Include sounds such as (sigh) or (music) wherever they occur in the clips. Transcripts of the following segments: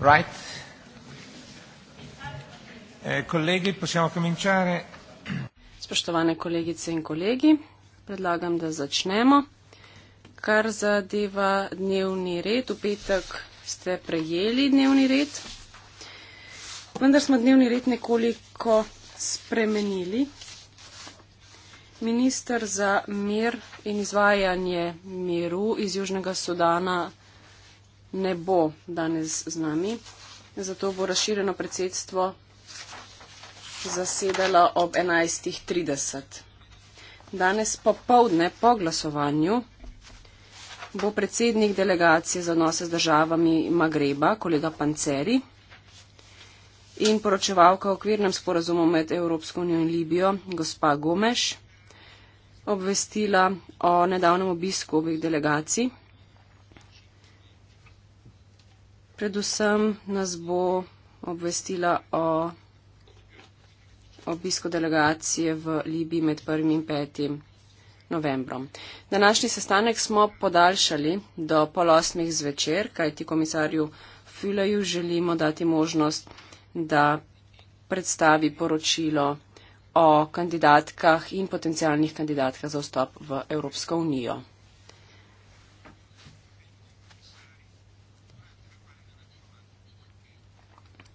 Right. Kolegi, eh, possiamo cominciare. Spoštovane kolegice in kolegi, predlagam, da začnemo. Kar zadeva dnevni red, v petek ste prejeli dnevni red, vendar smo dnevni red nekoliko spremenili. Ministr za mir in izvajanje miru iz Južnega Sudana ne bo danes z nami, zato bo razšireno predsedstvo zasedala ob 11.30. Danes popovdne po glasovanju bo predsednik delegacije za odnose z državami Magreba, kolega Panceri, in poročevalka o okvirnem sporazumu med Evropsko unijo in Libijo, gospa Gomeš, obvestila o nedavnem obisku obeh delegacij. predvsem nas bo obvestila o obisko delegacije v Libiji med 1. in 5. novembrom. Današnji sestanek smo podaljšali do pol osmih zvečer, kajti komisarju Fülaju želimo dati možnost, da predstavi poročilo o kandidatkah in potencijalnih kandidatkah za vstop v Evropsko unijo.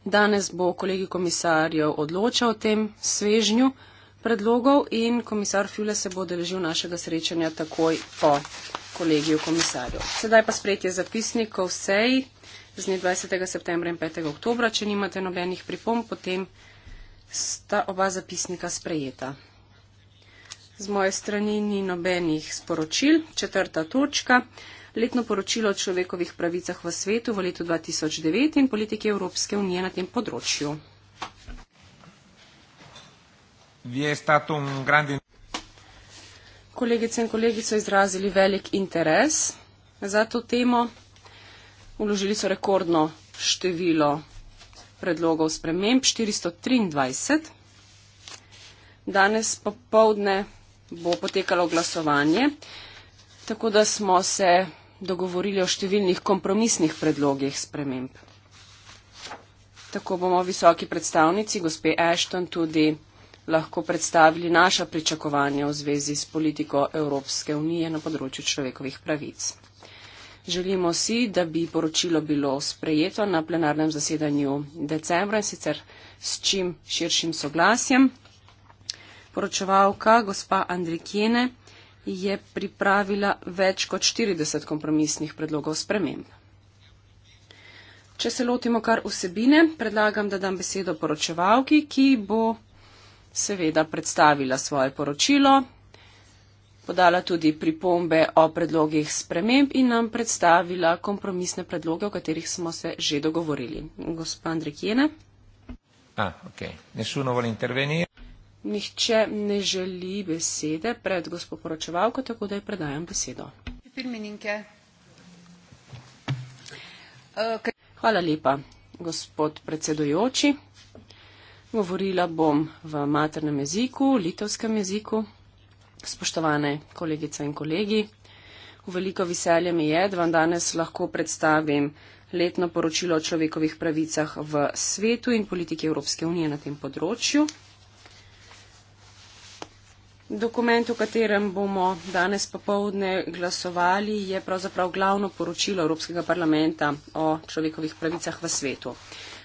Danes bo kolegi komisarjev odločal o tem svežnju predlogov in komisar Fjule se bo deležil našega srečanja takoj po kolegiju komisarjev. Sedaj pa sprejetje zapisnikov sej z dne 20. septembra in 5. oktobra. Če nimate nobenih pripomb, potem sta oba zapisnika sprejeta. Z moje strani ni nobenih sporočil. Četrta točka letno poročilo o človekovih pravicah v svetu v letu 2009 in politike Evropske unije na tem področju. Kolegice in kolegi so izrazili velik interes za to temo. Uložili so rekordno število predlogov sprememb 423. Danes popovdne bo potekalo glasovanje, tako da smo se dogovorili o številnih kompromisnih predlogih sprememb. Tako bomo visoki predstavnici, gospe Ashton, tudi lahko predstavili naša pričakovanja v zvezi s politiko Evropske unije na področju človekovih pravic. Želimo si, da bi poročilo bilo sprejeto na plenarnem zasedanju decembra in sicer s čim širšim soglasjem. Poročevalka gospa Andrikjene je pripravila več kot 40 kompromisnih predlogov sprememb. Če se lotimo kar vsebine, predlagam, da dam besedo poročevalki, ki bo seveda predstavila svoje poročilo, podala tudi pripombe o predlogih sprememb in nam predstavila kompromisne predloge, o katerih smo se že dogovorili. Gospod Andrej Kjene. Ah, okay. Nihče ne želi besede pred gospod poročevalko, tako da ji predajam besedo. Hvala lepa, gospod predsedujoči. Govorila bom v maternem jeziku, litovskem jeziku. Spoštovane kolegice in kolegi, v veliko veselje mi je, da vam danes lahko predstavim letno poročilo o človekovih pravicah v svetu in politiki Evropske unije na tem področju. Dokument, o katerem bomo danes popovdne glasovali, je pravzaprav glavno poročilo Evropskega parlamenta o človekovih pravicah v svetu.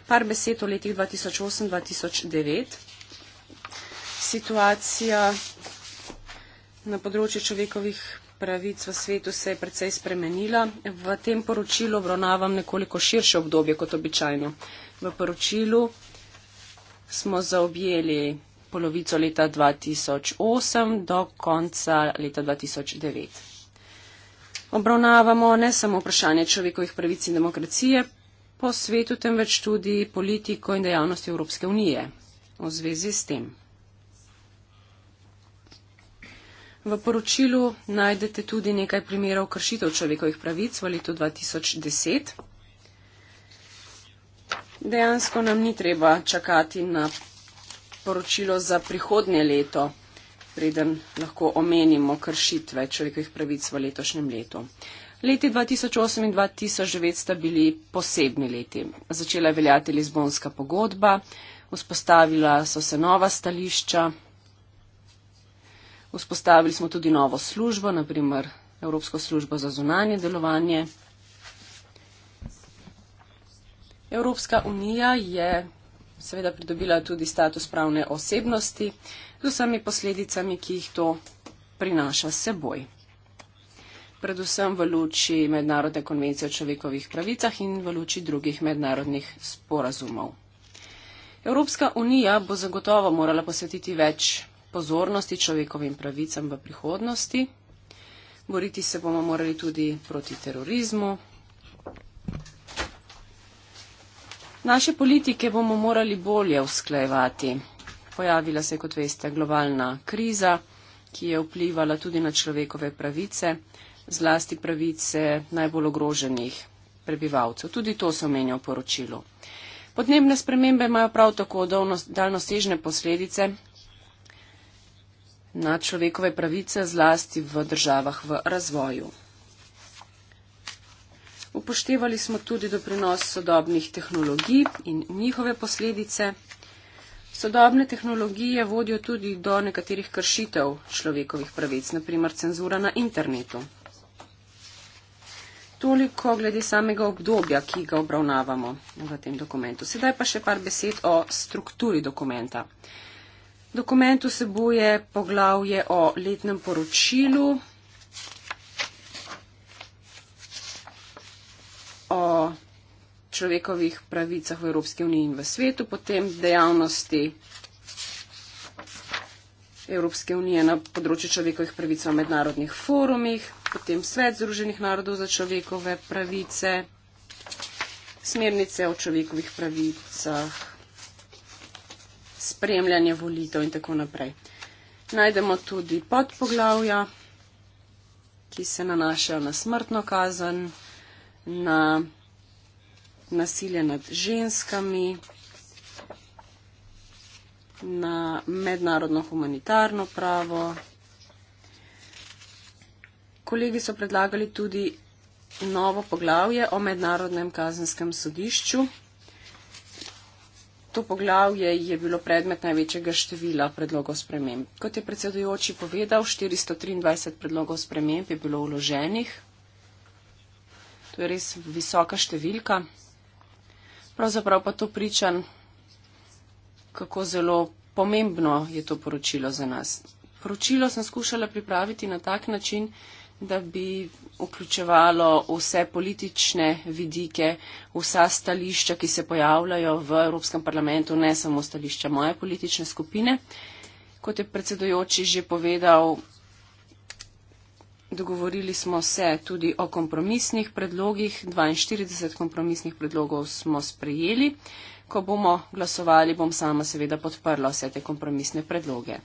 Par besed o letih 2008-2009. Situacija na področju človekovih pravic v svetu se je precej spremenila. V tem poročilu obravnavam nekoliko širše obdobje kot običajno. V poročilu smo zaobjeli polovico leta 2008 do konca leta 2009. Obravnavamo ne samo vprašanje človekovih pravic in demokracije po svetu, temveč tudi politiko in dejavnosti Evropske unije v zvezi s tem. V poročilu najdete tudi nekaj primerov kršitev človekovih pravic v letu 2010. Dejansko nam ni treba čakati na priporočilo za prihodnje leto, preden lahko omenimo kršitve človekovih pravic v letošnjem letu. Leti 2008 in 2009 sta bili posebni leti. Začela je veljati Lizbonska pogodba, vzpostavila so se nova stališča, vzpostavili smo tudi novo službo, naprimer Evropsko službo za zunanje delovanje. Evropska unija je seveda pridobila tudi status pravne osebnosti z vsemi posledicami, ki jih to prinaša s seboj. Predvsem v luči mednarodne konvencije o človekovih pravicah in v luči drugih mednarodnih sporazumov. Evropska unija bo zagotovo morala posvetiti več pozornosti človekovim pravicam v prihodnosti. Boriti se bomo morali tudi proti terorizmu, Naše politike bomo morali bolje usklajevati. Pojavila se je, kot veste, globalna kriza, ki je vplivala tudi na človekove pravice, zlasti pravice najbolj ogroženih prebivalcev. Tudi to se omenja v poročilu. Podnebne spremembe imajo prav tako daljnosežne posledice na človekove pravice, zlasti v državah v razvoju. Upoštevali smo tudi doprinos sodobnih tehnologij in njihove posledice. Sodobne tehnologije vodijo tudi do nekaterih kršitev človekovih pravic, naprimer cenzura na internetu. Toliko glede samega obdobja, ki ga obravnavamo v tem dokumentu. Sedaj pa še par besed o strukturi dokumenta. Dokument vsebuje poglavje o letnem poročilu, o človekovih pravicah v Evropski uniji in v svetu, potem dejavnosti Evropske unije na področju človekovih pravic v mednarodnih forumih, potem Svet Združenih narodov za človekove pravice, smernice o človekovih pravicah, spremljanje volitev in tako naprej. Najdemo tudi podpoglavja, ki se nanašajo na smrtno kazen, na nasilje nad ženskami, na mednarodno humanitarno pravo. Kolegi so predlagali tudi novo poglavje o mednarodnem kazenskem sodišču. To poglavje je bilo predmet največjega števila predlogov sprememb. Kot je predsedujoči povedal, 423 predlogov sprememb je bilo vloženih. To je res visoka številka. Pravzaprav pa to pričan, kako zelo pomembno je to poročilo za nas. Poročilo sem skušala pripraviti na tak način, da bi vključevalo vse politične vidike, vsa stališča, ki se pojavljajo v Evropskem parlamentu, ne samo stališča moje politične skupine. Kot je predsedojoči že povedal, dogovorili smo se tudi o kompromisnih predlogih. 42 kompromisnih predlogov smo sprejeli. Ko bomo glasovali, bom sama seveda podprla vse te kompromisne predloge.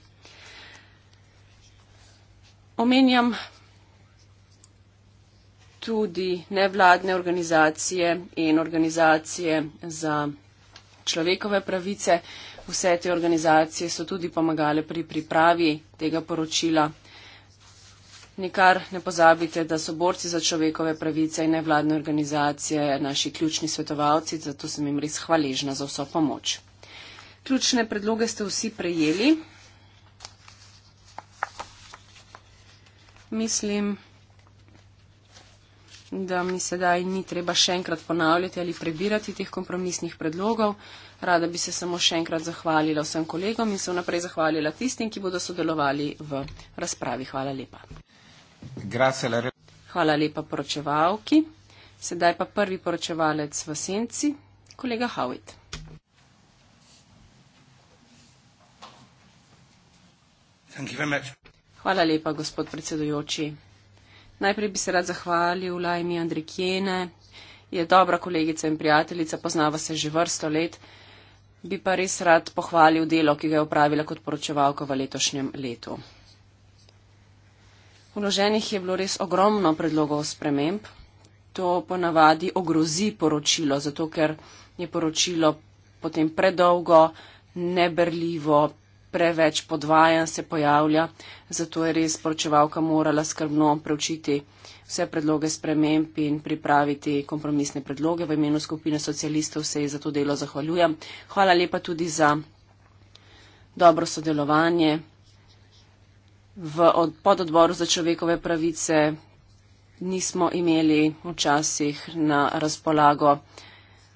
Omenjam tudi nevladne organizacije in organizacije za človekove pravice. Vse te organizacije so tudi pomagale pri pripravi tega poročila. Nikar ne pozabite, da so borci za človekove pravice in nevladne organizacije naši ključni svetovalci, zato sem jim res hvaležna za vso pomoč. Ključne predloge ste vsi prejeli. Mislim, da mi sedaj ni treba še enkrat ponavljati ali prebirati teh kompromisnih predlogov. Rada bi se samo še enkrat zahvalila vsem kolegom in se vnaprej zahvalila tistim, ki bodo sodelovali v razpravi. Hvala lepa. Hvala lepa poročevalki. Sedaj pa prvi poročevalec v senci, kolega Hawit. Hvala lepa, gospod predsedujoči. Najprej bi se rad zahvalil Lajmi Andrikjene, je dobra kolegica in prijateljica, poznava se že vrsto let, bi pa res rad pohvalil delo, ki ga je upravila kot poročevalka v letošnjem letu. Vloženih je bilo res ogromno predlogov sprememb. To ponavadi ogrozi poročilo, zato ker je poročilo potem predolgo, neberljivo, preveč podvajan se pojavlja. Zato je res poročevalka morala skrbno preučiti vse predloge sprememb in pripraviti kompromisne predloge. V imenu skupine socialistov se ji za to delo zahvaljujem. Hvala lepa tudi za dobro sodelovanje v od, pododboru za človekove pravice nismo imeli včasih na razpolago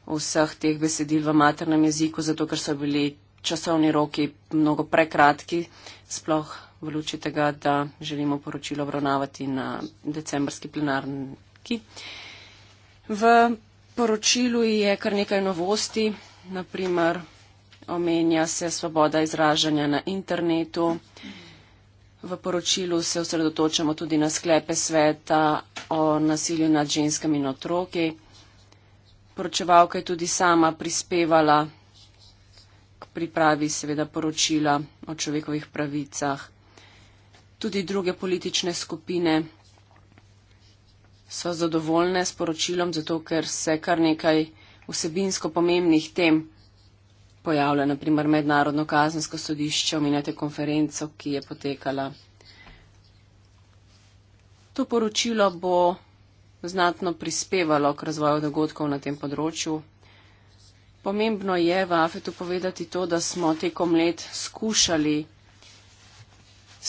vseh teh besedil v maternem jeziku, zato ker so bili časovni roki mnogo prekratki, sploh v luči tega, da želimo poročilo obravnavati na decembrski plenarniki. V poročilu je kar nekaj novosti, naprimer omenja se svoboda izražanja na internetu. Mhm. V poročilu se osredotočamo tudi na sklepe sveta o nasilju nad ženskami in otroki. Poročevalka je tudi sama prispevala k pripravi seveda poročila o človekovih pravicah. Tudi druge politične skupine so zadovoljne s poročilom, zato ker se kar nekaj vsebinsko pomembnih tem pojavlja, naprimer Mednarodno kazensko sodišče, omenjate konferenco, ki je potekala. To poročilo bo znatno prispevalo k razvoju dogodkov na tem področju. Pomembno je v Afetu povedati to, da smo tekom let skušali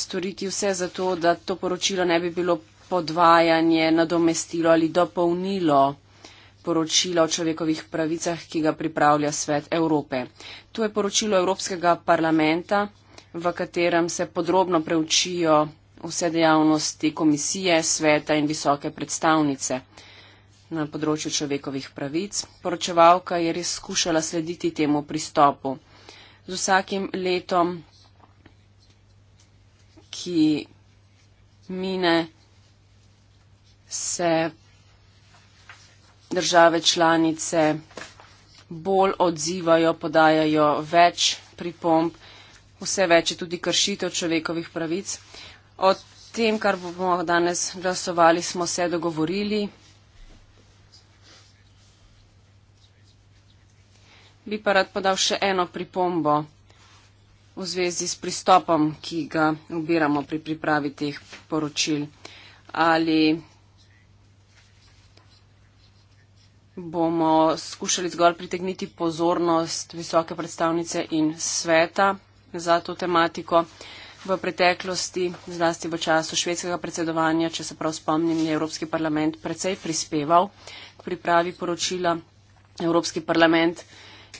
storiti vse za to, da to poročilo ne bi bilo podvajanje, nadomestilo ali dopolnilo poročila o človekovih pravicah, ki ga pripravlja Svet Evrope. To je poročilo Evropskega parlamenta, v katerem se podrobno preučijo vse dejavnosti komisije, sveta in visoke predstavnice na področju človekovih pravic. Poročevalka je res skušala slediti temu pristopu. Z vsakim letom, ki mine, se države članice bolj odzivajo, podajajo več pripomb, vse več je tudi kršitev človekovih pravic. O tem, kar bomo danes glasovali, smo se dogovorili. Bi pa rad podal še eno pripombo v zvezi s pristopom, ki ga ubiramo pri pripravi teh poročil. Ali bomo skušali zgolj pritegniti pozornost visoke predstavnice in sveta za to tematiko. V preteklosti, zlasti v času švedskega predsedovanja, če se prav spomnim, je Evropski parlament precej prispeval k pripravi poročila. Evropski parlament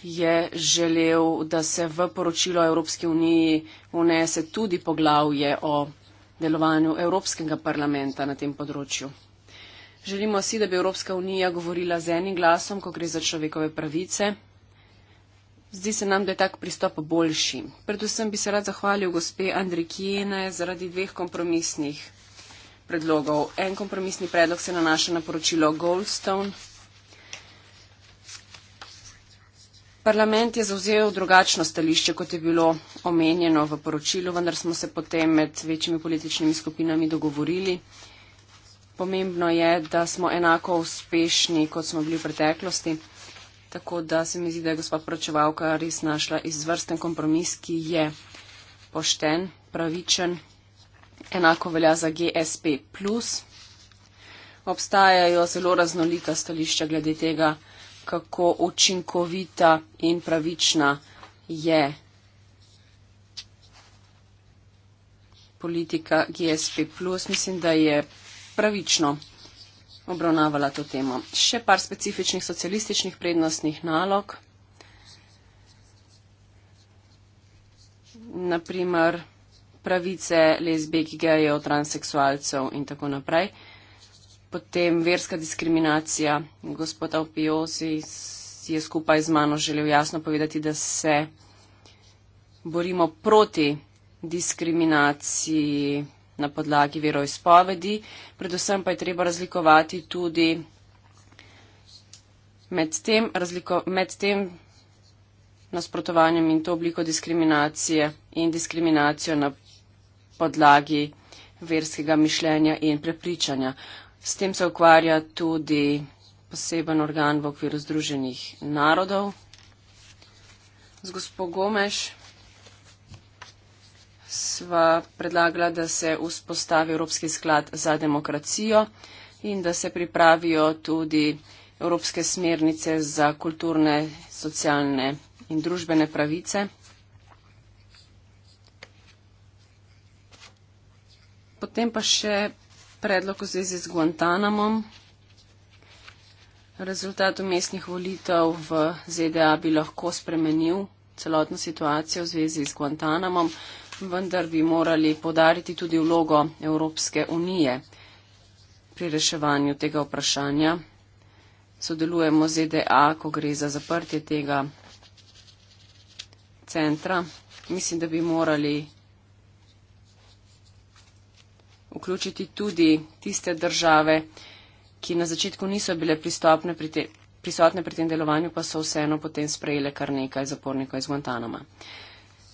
je želel, da se v poročilo Evropske unije unese tudi poglavje o delovanju Evropskega parlamenta na tem področju. Želimo si, da bi Evropska unija govorila z enim glasom, ko gre za človekove pravice. Zdi se nam, da je tak pristop boljši. Predvsem bi se rad zahvalil gospe Andri Kijene zaradi dveh kompromisnih predlogov. En kompromisni predlog se nanaša na poročilo Goldstone. Parlament je zauzel drugačno stališče, kot je bilo omenjeno v poročilu, vendar smo se potem med večjimi političnimi skupinami dogovorili pomembno je, da smo enako uspešni, kot smo bili v preteklosti. Tako da se mi zdi, da je gospa poročevalka res našla izvrsten kompromis, ki je pošten, pravičen, enako velja za GSP. Obstajajo zelo raznolika stališča glede tega, kako učinkovita in pravična je politika GSP. Mislim, da je pravično obravnavala to temo. Še par specifičnih socialističnih prednostnih nalog. Naprimer pravice lezbijk, gejev, transeksualcev in tako naprej. Potem verska diskriminacija. Gospod Alpiosi je skupaj z mano želel jasno povedati, da se borimo proti diskriminaciji na podlagi veroizpovedi. Predvsem pa je treba razlikovati tudi med tem, razliko, med tem nasprotovanjem in to obliko diskriminacije in diskriminacijo na podlagi verskega mišljenja in prepričanja. S tem se ukvarja tudi poseben organ v okviru Združenih narodov. Z gospod Gomeš sva predlagala, da se vzpostavi Evropski sklad za demokracijo in da se pripravijo tudi Evropske smernice za kulturne, socialne in družbene pravice. Potem pa še predlog v zvezi z Guantanamom. Rezultat umestnih volitev v ZDA bi lahko spremenil celotno situacijo v zvezi z Guantanamom vendar bi morali podariti tudi vlogo Evropske unije pri reševanju tega vprašanja. Sodelujemo z EDA, ko gre za zaprtje tega centra. Mislim, da bi morali vključiti tudi tiste države, ki na začetku niso bile pri te, prisotne pri tem delovanju, pa so vseeno potem sprejele kar nekaj zapornikov iz Guantanama.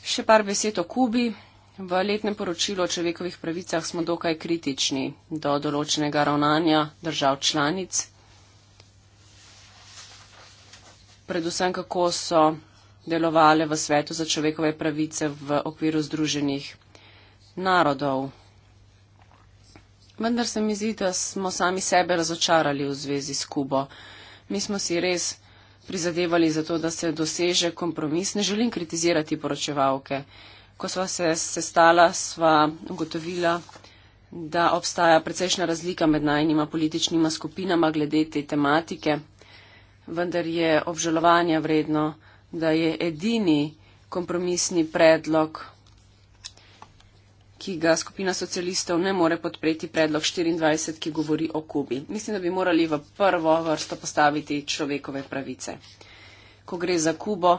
Še par besed o Kubi. V letnem poročilu o človekovih pravicah smo dokaj kritični do določenega ravnanja držav članic. Predvsem, kako so delovale v svetu za človekove pravice v okviru združenih narodov. Vendar se mi zdi, da smo sami sebe razočarali v zvezi s Kubo. Mi smo si res prizadevali za to, da se doseže kompromis. Ne želim kritizirati poročevalke. Ko sva se sestala, sva ugotovila, da obstaja precejšna razlika med najnjima političnima skupinama glede te tematike, vendar je obžalovanja vredno, da je edini kompromisni predlog ki ga skupina socialistov ne more podpreti predlog 24, ki govori o Kubi. Mislim, da bi morali v prvo vrsto postaviti človekove pravice. Ko gre za Kubo,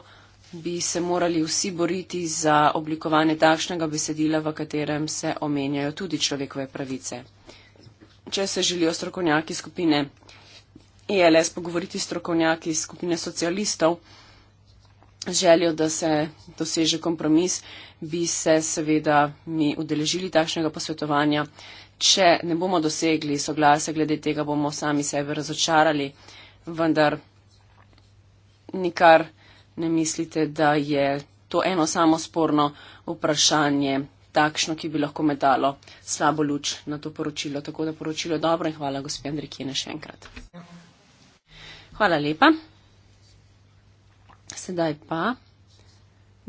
bi se morali vsi boriti za oblikovanje takšnega besedila, v katerem se omenjajo tudi človekove pravice. Če se želijo strokovnjaki skupine ELS pogovoriti s strokovnjaki skupine socialistov, željo, da se doseže kompromis, bi se seveda mi udeležili takšnega posvetovanja. Če ne bomo dosegli soglasja glede tega, bomo sami sebe razočarali, vendar nikar ne mislite, da je to eno samo sporno vprašanje takšno, ki bi lahko medalo slabo luč na to poročilo. Tako da poročilo dobro in hvala gospod Andrikine še enkrat. Hvala lepa. Sedaj pa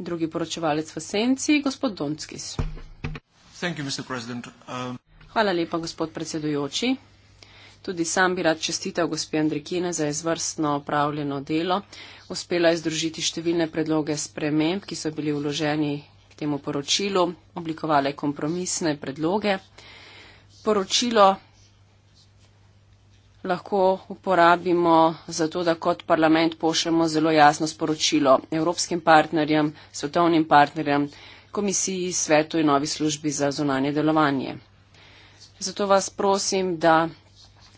drugi poročevalec v senci, gospod Donskis. You, um... Hvala lepa, gospod predsedujoči. Tudi sam bi rad čestital gospe Andrikine za izvrstno opravljeno delo. Uspela je združiti številne predloge sprememb, ki so bili vloženi k temu poročilu, oblikovale kompromisne predloge. Poročilo lahko uporabimo za to, da kot parlament pošljemo zelo jasno sporočilo evropskim partnerjem, svetovnim partnerjem, komisiji, svetu in novi službi za zunanje delovanje. Zato vas prosim, da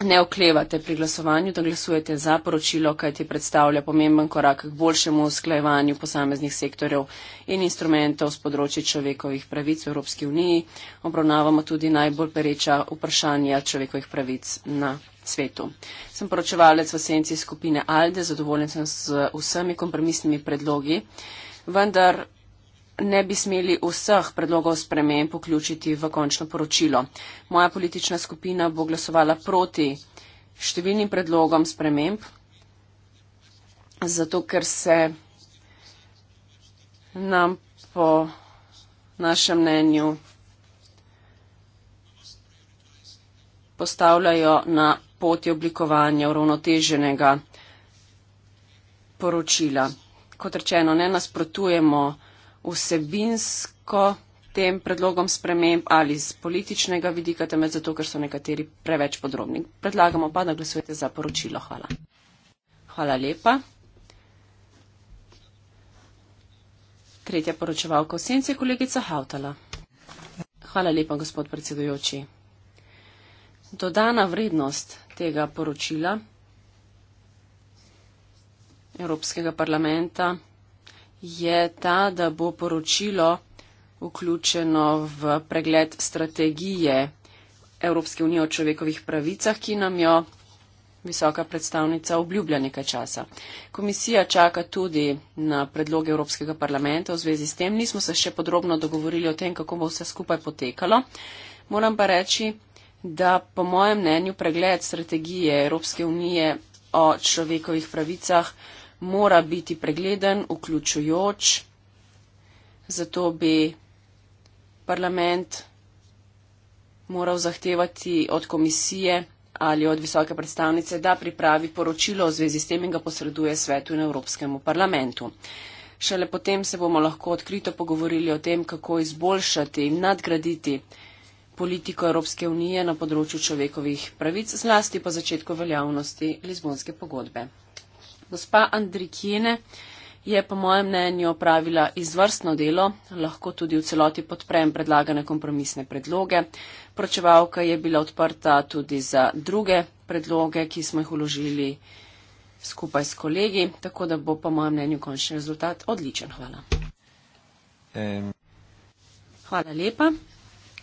ne oklevate pri glasovanju, da glasujete za poročilo, kaj ti predstavlja pomemben korak k boljšemu usklajevanju posameznih sektorjev in instrumentov z področji človekovih pravic v Evropski uniji. Obravnavamo tudi najbolj pereča vprašanja človekovih pravic na. Svetu. Sem poročevalec v senci skupine ALDE, zadovoljen sem z vsemi kompromisnimi predlogi, vendar ne bi smeli vseh predlogov spremen poključiti v končno poročilo. Moja politična skupina bo glasovala proti številnim predlogom sprememb, zato ker se nam po našem mnenju postavljajo na poti oblikovanja uravnoteženega poročila. Kot rečeno, ne nasprotujemo vsebinsko tem predlogom sprememb ali z političnega vidika, temveč zato, ker so nekateri preveč podrobni. Predlagamo pa, da glasujete za poročilo. Hvala. Hvala lepa. Tretja poročevalka v senci je kolegica Hautala. Hvala lepa, gospod predsedujoči. Dodana vrednost tega poročila Evropskega parlamenta je ta, da bo poročilo vključeno v pregled strategije Evropske unije o človekovih pravicah, ki nam jo visoka predstavnica obljublja nekaj časa. Komisija čaka tudi na predlog Evropskega parlamenta v zvezi s tem. Nismo se še podrobno dogovorili o tem, kako bo vse skupaj potekalo. Moram pa reči, da po mojem mnenju pregled strategije Evropske unije o človekovih pravicah mora biti pregleden, vključujoč, zato bi parlament moral zahtevati od komisije ali od visoke predstavnice, da pripravi poročilo v zvezi s tem in ga posreduje svetu in Evropskemu parlamentu. Šele potem se bomo lahko odkrito pogovorili o tem, kako izboljšati in nadgraditi politiko Evropske unije na področju človekovih pravic, zlasti po začetku veljavnosti Lizbonske pogodbe. Gospa Andrikjene je po mojem mnenju opravila izvrstno delo, lahko tudi v celoti podprem predlagane kompromisne predloge. Pročevalka je bila odprta tudi za druge predloge, ki smo jih uložili skupaj s kolegi, tako da bo po mojem mnenju končni rezultat odličen. Hvala. Um. Hvala lepa.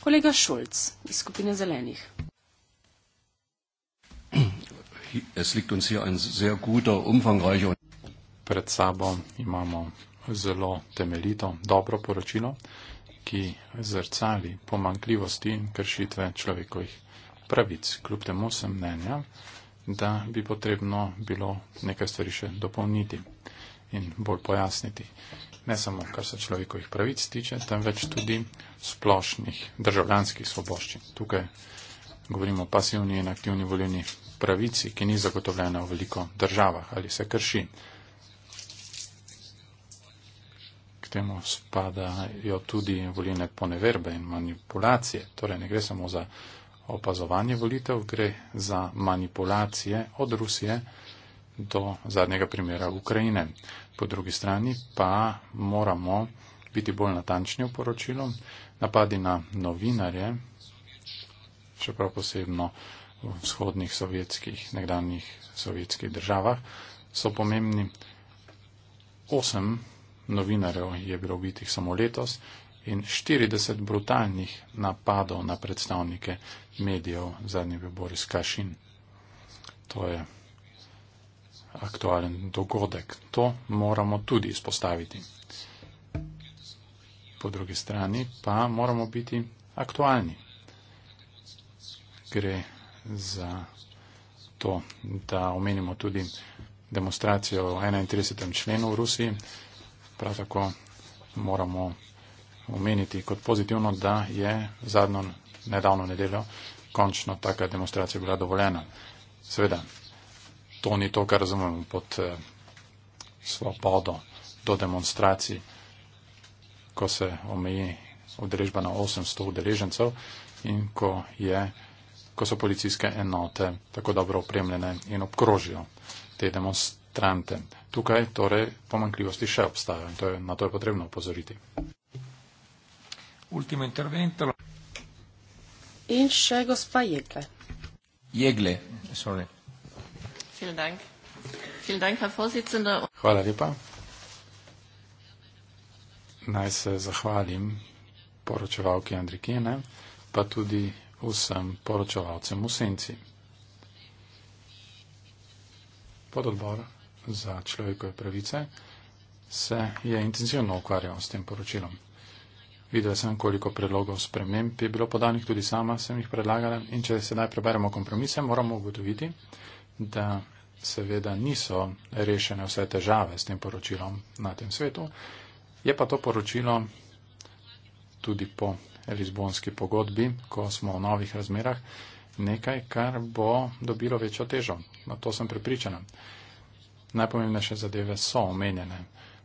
Kolega Šulc iz skupine zelenih. (clears throat) es liegt uns hier ein sehr guter, umfangreicher. Pred sabo imamo zelo temeljito, dobro poročilo, ki zrcali pomankljivosti in kršitve človekovih pravic. Kljub temu sem mnenja, da bi potrebno bilo nekaj stvari še dopolniti in bolj pojasniti. Ne samo, kar se človekovih pravic tiče, temveč tudi splošnih državljanskih svoboščin. Tukaj govorimo o pasivni in aktivni volilni pravici, ki ni zagotovljena v veliko državah ali se krši. K temu spadajo tudi volilne poneverbe in manipulacije. Torej ne gre samo za opazovanje volitev, gre za manipulacije od Rusije do zadnjega primera Ukrajine. Po drugi strani pa moramo biti bolj natančni v poročilu. Napadi na novinarje, še prav posebno v vzhodnih sovjetskih, nekdanjih sovjetskih državah, so pomembni. Osem novinarjev je bilo ubitih samo letos in 40 brutalnih napadov na predstavnike medijev, zadnji bil Boris Kašin. To je aktualen dogodek. To moramo tudi izpostaviti. Po drugi strani pa moramo biti aktualni. Gre za to, da omenimo tudi demonstracijo v 31. členu v Rusiji. Prav tako moramo omeniti kot pozitivno, da je zadnjo nedavno nedeljo končno taka demonstracija bila dovoljena. Seveda, to ni to, kar razumemo pod eh, svobodo do demonstracij, ko se omeji udeležba na 800 udeležencev in ko je ko so policijske enote tako dobro opremljene in obkrožijo te demonstrante. Tukaj torej pomankljivosti še obstajajo in to je, na to je potrebno opozoriti. Ultimo intervento. In še gospa Jegle. Jegle, sorry. Vielen Dank. Vielen Dank, Herr Vorsitzender. Hvala lepa. Naj se zahvalim poročevalki Andrikine, pa tudi vsem poročevalcem v senci. Pododbor za človekove pravice se je intenzivno ukvarjal s tem poročilom. Videla sem, koliko predlogov sprememb je bilo podanih, tudi sama sem jih predlagala in če sedaj preberemo kompromise, moramo ugotoviti, da seveda niso rešene vse težave s tem poročilom na tem svetu. Je pa to poročilo tudi po Lizbonski pogodbi, ko smo v novih razmerah, nekaj, kar bo dobilo večjo težo. Na to sem pripričana. Najpomembnejše zadeve so omenjene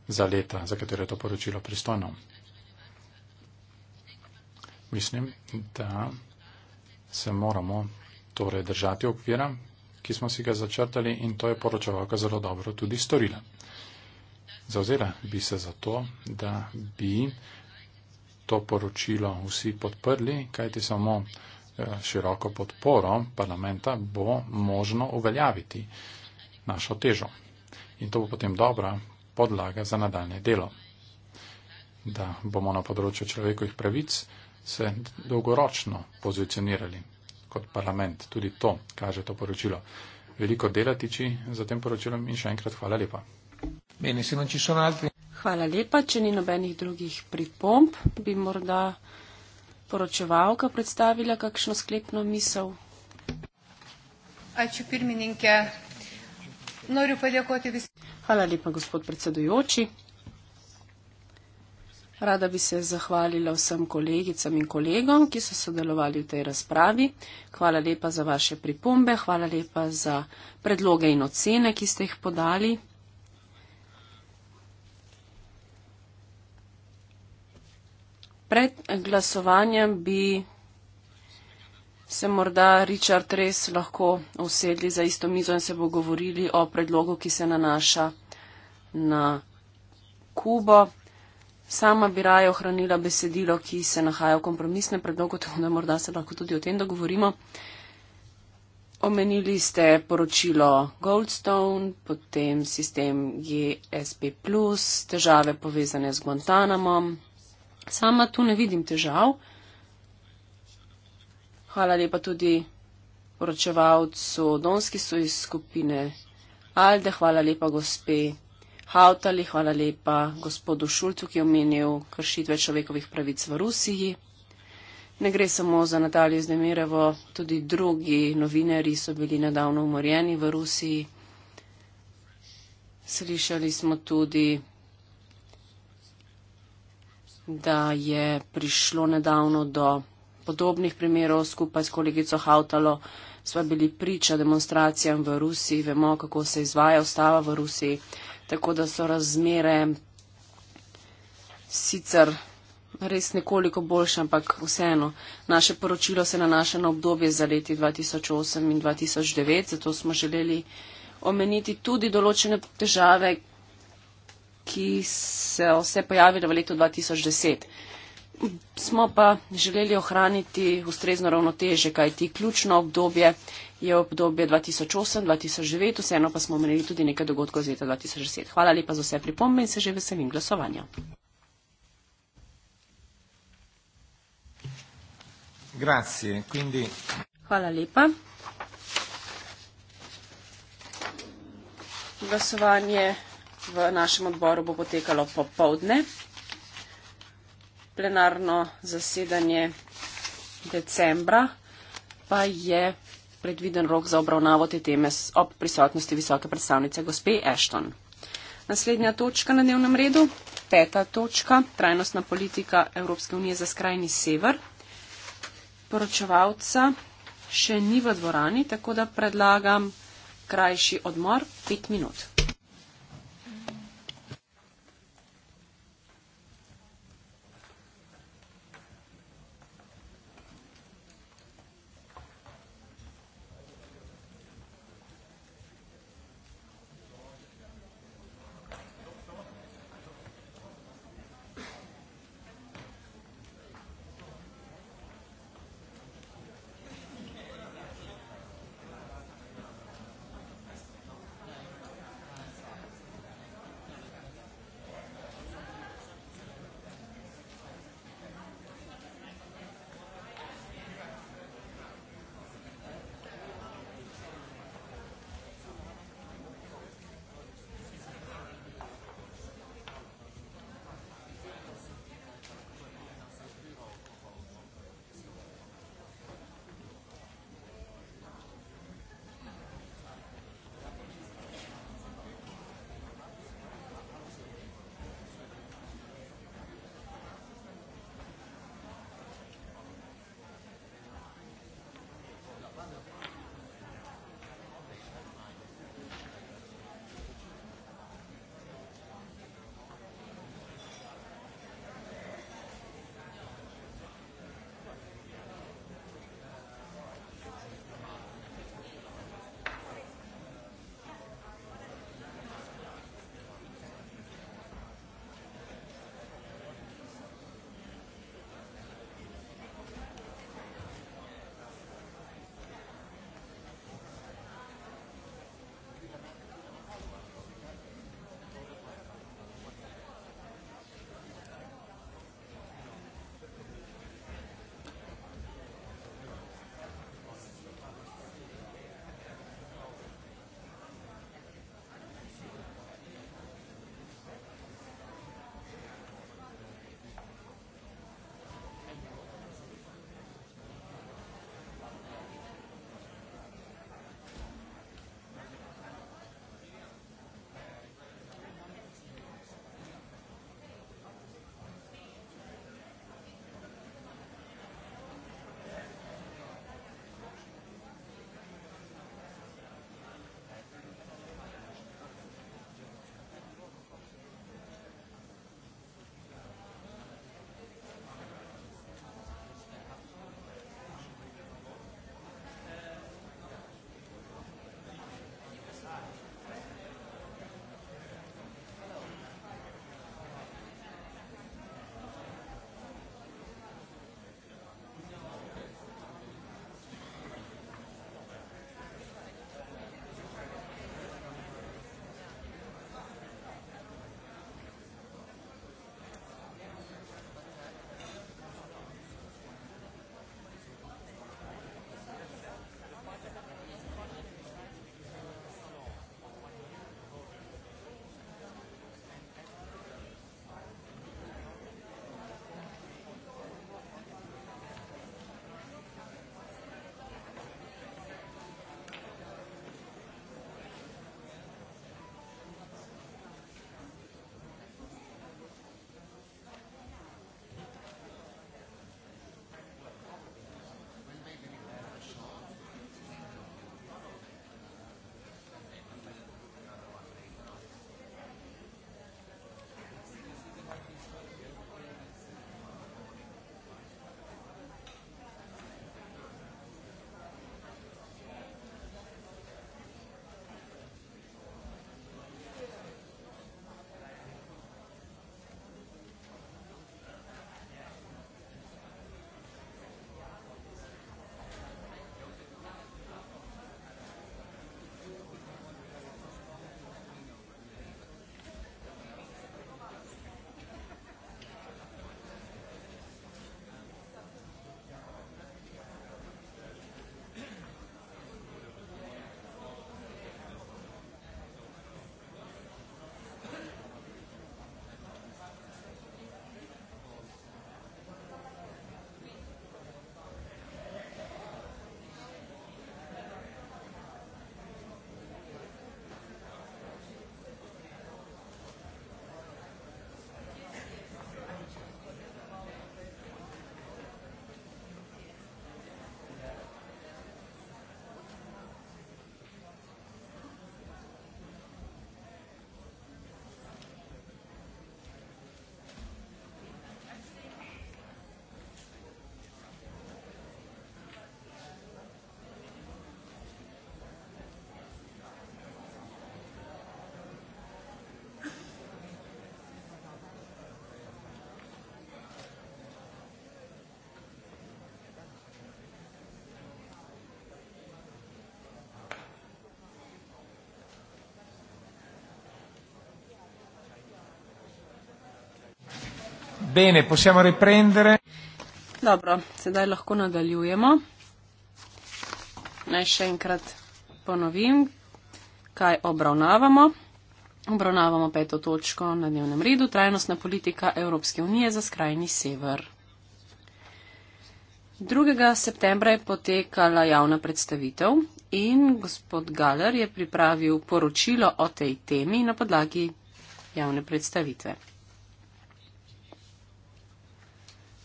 za leta, za katere je to poročilo pristojno. Mislim, da se moramo torej držati okvira, ki smo si ga začrtali in to je poročevalka zelo dobro tudi storila. Zauzela bi se za to, da bi to poročilo vsi podprli, kajti samo eh, široko podporo parlamenta bo možno uveljaviti našo težo. In to bo potem dobra podlaga za nadaljne delo, da bomo na področju človekovih pravic se dolgoročno pozicionirali kot parlament. Tudi to kaže to poročilo. Veliko dela tiči za tem poročilom in še enkrat hvala lepa. Meni se nam čisto nadvi. Hvala lepa. Če ni nobenih drugih pripomb, bi morda poročevalka predstavila kakšno sklepno misel. Ačiū pirmininkė. Noriu padėkoti visi. Hvala lepa, gospod predsedujoči. Rada bi se zahvalila vsem kolegicam in kolegom, ki so sodelovali v tej razpravi. Hvala lepa za vaše pripombe, hvala lepa za predloge in ocene, ki ste jih podali. Pred glasovanjem bi se morda Richard res lahko usedli za isto mizo in se bo govorili o predlogu, ki se nanaša na Kubo. Sama bi raje ohranila besedilo, ki se nahaja v kompromisnem predlogu, tako da morda se lahko tudi o tem dogovorimo. Omenili ste poročilo Goldstone, potem sistem GSP, težave povezane z Guantanamo, Sama tu ne vidim težav. Hvala lepa tudi poročevalcu Donski so iz skupine Alde, hvala lepa gospe Hautali, hvala lepa gospodu Šulcu, ki je omenil kršitve človekovih pravic v Rusiji. Ne gre samo za Natalijo Zdemirevo, tudi drugi novinari so bili nedavno umorjeni v Rusiji. Slišali smo tudi da je prišlo nedavno do podobnih primerov skupaj s kolegico Hautalo. Sva bili priča demonstracijam v Rusiji, vemo, kako se izvaja ustava v Rusiji, tako da so razmere sicer res nekoliko boljše, ampak vseeno. Naše poročilo se nanaša na obdobje za leti 2008 in 2009, zato smo želeli omeniti tudi določene težave, ki so se pojavile v letu 2010. Smo pa želeli ohraniti ustrezno ravnoteže, kaj ti ključno obdobje je obdobje 2008-2009, vseeno pa smo omenili tudi nekaj dogodkov z leta 2010. Hvala lepa za vse pripombe in se že veselim glasovanja. Grazie, quindi... Hvala lepa. Glasovanje v našem odboru bo potekalo popovdne. Plenarno zasedanje decembra pa je predviden rok za obravnavo te teme ob prisotnosti visoke predstavnice gospe Ashton. Naslednja točka na dnevnem redu, peta točka, trajnostna politika Evropske unije za skrajni sever. Poročevalca še ni v dvorani, tako da predlagam krajši odmor, pet minut. Bene, possiamo riprendere. Dobro, sedaj lahko nadaljujemo. Naj še enkrat ponovim, kaj obravnavamo. Obravnavamo peto točko na dnevnem redu, trajnostna politika Evropske unije za skrajni sever. 2. septembra je potekala javna predstavitev in gospod Galer je pripravil poročilo o tej temi na podlagi javne predstavitve.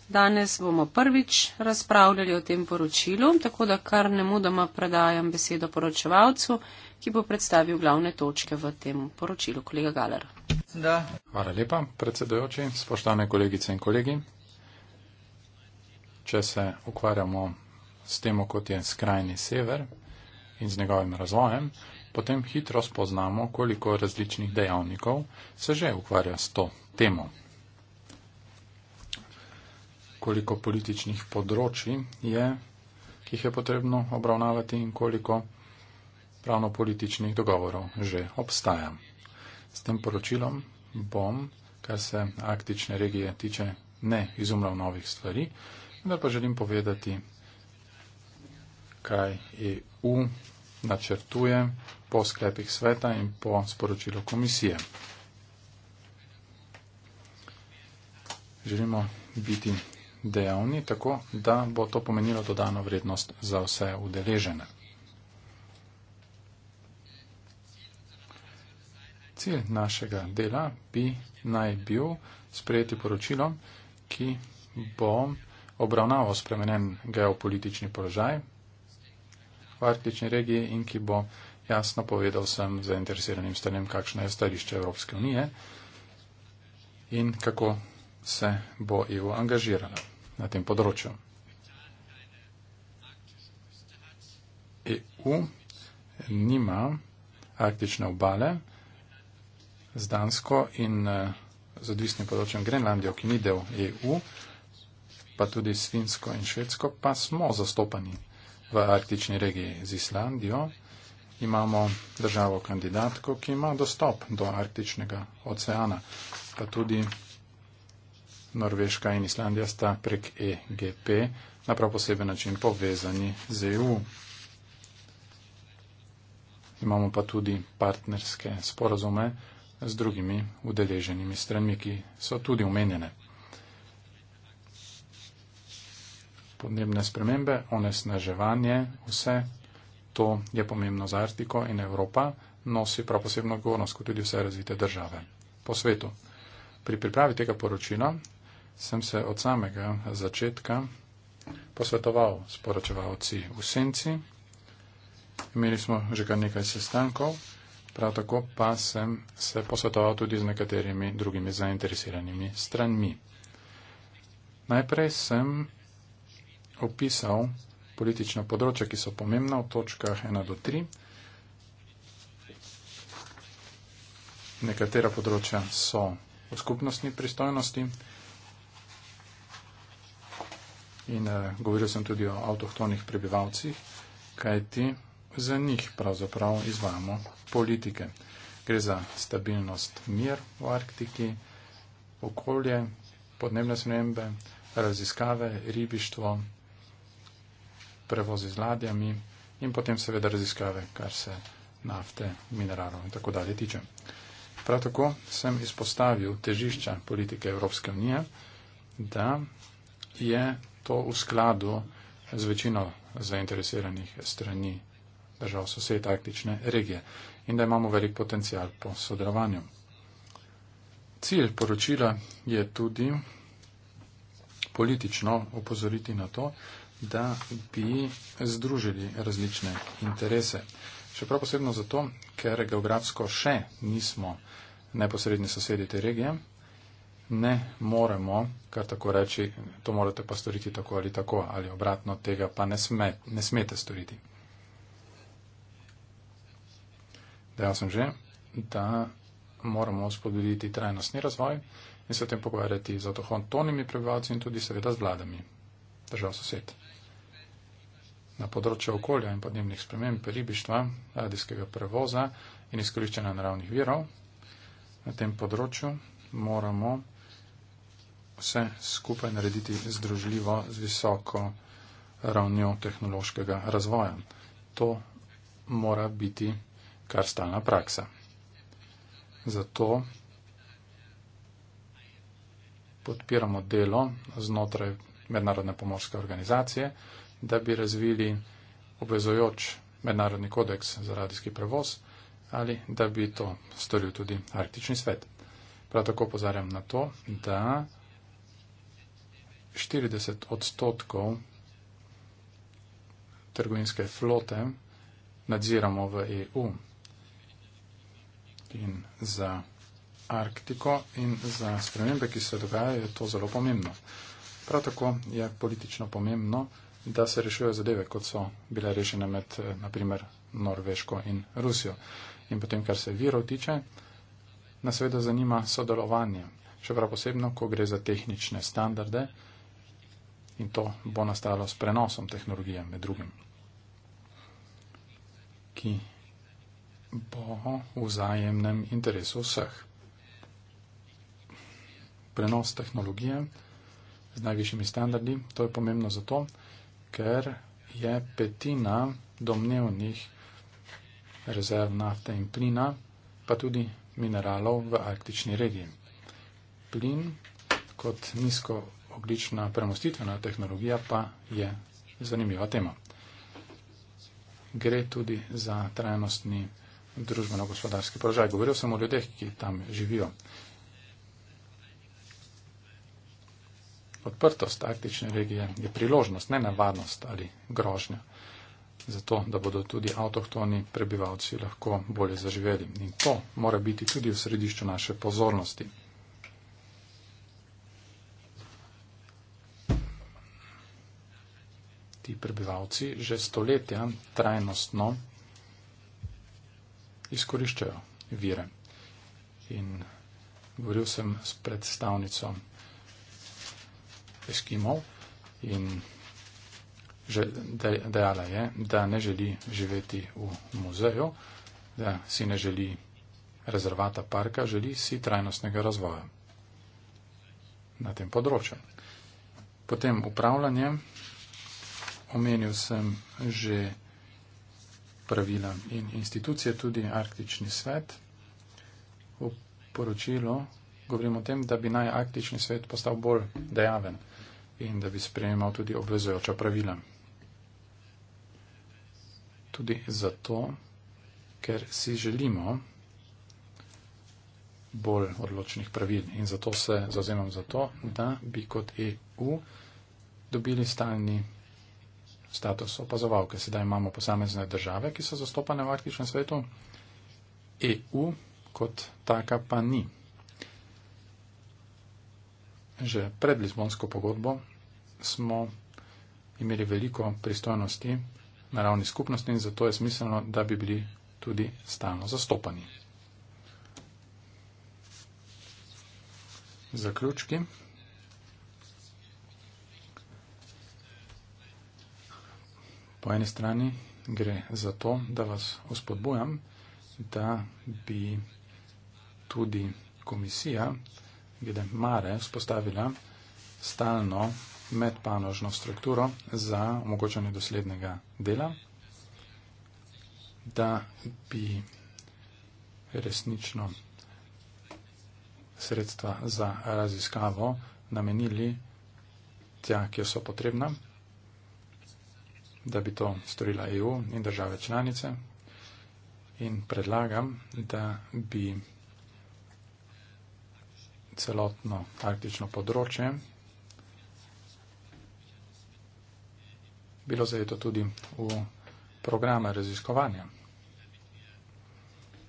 Danes bomo prvič razpravljali o tem poročilu, tako da kar ne mudoma predajam besedo poročevalcu, ki bo predstavil glavne točke v tem poročilu. Kolega Galer. Da. Hvala lepa, predsedojoči, spoštovane kolegice in kolegi. Če se ukvarjamo s tem, kot je skrajni sever in z njegovim razvojem, potem hitro spoznamo, koliko različnih dejavnikov se že ukvarja s to temo koliko političnih področji je, ki jih je potrebno obravnavati in koliko pravno političnih dogovorov že obstaja. S tem poročilom bom, kar se arktične regije tiče, ne izumljal novih stvari, vendar pa želim povedati, kaj EU načrtuje po sklepih sveta in po sporočilu komisije. Želimo biti dejavni, tako da bo to pomenilo dodano vrednost za vse udeležene. Cilj našega dela bi naj bil sprejeti poročilo, ki bo obravnaval spremenjen geopolitični položaj v arktični regiji in ki bo jasno povedal vsem zainteresiranim stranem, kakšno je stališče Evropske unije in kako se bo Ivo angažirala na tem področju. EU nima arktične obale z Dansko in eh, z odvisnim področjem Grenlandijo, ki ni del EU, pa tudi s Finsko in Švedsko, pa smo zastopani v arktični regiji z Islandijo. Imamo državo kandidatko, ki ima dostop do arktičnega oceana, pa tudi Norveška in Islandija sta prek EGP na prav poseben način povezani z EU. Imamo pa tudi partnerske sporozume z drugimi udeleženimi stranmi, ki so tudi umenjene. Podnebne spremembe, onesnaževanje, vse to je pomembno za Artiko in Evropa nosi prav posebno govornost, kot tudi vse razvite države po svetu. Pri pripravi tega poročila sem se od samega začetka posvetoval s poročevalci v Senci. Imeli smo že kar nekaj sestankov, prav tako pa sem se posvetoval tudi z nekaterimi drugimi zainteresiranimi stranmi. Najprej sem opisal politično področje, ki so pomembna v točkah 1 do 3. Nekatera področja so v skupnostni pristojnosti in uh, govoril sem tudi o avtohtonih prebivalcih, kajti za njih pravzaprav izvajamo politike. Gre za stabilnost mir v Arktiki, okolje, podnebne smembe, raziskave, ribištvo, prevozi z ladjami in potem seveda raziskave, kar se nafte, mineralov in tako dalje tiče. Prav tako sem izpostavil težišča politike Evropske unije, da je to v skladu z večino zainteresiranih strani držav sosed arktične regije in da imamo velik potencial po sodelovanju. Cilj poročila je tudi politično opozoriti na to, da bi združili različne interese. Čeprav posebno zato, ker geografsko še nismo neposredni sosedi te regije, ne moremo, kar tako reči, to morate pa storiti tako ali tako, ali obratno tega pa ne, sme, ne smete storiti. Dejal sem že, da moramo spodbuditi trajnostni razvoj in se o tem pogovarjati z avtohontonimi prebivalci in tudi seveda z vladami držav sosed. Na področju okolja in podnebnih sprememb, ribištva, radijskega prevoza in izkoriščanja naravnih virov, na tem področju moramo vse skupaj narediti združljivo z visoko ravnjo tehnološkega razvoja. To mora biti kar stalna praksa. Zato podpiramo delo znotraj mednarodne pomorske organizacije, da bi razvili obvezojoč mednarodni kodeks za radijski prevoz ali da bi to storil tudi arktični svet. Prav tako pozarjam na to, da 40 odstotkov trgovinske flote nadziramo v EU in za Arktiko in za spremembe, ki se dogajajo, je to zelo pomembno. Prav tako je politično pomembno, da se rešujejo zadeve, kot so bile rešene med naprimer Norveško in Rusijo. In potem, kar se virov tiče, nas seveda zanima sodelovanje, še prav posebno, ko gre za tehnične standarde in to bo nastalo s prenosom tehnologije med drugim, ki bo v vzajemnem interesu vseh. Prenos tehnologije z najvišjimi standardi, to je pomembno zato, ker je petina domnevnih rezerv nafte in plina, pa tudi mineralov v arktični regiji. Plin kot nizko oglična premostitvena tehnologija pa je zanimiva tema. Gre tudi za trajnostni družbeno-gospodarski položaj. Govoril sem o ljudeh, ki tam živijo. Odprtost arktične regije je priložnost, ne navadnost ali grožnja za to, da bodo tudi avtohtoni prebivalci lahko bolje zaživeli. In to mora biti tudi v središču naše pozornosti. ti prebivalci že stoletja trajnostno izkoriščajo vire. In govoril sem s predstavnico Eskimov in že dejala je, da ne želi živeti v muzeju, da si ne želi rezervata parka, želi si trajnostnega razvoja na tem področju. Potem upravljanje omenil sem že pravila in institucije, tudi Arktični svet. V poročilu govorim o tem, da bi naj Arktični svet postal bolj dejaven in da bi sprejemal tudi obvezojoča pravila. Tudi zato, ker si želimo bolj odločnih pravil in zato se zazemam za to, da bi kot EU dobili stalni status opazovalke. Sedaj imamo posamezne države, ki so zastopane v arktičnem svetu, EU kot taka pa ni. Že pred Lizbonsko pogodbo smo imeli veliko pristojnosti na ravni skupnosti in zato je smiselno, da bi bili tudi stalno zastopani. Zaključki. Po eni strani gre za to, da vas uspodbujam, da bi tudi komisija glede mare spostavila stalno medpanožno strukturo za omogočanje doslednega dela, da bi resnično sredstva za raziskavo namenili tja, kjer so potrebna da bi to storila EU in države članice. In predlagam, da bi celotno arktično področje bilo zajeto tudi v programe raziskovanja.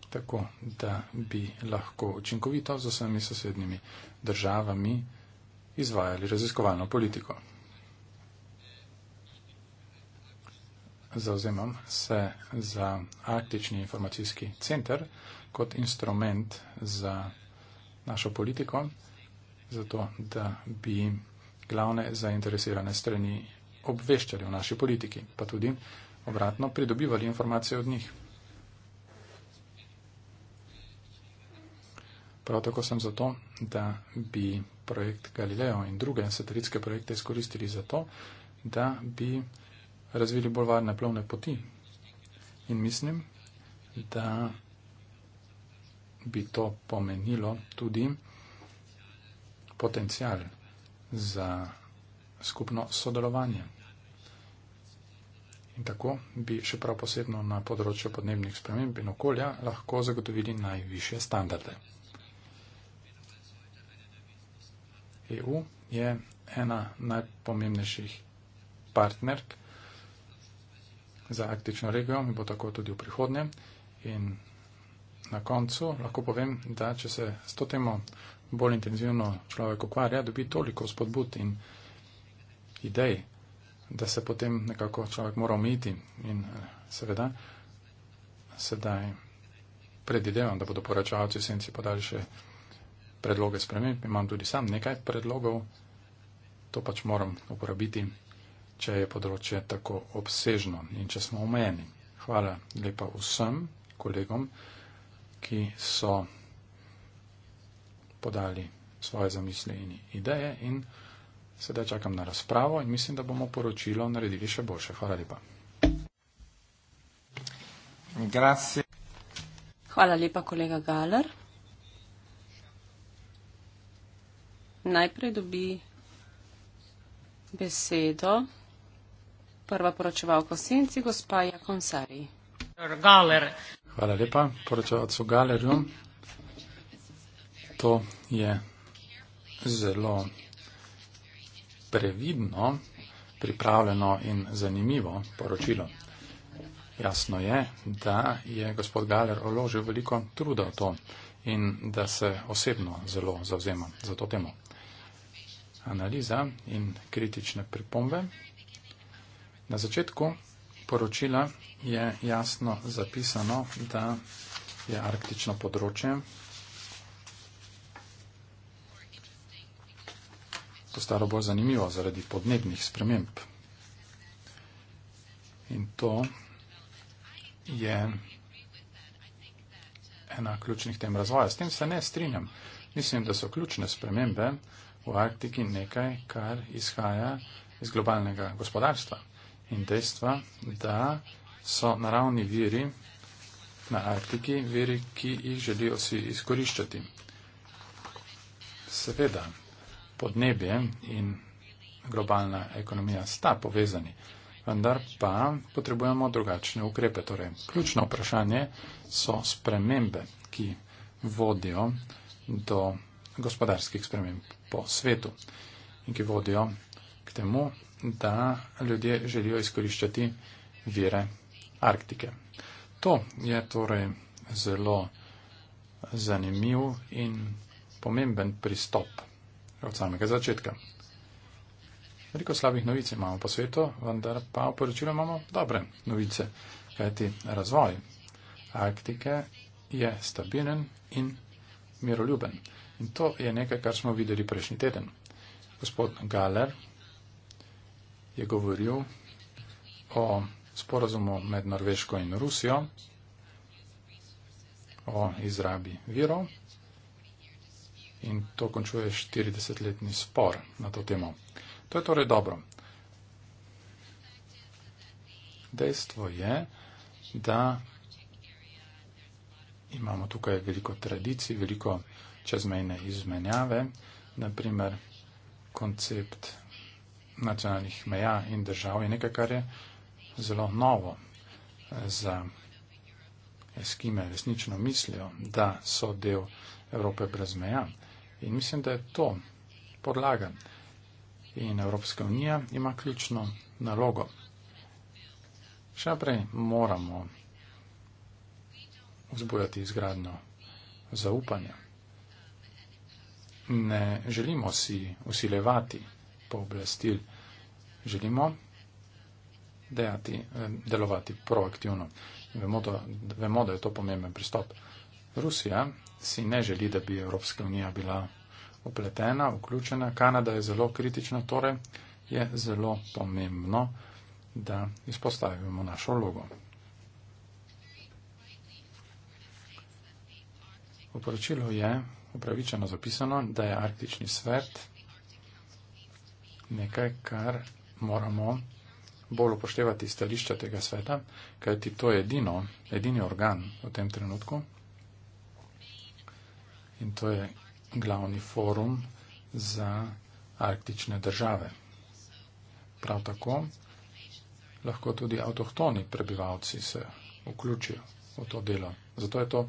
Tako, da bi lahko učinkovito z vsemi sosednjimi državami izvajali raziskovalno politiko. zauzemam se za arktični informacijski center kot instrument za našo politiko, zato da bi glavne zainteresirane strani obveščali o naši politiki, pa tudi obratno pridobivali informacije od njih. Prav tako sem zato, da bi projekt Galileo in druge satelitske projekte izkoristili za to, da bi razvili bolj varne plovne poti. In mislim, da bi to pomenilo tudi potencial za skupno sodelovanje. In tako bi še prav posebno na področju podnebnih sprememb in okolja lahko zagotovili najviše standarde. EU je ena najpomembnejših partnerk za arktično regijo in bo tako tudi v prihodnje. In na koncu lahko povem, da če se s to temo bolj intenzivno človek ukvarja, dobi toliko spodbud in idej, da se potem nekako človek mora omejiti in eh, seveda sedaj predidevam, da bodo poračavci senci podali še predloge sprememb. Imam tudi sam nekaj predlogov, to pač moram uporabiti če je področje tako obsežno in če smo omejeni. Hvala lepa vsem kolegom, ki so podali svoje zamisli in ideje in sedaj čakam na razpravo in mislim, da bomo poročilo naredili še boljše. Hvala lepa. Grazie. Hvala lepa, kolega Galer. Najprej dobi besedo prva poročevalka v senci, gospa Jakonsari. Hvala lepa, poročevalcu Galerju. To je zelo previdno, pripravljeno in zanimivo poročilo. Jasno je, da je gospod Galer oložil veliko truda v to in da se osebno zelo zavzema za to temo. Analiza in kritične pripombe Na začetku poročila je jasno zapisano, da je arktično področje postalo bolj zanimivo zaradi podnebnih sprememb. In to je ena ključnih tem razvoja. S tem se ne strinjam. Mislim, da so ključne spremembe v Arktiki nekaj, kar izhaja iz globalnega gospodarstva in dejstva, da so naravni viri na Arktiki viri, ki jih želijo vsi izkoriščati. Seveda, podnebje in globalna ekonomija sta povezani, vendar pa potrebujemo drugačne ukrepe. Torej, ključno vprašanje so spremembe, ki vodijo do gospodarskih sprememb po svetu in ki vodijo k temu, da ljudje želijo izkoriščati vire Arktike. To je torej zelo zanimiv in pomemben pristop od samega začetka. Veliko slabih novic imamo po svetu, vendar pa v poročilu imamo dobre novice, kajti razvoj Arktike je stabilen in miroljuben. In to je nekaj, kar smo videli prejšnji teden. Gospod Galer, je govoril o sporazumu med Norveško in Rusijo, o izrabi virov in to končuje 40-letni spor na to temo. To je torej dobro. Dejstvo je, da imamo tukaj veliko tradicij, veliko čezmejne izmenjave, naprimer koncept nacionalnih meja in držav je nekaj, kar je zelo novo za eskime. Resnično mislijo, da so del Evrope brez meja. In mislim, da je to podlaga. In Evropska unija ima ključno nalogo. Še naprej moramo vzbujati izgradnjo zaupanja. Ne želimo si usilevati pooblastil. Želimo dejati, eh, delovati proaktivno. Vemo, vemo, da je to pomemben pristop. Rusija si ne želi, da bi Evropska unija bila opletena, vključena. Kanada je zelo kritična, torej je zelo pomembno, da izpostavimo našo vlogo. V poročilu je upravičeno zapisano, da je arktični svet nekaj, kar moramo bolj upoštevati stališča tega sveta, kajti to je edino, edini organ v tem trenutku in to je glavni forum za arktične države. Prav tako lahko tudi avtohtoni prebivalci se vključijo v to delo. Zato je to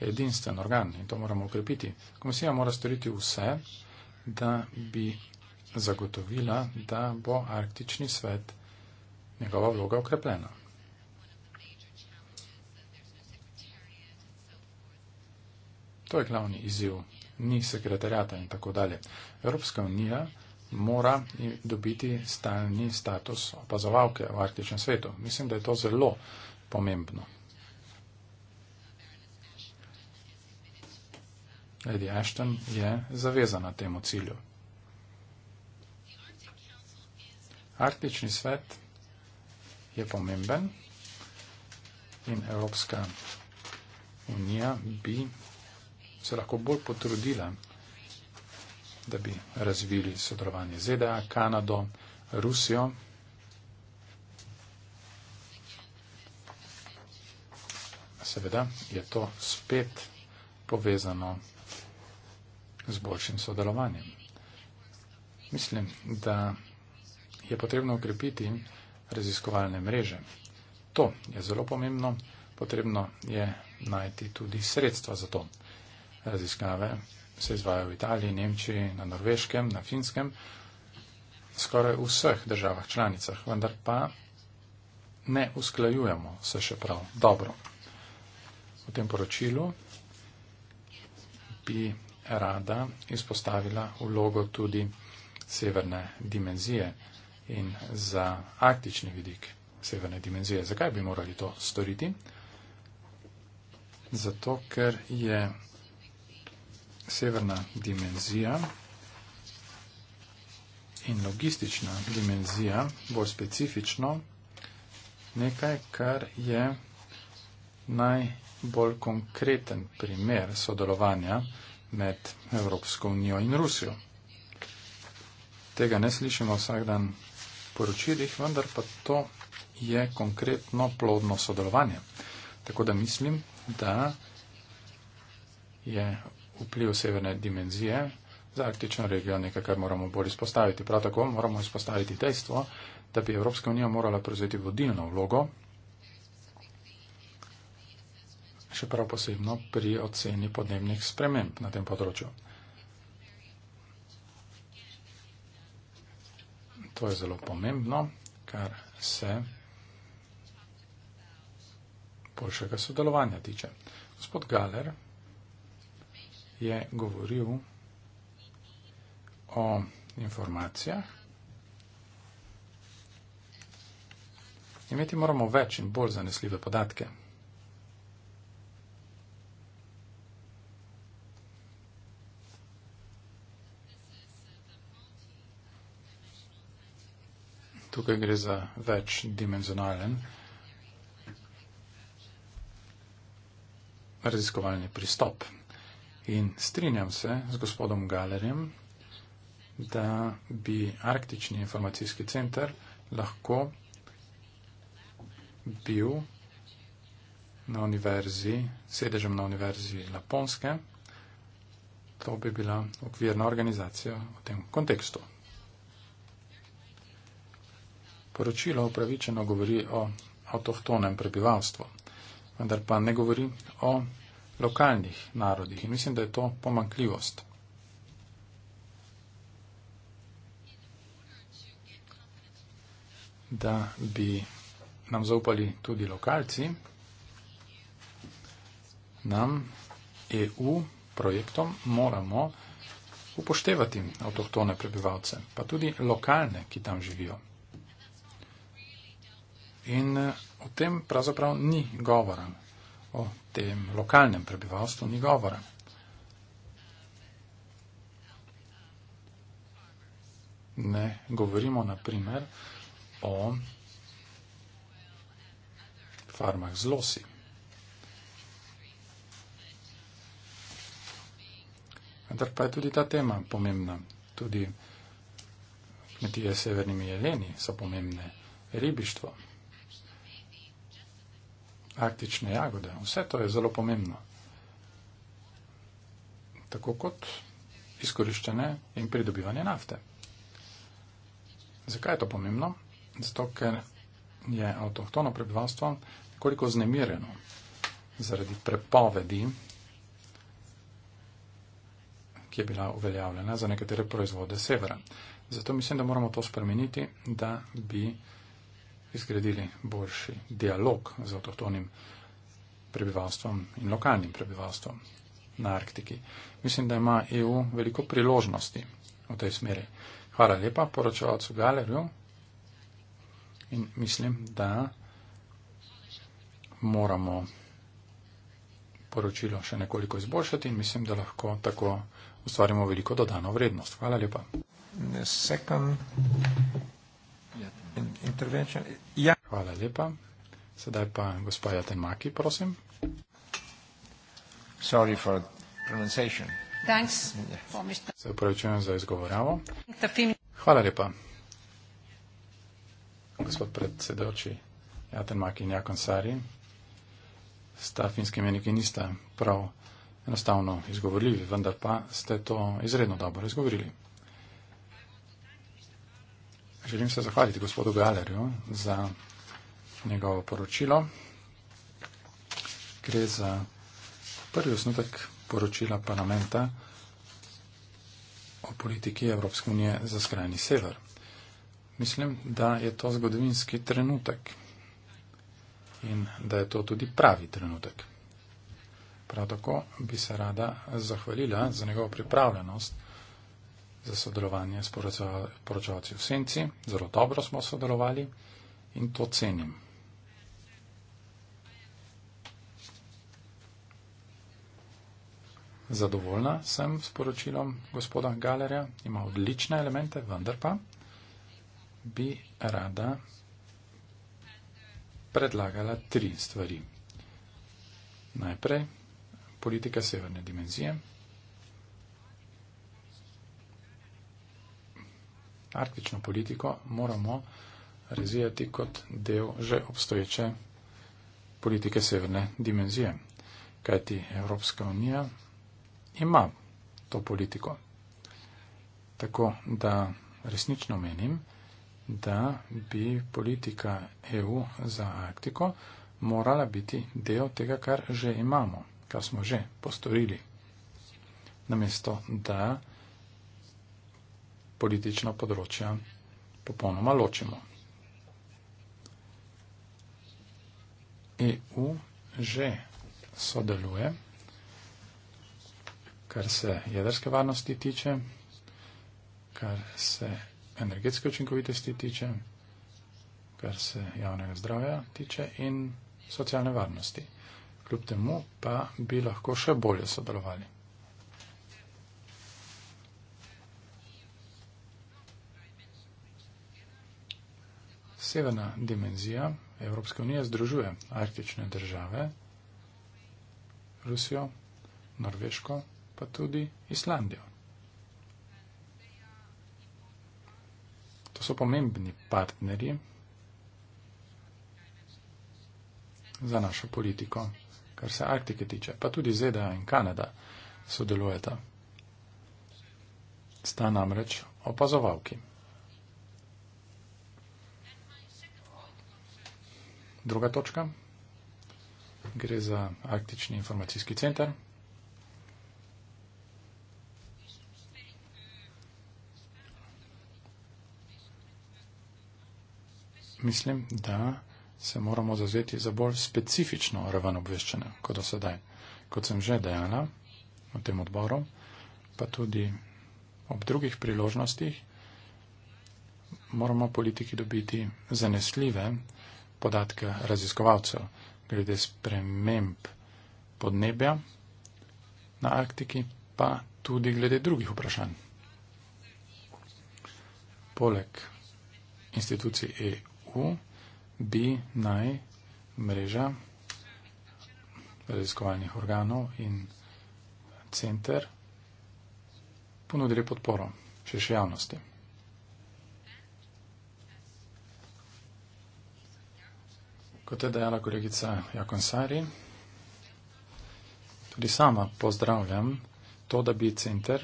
edinstven organ in to moramo ukrepiti. Komisija mora storiti vse, da bi zagotovila, da bo arktični svet njegova vloga okrepljena. To je glavni izziv, ni sekretarjata in tako dalje. Evropska unija mora dobiti stalni status opazovalke v arktičnem svetu. Mislim, da je to zelo pomembno. Lady Ashton je zavezana temu cilju. Arktični svet je pomemben in Evropska unija bi se lahko bolj potrudila, da bi razvili sodelovanje ZDA, Kanado, Rusijo. Seveda je to spet povezano z boljšim sodelovanjem. Mislim, da je potrebno ukrepiti raziskovalne mreže. To je zelo pomembno, potrebno je najti tudi sredstva za to. Raziskave se izvajajo v Italiji, Nemčiji, na Norveškem, na Finskem, skoraj v vseh državah članicah, vendar pa ne usklajujemo se še prav dobro. V tem poročilu bi rada izpostavila vlogo tudi severne dimenzije in za arktični vidik severne dimenzije. Zakaj bi morali to storiti? Zato, ker je severna dimenzija in logistična dimenzija bolj specifično nekaj, kar je najbolj konkreten primer sodelovanja med Evropsko unijo in Rusijo. Tega ne slišimo vsak dan poročilih, vendar pa to je konkretno plodno sodelovanje. Tako da mislim, da je vpliv severne dimenzije za arktično regijo nekaj, kar moramo bolj izpostaviti. Prav tako moramo izpostaviti dejstvo, da bi Evropska unija morala prevzeti vodilno vlogo, še prav posebno pri oceni podnebnih sprememb na tem področju. To je zelo pomembno, kar se boljšega sodelovanja tiče. Gospod Galer je govoril o informacijah. Imeti moramo več in bolj zanesljive podatke. Tukaj gre za večdimenzionalen raziskovalni pristop. In strinjam se z gospodom Galerjem, da bi Arktični informacijski center lahko bil na univerzi, sedežem na univerzi Laponske. To bi bila okvirna organizacija v tem kontekstu poročilo upravičeno govori o avtohtonem prebivalstvu, vendar pa ne govori o lokalnih narodih in mislim, da je to pomankljivost. Da bi nam zaupali tudi lokalci, nam EU projektom moramo upoštevati avtohtone prebivalce, pa tudi lokalne, ki tam živijo. In eh, o tem pravzaprav ni govora. O tem lokalnem prebivalstvu ni govora. Ne govorimo na primer o farmah z losi. Vendar pa je tudi ta tema pomembna. Tudi kmetije s severnimi jeleni so pomembne. Ribištvo arktične jagode. Vse to je zelo pomembno. Tako kot izkoriščene in pridobivanje nafte. Zakaj je to pomembno? Zato, ker je avtohtono prebivalstvo nekoliko znemirjeno zaradi prepovedi, ki je bila uveljavljena za nekatere proizvode severa. Zato mislim, da moramo to spremeniti, da bi izgradili boljši dialog z avtohtonim prebivalstvom in lokalnim prebivalstvom na Arktiki. Mislim, da ima EU veliko priložnosti v tej smeri. Hvala lepa poročevalcu galerju in mislim, da moramo poročilo še nekoliko izboljšati in mislim, da lahko tako ustvarimo veliko dodano vrednost. Hvala lepa. The second intervention. Ja. Hvala lepa. Sedaj pa gospod Jatenmaki, prosim. Sorry for pronunciation. Thanks. Se upravičujem za izgovorjavo. Hvala lepa. Gospod predsedoči Jatenmaki in Jakon Sari, sta finski meniki nista prav enostavno izgovorljivi, vendar pa ste to izredno dobro izgovorili. Želim se zahvaliti gospodu Galerju za njegovo poročilo. Gre za prvi osnutek poročila parlamenta o politiki Evropske unije za skrajni sever. Mislim, da je to zgodovinski trenutek in da je to tudi pravi trenutek. Prav tako bi se rada zahvalila za njegovo pripravljenost za sodelovanje s poročevalci v Senci. Zelo dobro smo sodelovali in to cenim. Zadovoljna sem s poročilom gospoda Galerja, ima odlične elemente, vendar pa bi rada predlagala tri stvari. Najprej politika severne dimenzije, arktično politiko moramo razvijati kot del že obstoječe politike severne dimenzije. Kajti Evropska unija ima to politiko. Tako da resnično menim, da bi politika EU za Arktiko morala biti del tega, kar že imamo, kar smo že postorili. Namesto da politična področja popolnoma ločimo. EU že sodeluje, kar se jedrske varnosti tiče, kar se energetske učinkovitosti tiče, kar se javnega zdravja tiče in socialne varnosti. Kljub temu pa bi lahko še bolje sodelovali. severna dimenzija Evropske unije združuje arktične države, Rusijo, Norveško, pa tudi Islandijo. To so pomembni partnerji za našo politiko, kar se Arktike tiče, pa tudi ZDA in Kanada sodelujeta. Sta namreč opazovalki. druga točka. Gre za Arktični informacijski center. Mislim, da se moramo zazeti za bolj specifično raven obveščanja, kot do sedaj. Kot sem že dejala v tem odboru, pa tudi ob drugih priložnostih, moramo politiki dobiti zanesljive podatke raziskovalcev glede sprememb podnebja na Arktiki, pa tudi glede drugih vprašanj. Poleg institucij EU bi naj mreža raziskovalnih organov in center ponudili podporo širše javnosti. Kot je dejala kolegica Jakonsari, tudi sama pozdravljam to, da bi center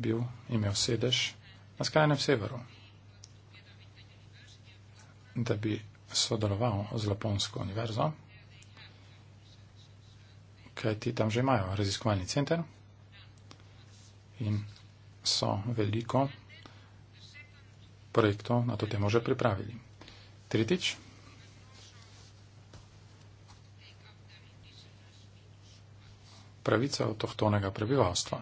bil, imel sedež na skrajnem severu, da bi sodeloval z Laponsko univerzo, kajti tam že imajo raziskovalni center in so veliko projektov na to temo že pripravili. Tretjič. Pravica avtohtonega prebivalstva.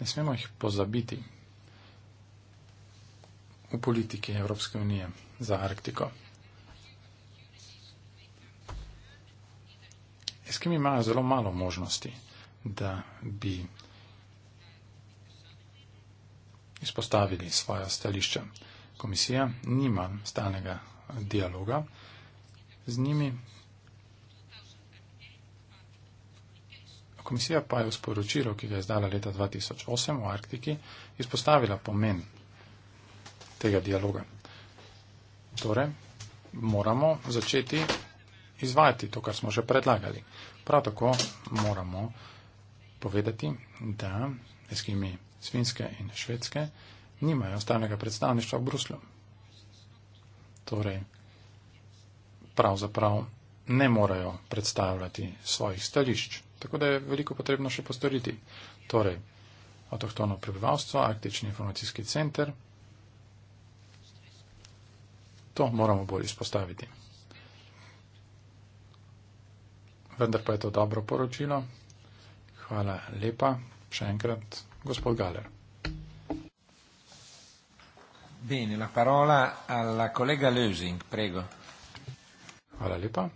Ne smemo jih pozabiti v politiki Evropske unije za Arktiko. Eskimi imajo zelo malo možnosti, da bi izpostavili svoja stališča. Komisija nima stalnega dialoga z njimi. Komisija pa je v sporočilu, ki ga je izdala leta 2008 v Arktiki, izpostavila pomen tega dialoga. Torej, moramo začeti izvajati to, kar smo že predlagali. Prav tako moramo povedati, da eskimi Svinske in Švedske, nimajo stalnega predstavništva v Bruslju. Torej, pravzaprav ne morejo predstavljati svojih stališč. Tako da je veliko potrebno še postoriti. Torej, avtohtono prebivalstvo, arktični informacijski center, to moramo bolj izpostaviti. Vendar pa je to dobro poročilo. Hvala lepa, še enkrat gospod Galer. Bene, la parola alla collega Lösing, prego. Hvala lepa.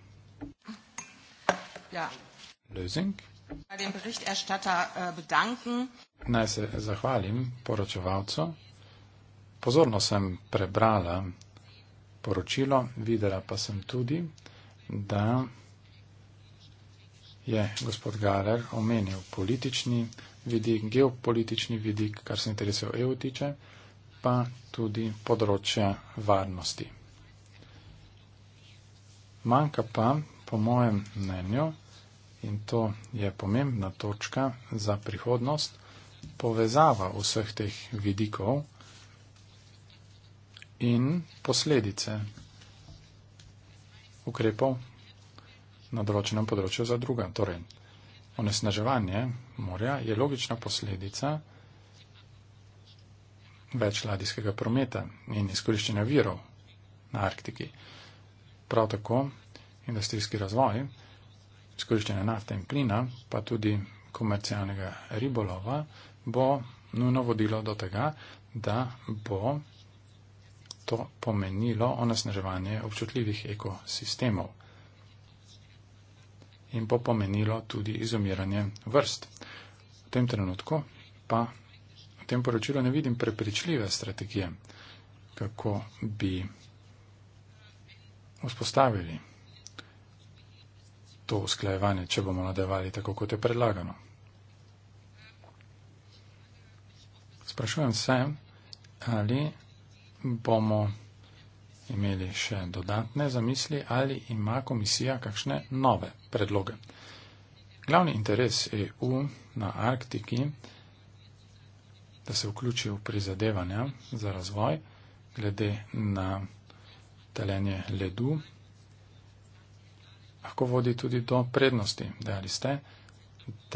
Ja. Lösing. Bei dem Berichterstatter äh, bedanken. Naj se zahvalim poročevalcu. Pozorno sem prebrala poročilo, videla pa sem tudi, da je gospod Galer omenil politični vidik, geopolitični vidik, kar se interesov EU tiče, pa tudi področje varnosti. Manjka pa, po mojem mnenju, in to je pomembna točka za prihodnost, povezava vseh teh vidikov in posledice ukrepov na določenem področju za druga. Torej, Onesnaževanje morja je logična posledica več ladijskega prometa in izkoriščenja virov na Arktiki. Prav tako industrijski razvoj, izkoriščenje nafte in plina, pa tudi komercialnega ribolova bo nujno vodilo do tega, da bo to pomenilo onesnaževanje občutljivih ekosistemov in bo pomenilo tudi izumiranje vrst. V tem trenutku pa v tem poročilu ne vidim prepričljive strategije, kako bi vzpostavili to usklajevanje, če bomo nadaljevali tako, kot je predlagano. Sprašujem se, ali bomo imeli še dodatne zamisli ali ima komisija kakšne nove predloge. Glavni interes EU na Arktiki, da se vključi v prizadevanja za razvoj glede na taljenje ledu, lahko vodi tudi do prednosti, da li ste,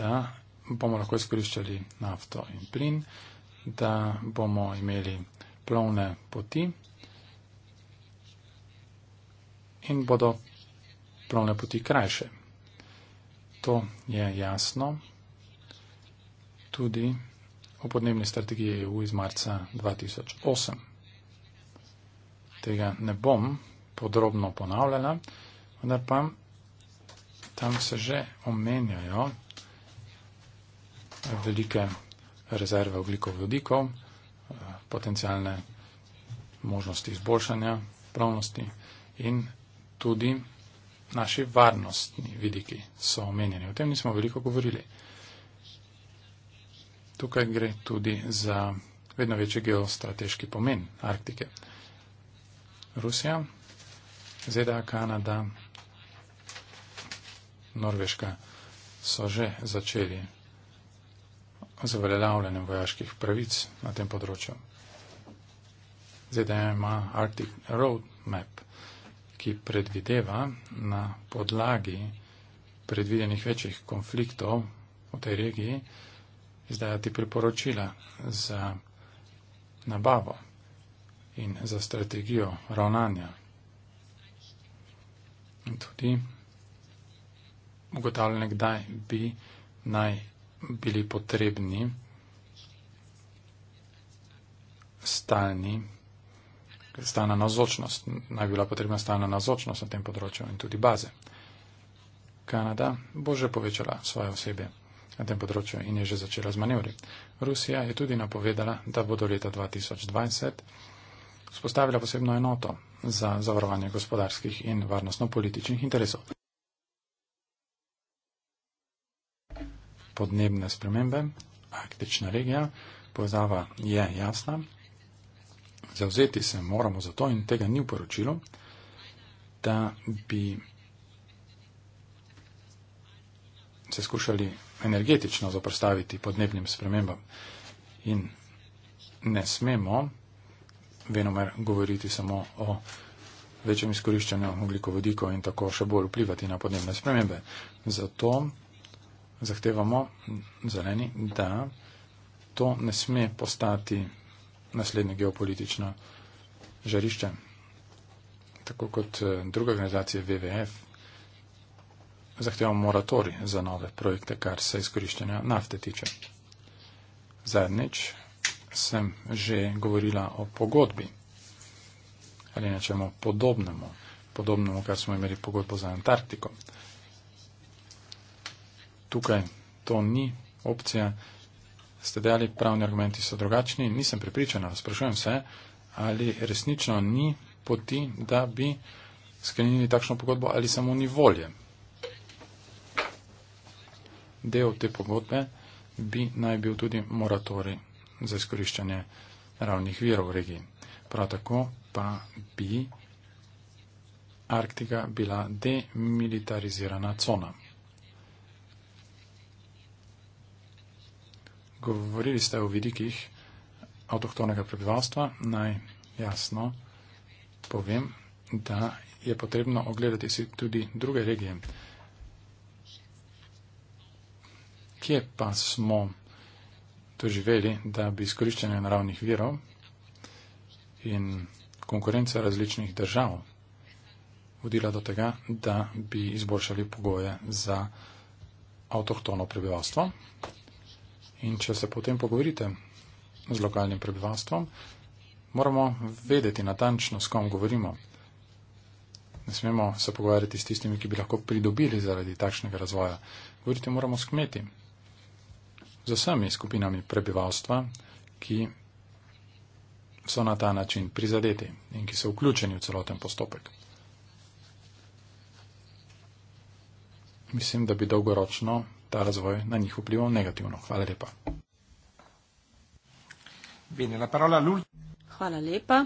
da bomo lahko izkoriščali nafto in plin, da bomo imeli plovne poti, in bodo plovne poti krajše. To je jasno tudi o podnebni strategiji EU iz marca 2008. Tega ne bom podrobno ponavljala, vendar pa tam se že omenjajo velike rezerve oglikovodikov, eh, potencijalne možnosti izboljšanja pravnosti in tudi naši varnostni vidiki so omenjeni. O tem nismo veliko govorili. Tukaj gre tudi za vedno večji geostrateški pomen Arktike. Rusija, ZDA, Kanada, Norveška so že začeli z uveljavljanjem vojaških pravic na tem področju. ZDA ima Arctic Road Map – ki predvideva na podlagi predvidenih večjih konfliktov v tej regiji izdajati priporočila za nabavo in za strategijo ravnanja. In tudi ugotavljanje, kdaj bi naj bili potrebni stalni stana navzočnost, naj bi bila potrebna stana navzočnost na tem področju in tudi baze. Kanada bo že povečala svoje osebe na tem področju in je že začela z manevri. Rusija je tudi napovedala, da bo do leta 2020 spostavila posebno enoto za zavarovanje gospodarskih in varnostno-političnih interesov. Podnebne spremembe, arktična regija, povezava je jasna zavzeti se moramo za to in tega ni v poročilu, da bi se skušali energetično zaprstaviti podnebnim spremembam. In ne smemo venomer govoriti samo o večjem izkoriščanju oglikovodikov in tako še bolj vplivati na podnebne spremembe. Zato zahtevamo zeleni, da to ne sme postati naslednje geopolitično žarišče. Tako kot eh, druga organizacija WWF zahteva moratorij za nove projekte, kar se izkoriščanja nafte tiče. Zadnjič sem že govorila o pogodbi ali nečemu podobnemu, podobnemu, kar smo imeli pogodbo za Antarktiko. Tukaj to ni opcija ste dejali, pravni argumenti so drugačni. Nisem pripričana, sprašujem se, ali resnično ni poti, da bi sklenili takšno pogodbo ali samo ni volje. Del te pogodbe bi naj bil tudi moratori za izkoriščanje ravnih virov v regiji. Prav tako pa bi Arktika bila demilitarizirana cona. Govorili ste o vidikih avtohtonega prebivalstva. Naj jasno povem, da je potrebno ogledati si tudi druge regije. Kje pa smo doživeli, da bi izkoriščanje naravnih virov in konkurenca različnih držav vodila do tega, da bi izboljšali pogoje za avtohtono prebivalstvo. In če se potem pogovorite z lokalnim prebivalstvom, moramo vedeti natančno, s kom govorimo. Ne smemo se pogovarjati s tistimi, ki bi lahko pridobili zaradi takšnega razvoja. Govoriti moramo s kmeti, z vsemi skupinami prebivalstva, ki so na ta način prizadeti in ki so vključeni v celoten postopek. Mislim, da bi dolgoročno ta razvoj na njih vplival negativno. Hvala lepa. Hvala lepa.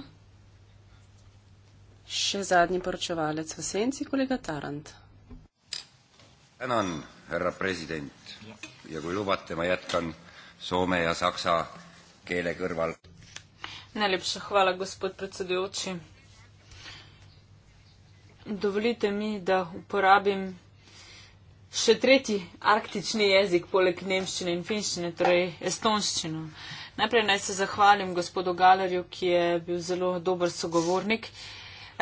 Še zadnji poročevalec v senci, kolega Tarant. Tänan, härra president. Ja kui lubate, ma jätkan soome ja saksa keele kõrval. Najlepša hvala, gospod predsedujoči. Dovolite mi, da uporabim še tretji arktični jezik, poleg nemščine in finščine, torej estonščino. Najprej naj se zahvalim gospodu Galerju, ki je bil zelo dober sogovornik.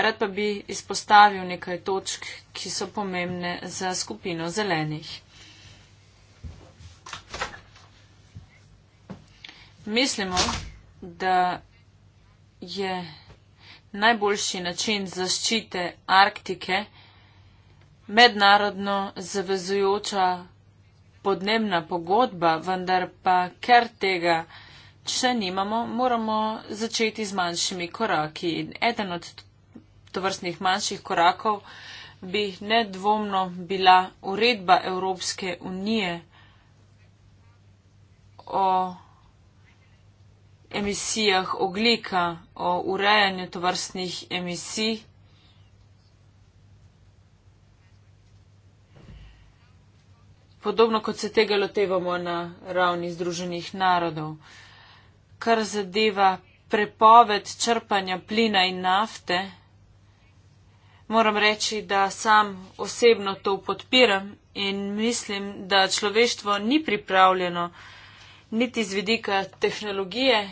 Rad pa bi izpostavil nekaj točk, ki so pomembne za skupino zelenih. Mislimo, da je najboljši način zaščite Arktike, mednarodno zavezujoča podnebna pogodba, vendar pa ker tega še nimamo, moramo začeti z manjšimi koraki. Eden od tovrstnih manjših korakov bi nedvomno bila uredba Evropske unije o emisijah oglika, o urejanju tovrstnih emisij. podobno kot se tega lotevamo na ravni Združenih narodov. Kar zadeva prepoved črpanja plina in nafte, moram reči, da sam osebno to podpiram in mislim, da človeštvo ni pripravljeno niti z vidika tehnologije,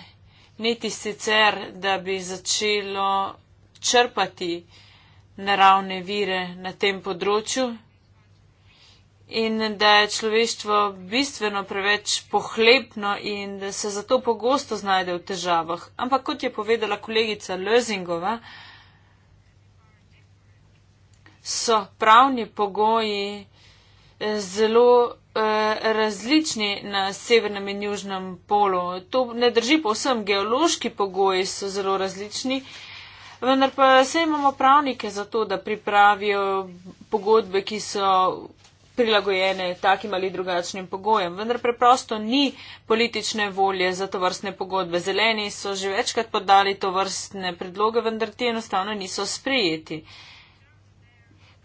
niti sicer, da bi začelo črpati naravne vire na tem področju in da je človeštvo bistveno preveč pohlepno in da se zato pogosto znajde v težavah. Ampak kot je povedala kolegica Lozingova, so pravni pogoji eh, zelo eh, različni na severnem in južnem polu. To ne drži povsem, geološki pogoji so zelo različni, vendar pa se imamo pravnike za to, da pripravijo pogodbe, ki so prilagojene takim ali drugačnim pogojem. Vendar preprosto ni politične volje za to vrstne pogodbe. Zeleni so že večkrat podali to vrstne predloge, vendar ti enostavno niso sprejeti.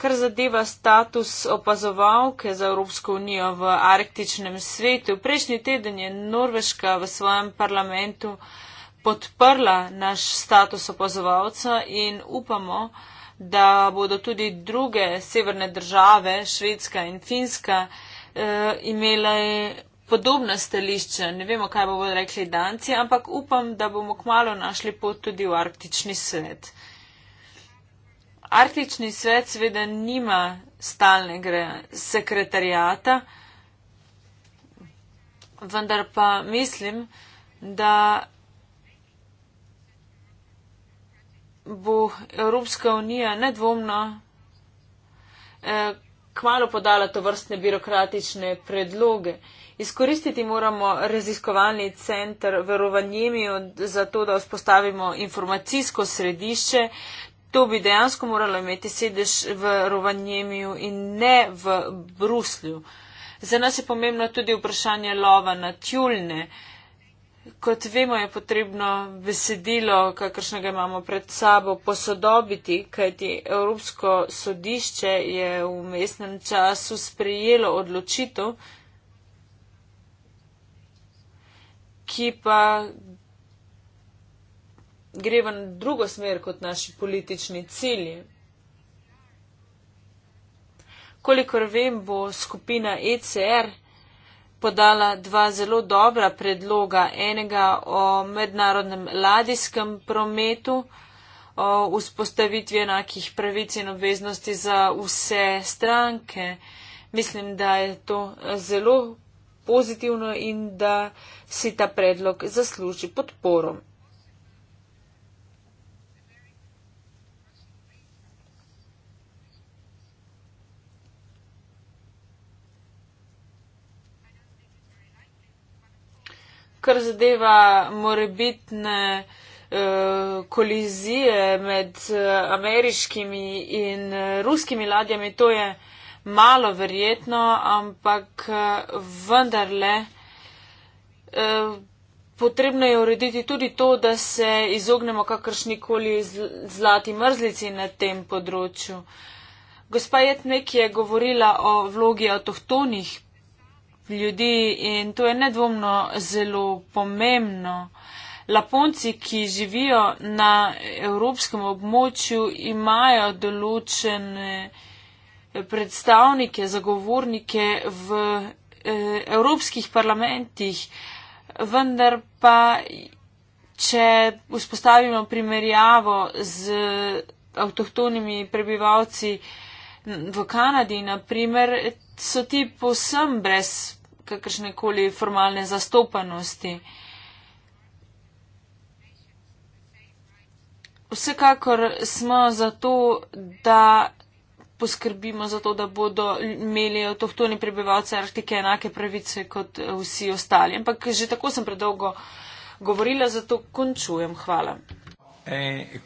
Kar zadeva status opazovalke za Evropsko unijo v arktičnem svetu, prejšnji teden je Norveška v svojem parlamentu podprla naš status opazovalca in upamo, da bodo tudi druge severne države, Švedska in Finska, eh, imele podobno stališče. Ne vemo, kaj bodo rekli Danci, ampak upam, da bomo kmalo našli pot tudi v arktični svet. Arktični svet seveda nima stalnega sekretarijata, vendar pa mislim, da bo Evropska unija nedvomno eh, kmalo podala to vrstne birokratične predloge. Izkoristiti moramo raziskovalni centr v Rovanjemiju za to, da vzpostavimo informacijsko središče. To bi dejansko moralo imeti sedež v Rovanjemiju in ne v Bruslju. Za nas je pomembno tudi vprašanje lova na tjulne. Uh, Kot vemo, je potrebno besedilo, kakršnega imamo pred sabo, posodobiti, kajti Evropsko sodišče je v mestnem času sprejelo odločitev, ki pa gre v drugo smer kot naši politični cilji. Kolikor vem, bo skupina ECR podala dva zelo dobra predloga. Enega o mednarodnem ladijskem prometu, o vzpostavitvi enakih pravic in obveznosti za vse stranke. Mislim, da je to zelo pozitivno in da si ta predlog zasluži podporo. kar zadeva morebitne eh, kolizije med eh, ameriškimi in eh, ruskimi ladjami, to je malo verjetno, ampak vendarle potrebno je urediti tudi to, da se izognemo kakršnikoli zlati mrzlici na tem področju. Gospa Jetmek je govorila o vlogi avtohtonih ljudi in to je nedvomno zelo pomembno. Laponci, ki živijo na evropskem območju, imajo določene predstavnike, zagovornike v eh, evropskih parlamentih, vendar pa, če vzpostavimo primerjavo z avtohtonimi prebivalci v Kanadi, naprimer, so ti posem brez kakršne koli formalne zastopanosti. Vsekakor smo zato, da poskrbimo za to, da bodo imeli avtohtoni prebivalci Arktike enake pravice kot eh, vsi ostali. Ampak že tako sem predolgo govorila, zato končujem. Hvala. Eh,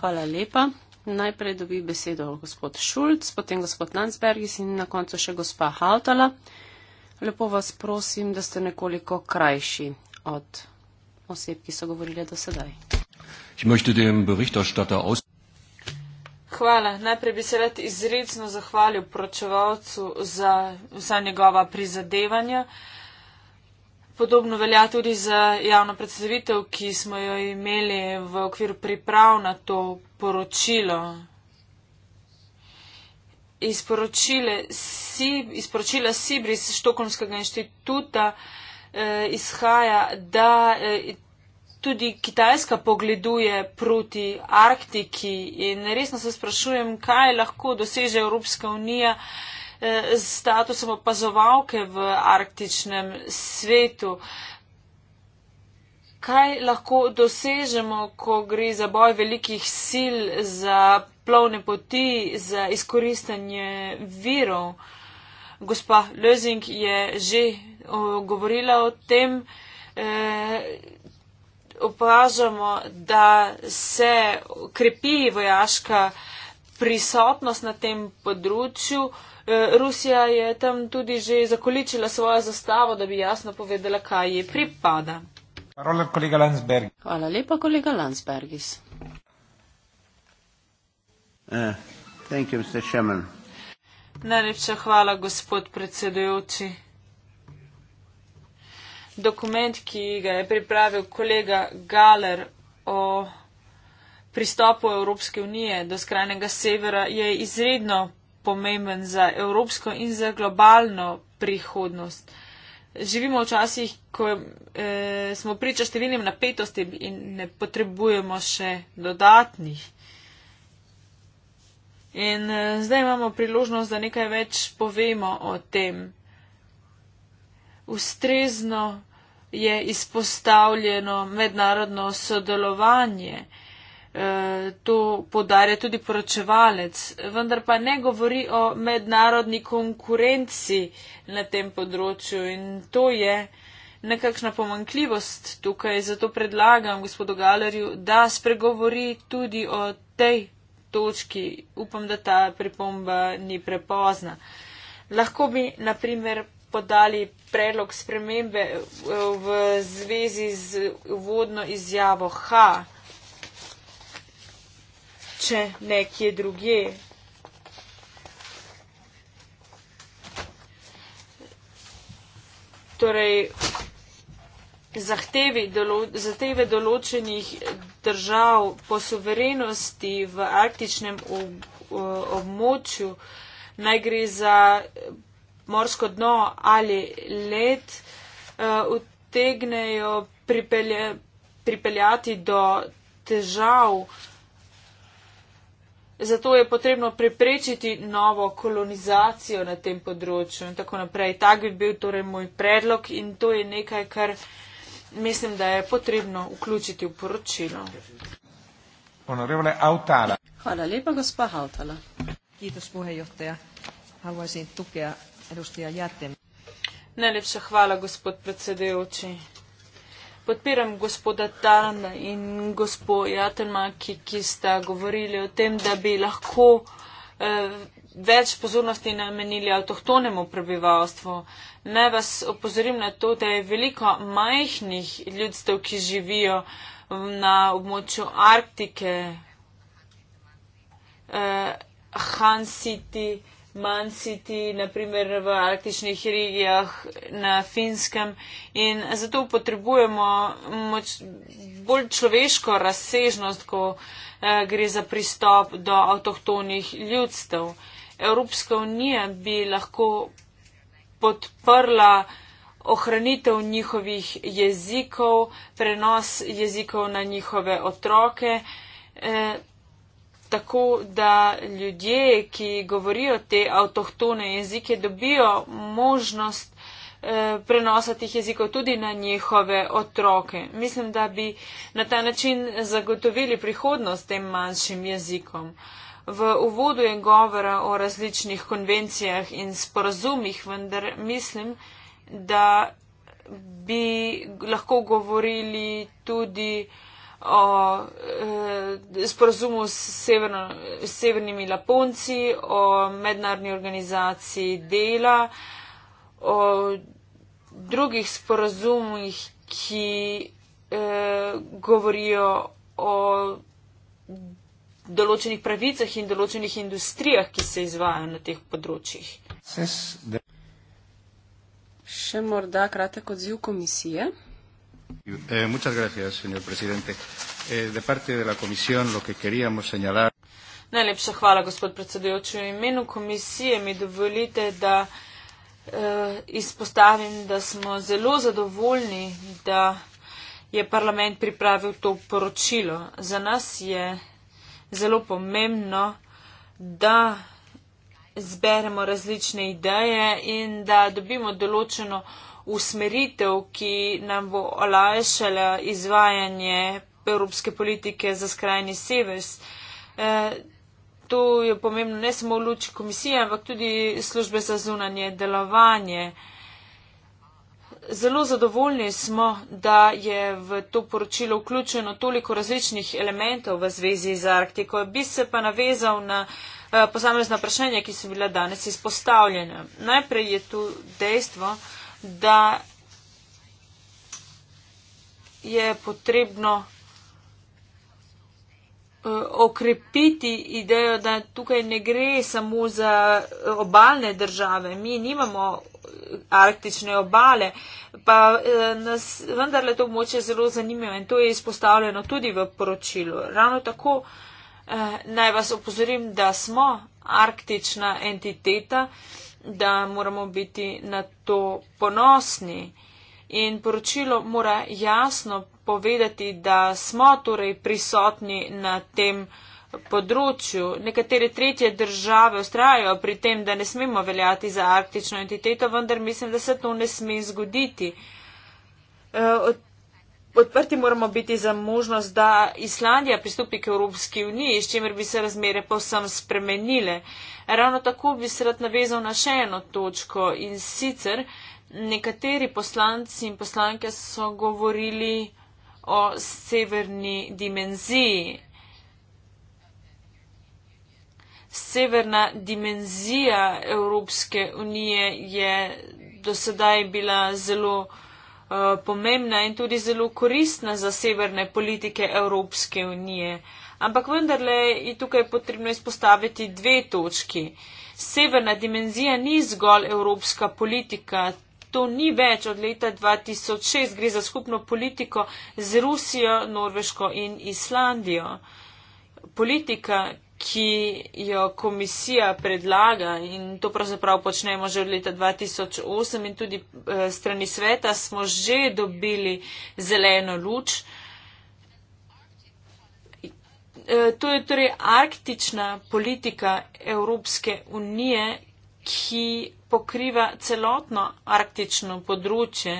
Hvala lepa. Najprej dobi besedo gospod Šulc, potem gospod Landsbergis in na koncu še gospa Haltala. Lepo vas prosim, da ste nekoliko krajši od oseb, ki so govorile do sedaj. Hvala. Najprej bi se rad izredno zahvalil poročevalcu za vsa njegova prizadevanja. Uh, Podobno velja tudi za javno predstavitev, ki smo jo imeli v okviru priprav na to poročilo. Iz poročila Sibris Štokholmskega inštituta eh, izhaja, da eh, tudi Kitajska pogleduje proti Arktiki in resno se sprašujem, kaj lahko doseže Evropska unija. Eh, Eh, s statusom opazovalke v arktičnem svetu. Kaj lahko dosežemo, ko gre za boj velikih sil, za plovne poti, za izkoristanje virov? Gospa Lözing je že govorila o tem. E, opažamo, da se krepi vojaška prisotnost na tem področju. E, Rusija je tam tudi že zakoličila svojo zastavo, da bi jasno povedala, kaj ji pripada. Parola, kolega Landsberg. Hvala lepa, kolega Landsbergis. Uh, Najlepša hvala, gospod predsedujoči. Dokument, ki ga je pripravil kolega Galer o pristopu Evropske unije do skrajnega severa je izredno pomemben za evropsko in za globalno prihodnost. Živimo v časih, ko eh, smo priča številnim napetostim in ne potrebujemo še dodatnih. In eh, zdaj imamo priložnost, da nekaj več povemo o tem. Ustrezno je izpostavljeno mednarodno sodelovanje. Eh, to podarja tudi poročevalec, vendar pa ne govori o mednarodni konkurenci na tem področju in to je nekakšna pomankljivost tukaj. Zato predlagam gospodu Galerju, da spregovori tudi o tej točki. Upam, da ta pripomba ni prepozna. Lahko bi, na primer, podali predlog spremembe v zvezi z vodno izjavo H če nekje druge. Torej, zahteve določenih držav po suverenosti v arktičnem območju, naj gre za morsko dno ali let, e, utegnejo pripeljati do težav, zato je potrebno preprečiti novo kolonizacijo na tem področju in tako naprej. Tak bi bil torej moj predlog in to je nekaj, kar mislim, da je potrebno vključiti v poročilo. Honorevole Autala. Hvala lepa, gospa Autala. Najlepša hvala, gospod predsedujoči podpiram gospoda Tana in gospod Jatelma, ki, ki sta govorili o tem, da bi lahko eh, več pozornosti namenili avtohtonemu prebivalstvu. Naj vas opozorim na to, da je veliko majhnih ljudstev, ki živijo na območju Arktike, eh, Han City, eh, Man City, naprimer v arktičnih regijah na Finskem in zato potrebujemo moč, bolj človeško razsežnost, ko eh, gre za pristop do avtohtonih ljudstev. Evropska unija bi lahko podprla ohranitev njihovih jezikov, prenos jezikov na njihove otroke. Eh, tako, da ljudje, ki govorijo te avtohtone jezike, dobijo možnost eh, prenosa tih jezikov tudi na njihove otroke. Mislim, da bi na ta način zagotovili prihodnost tem manjšim jezikom. V uvodu je govora o različnih konvencijah in sporazumih, vendar mislim, da bi lahko govorili tudi o e, sporazumu s, severno, s severnimi Laponci, o mednarodni organizaciji dela, o drugih sporazumih, ki e, govorijo o določenih pravicah in določenih industrijah, ki se izvajajo na teh področjih. Še morda kratek odziv komisije. Eh, muchas gracias, señor presidente. Eh, de parte de la comisión, lo que queríamos señalar. Najlepša hvala, gospod predsedujoči. V imenu komisije mi dovolite, da eh, izpostavim, da smo zelo zadovoljni, da je parlament pripravil to poročilo. Za nas je zelo pomembno, da zberemo različne ideje in da dobimo določeno usmeritev, ki nam bo olajšala izvajanje evropske politike za skrajni severs. E, to je pomembno ne samo v luči komisije, ampak tudi službe za zunanje delovanje. Zelo zadovoljni smo, da je v to poročilo vključeno toliko različnih elementov v zvezi z Arktiko. Bi se pa navezal na e, posamezna vprašanja, ki so bila danes izpostavljena. Najprej je tu dejstvo, da je potrebno eh, okrepiti idejo, da tukaj ne gre samo za eh, obalne države. Mi nimamo eh, arktične obale, pa nas vendarle to območje zelo zanimivo in to je izpostavljeno tudi v poročilu. Ravno tako naj vas opozorim, da smo arktična entiteta da moramo biti na to ponosni. In poročilo mora jasno povedati, da smo torej prisotni na tem področju. Nekatere tretje države ustrajajo pri tem, da ne smemo veljati za arktično entiteto, vendar mislim, da se to ne sme zgoditi. Eh, Odprti moramo biti za možnost, da Islandija pristopi k Evropski uniji, s čimer bi se razmere povsem spremenile. Ravno tako bi se rad navezal na še eno točko in sicer nekateri poslanci in poslanke so govorili o severni dimenziji. Severna dimenzija Evropske unije je do sedaj bila zelo. Eh, pomembna in tudi zelo koristna za severne politike Evropske unije. Ampak vendarle je tukaj potrebno izpostaviti dve točki. Severna dimenzija ni zgolj evropska politika, to ni več od leta 2006, gre za skupno politiko z Rusijo, Norveško in Islandijo. Politika, ki jo komisija predlaga in to pravzaprav počnemo že od leta 2008 in tudi eh, strani sveta smo že dobili zeleno luč. Eh, to je torej arktična politika Evropske unije, ki pokriva celotno arktično področje.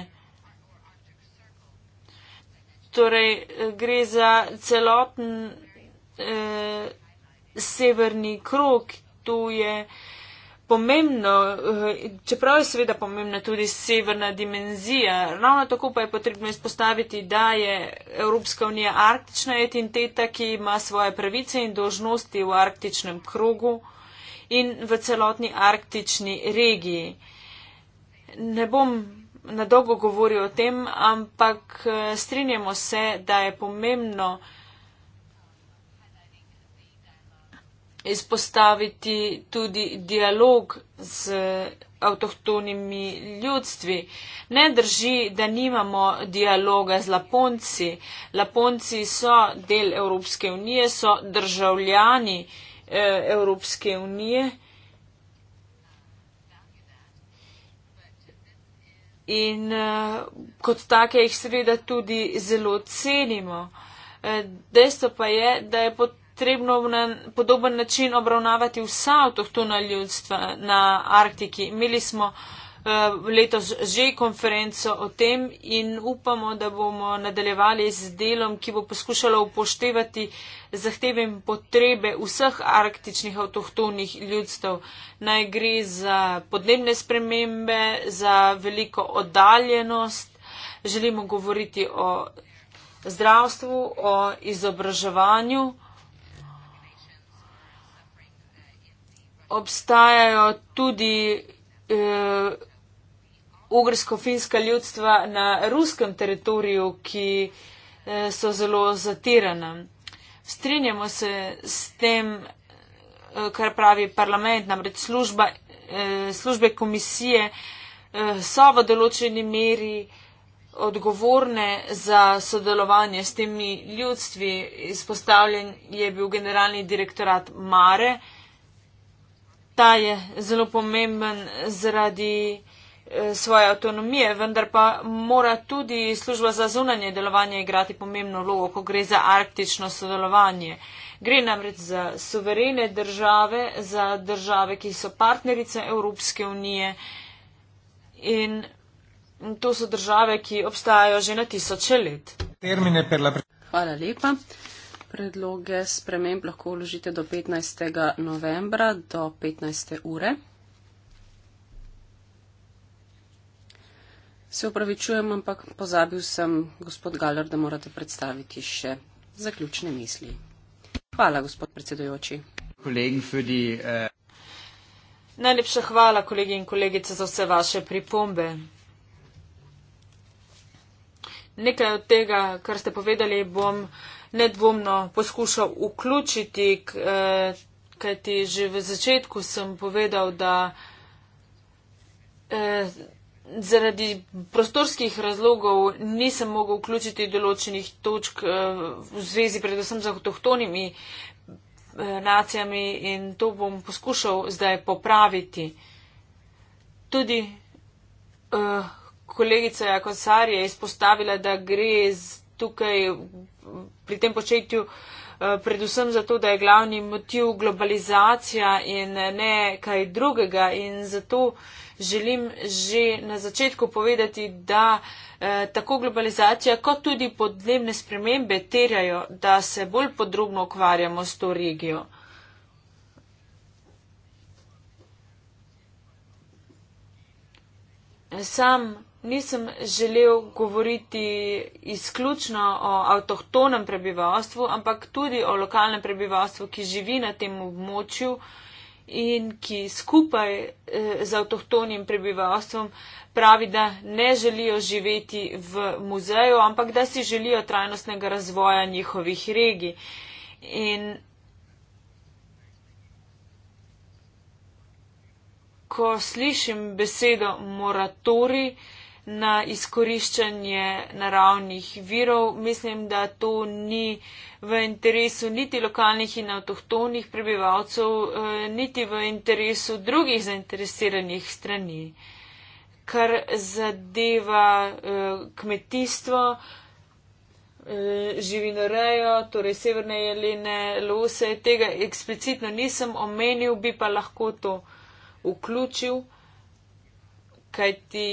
Torej eh, gre za celoten. Eh, severni krok. To je pomembno, eh, čeprav je seveda pomembna tudi severna dimenzija. Ravno tako pa je potrebno izpostaviti, da je Evropska unija arktična etiteta, ki ima svoje pravice in dožnosti v arktičnem krogu in v celotni arktični regiji. Ne bom na dolgo govoril o tem, ampak eh, strinjamo se, da je pomembno, izpostaviti tudi dialog z avtohtonimi ljudstvi. Ne drži, da nimamo dialoga z Laponci. Laponci so del Evropske unije, so državljani eh, Evropske unije. In eh, kot take jih seveda tudi zelo cenimo. Eh, dejstvo pa je, da je potrebno trebno na podoben način obravnavati vsa avtohtona ljudstva na Arktiki. Imeli smo eh, letos že konferenco o tem in upamo, da bomo nadaljevali z delom, ki bo poskušalo upoštevati zahteve in potrebe vseh arktičnih avtohtonih ljudstv. Naj gre za podnebne spremembe, za veliko oddaljenost. Želimo govoriti o zdravstvu, o izobraževanju. obstajajo tudi eh, ugrsko-finska ljudstva na ruskem teritoriju, ki eh, so zelo zatirana. Strinjamo se s tem, eh, kar pravi parlament, namreč služba, eh, službe komisije eh, so v določeni meri odgovorne za sodelovanje s temi ljudstvi. Izpostavljen je bil generalni direktorat Mare. Eh, ta je zelo pomemben zaradi eh, svoje avtonomije, vendar pa mora tudi služba za zunanje delovanje igrati pomembno vlogo, ko gre za arktično sodelovanje. Gre namreč za suverene države, za države, ki so partnerice Evropske unije in to so države, ki obstajajo že na tisoče let. Hvala lepa predloge sprememb lahko vložite do 15. novembra do 15. ure. Se upravičujem, ampak pozabil sem, gospod Galler, da morate predstaviti še zaključne misli. Hvala, gospod predsedujoči. Eh, Najlepša hvala, kolegi in kolegice, za vse vaše pripombe. Nekaj od tega, kar ste povedali, bom nedvomno poskušal vključiti, eh, kajti že v začetku sem povedal, da eh, zaradi prostorskih razlogov nisem mogel vključiti določenih točk eh, v zvezi predvsem z avtohtonimi nacijami in to bom poskušal zdaj popraviti. Tudi uh, kolegica Jakosar je izpostavila, da gre tukaj pri tem početju eh, predvsem zato, da je glavni motiv globalizacija in ne kaj drugega. In zato želim že na začetku povedati, da eh, tako globalizacija kot tudi podnebne spremembe terjajo, da se bolj podrobno ukvarjamo s to regijo. Sam nisem želel govoriti izključno o avtohtonem prebivalstvu, ampak tudi o lokalnem prebivalstvu, ki živi na tem območju in ki skupaj eh, z avtohtonim prebivalstvom pravi, da ne želijo živeti v muzeju, ampak da si želijo trajnostnega razvoja njihovih regij. In ko slišim besedo moratori, na izkoriščanje naravnih virov. Mislim, da to ni v interesu niti lokalnih in avtohtonih prebivalcev, eh, niti v interesu drugih zainteresiranih strani. Kar zadeva eh, kmetijstvo, eh, živinorejo, torej severne jelene, lose, tega eksplicitno nisem omenil, bi pa lahko to vključil, kajti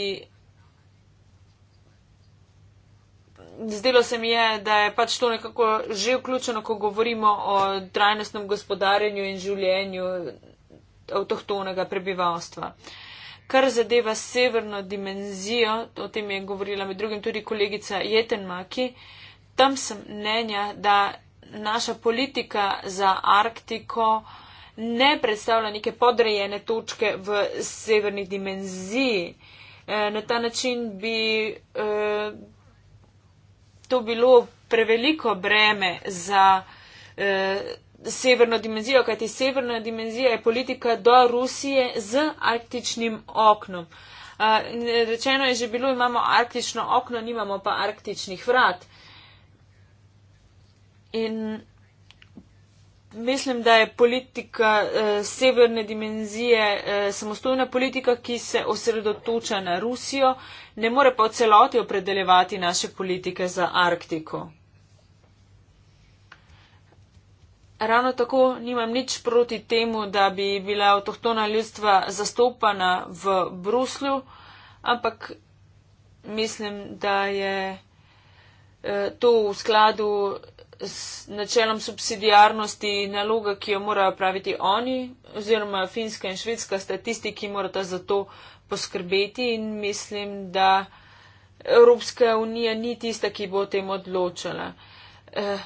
zdelo se mi je, da je pač to nekako že vključeno, ko govorimo o trajnostnem gospodarjenju in življenju avtohtonega prebivalstva. Kar zadeva severno dimenzijo, o tem je govorila med drugim tudi kolegica Jetenmaki, tam sem mnenja, da naša politika za Arktiko ne predstavlja neke podrejene točke v severni dimenziji. E, na ta način bi. Eh, to bilo preveliko breme za eh, severno dimenzijo, kajti severna dimenzija je politika do Rusije z arktičnim oknom. Eh, rečeno je že bilo, imamo arktično okno, nimamo pa arktičnih vrat. In Mislim, da je politika eh, severne dimenzije eh, samostojna politika, ki se osredotoča na Rusijo, ne more pa v celoti opredeljevati naše politike za Arktiko. Ravno tako nimam nič proti temu, da bi bila avtohtona ljudstva zastopana v Bruslju, ampak mislim, da je. Eh, to v skladu s načelom subsidijarnosti naloga, ki jo morajo praviti oni, oziroma finska in švedska statisti, ki morata za to poskrbeti in mislim, da Evropska unija ni tista, ki bo o tem odločala. Eh,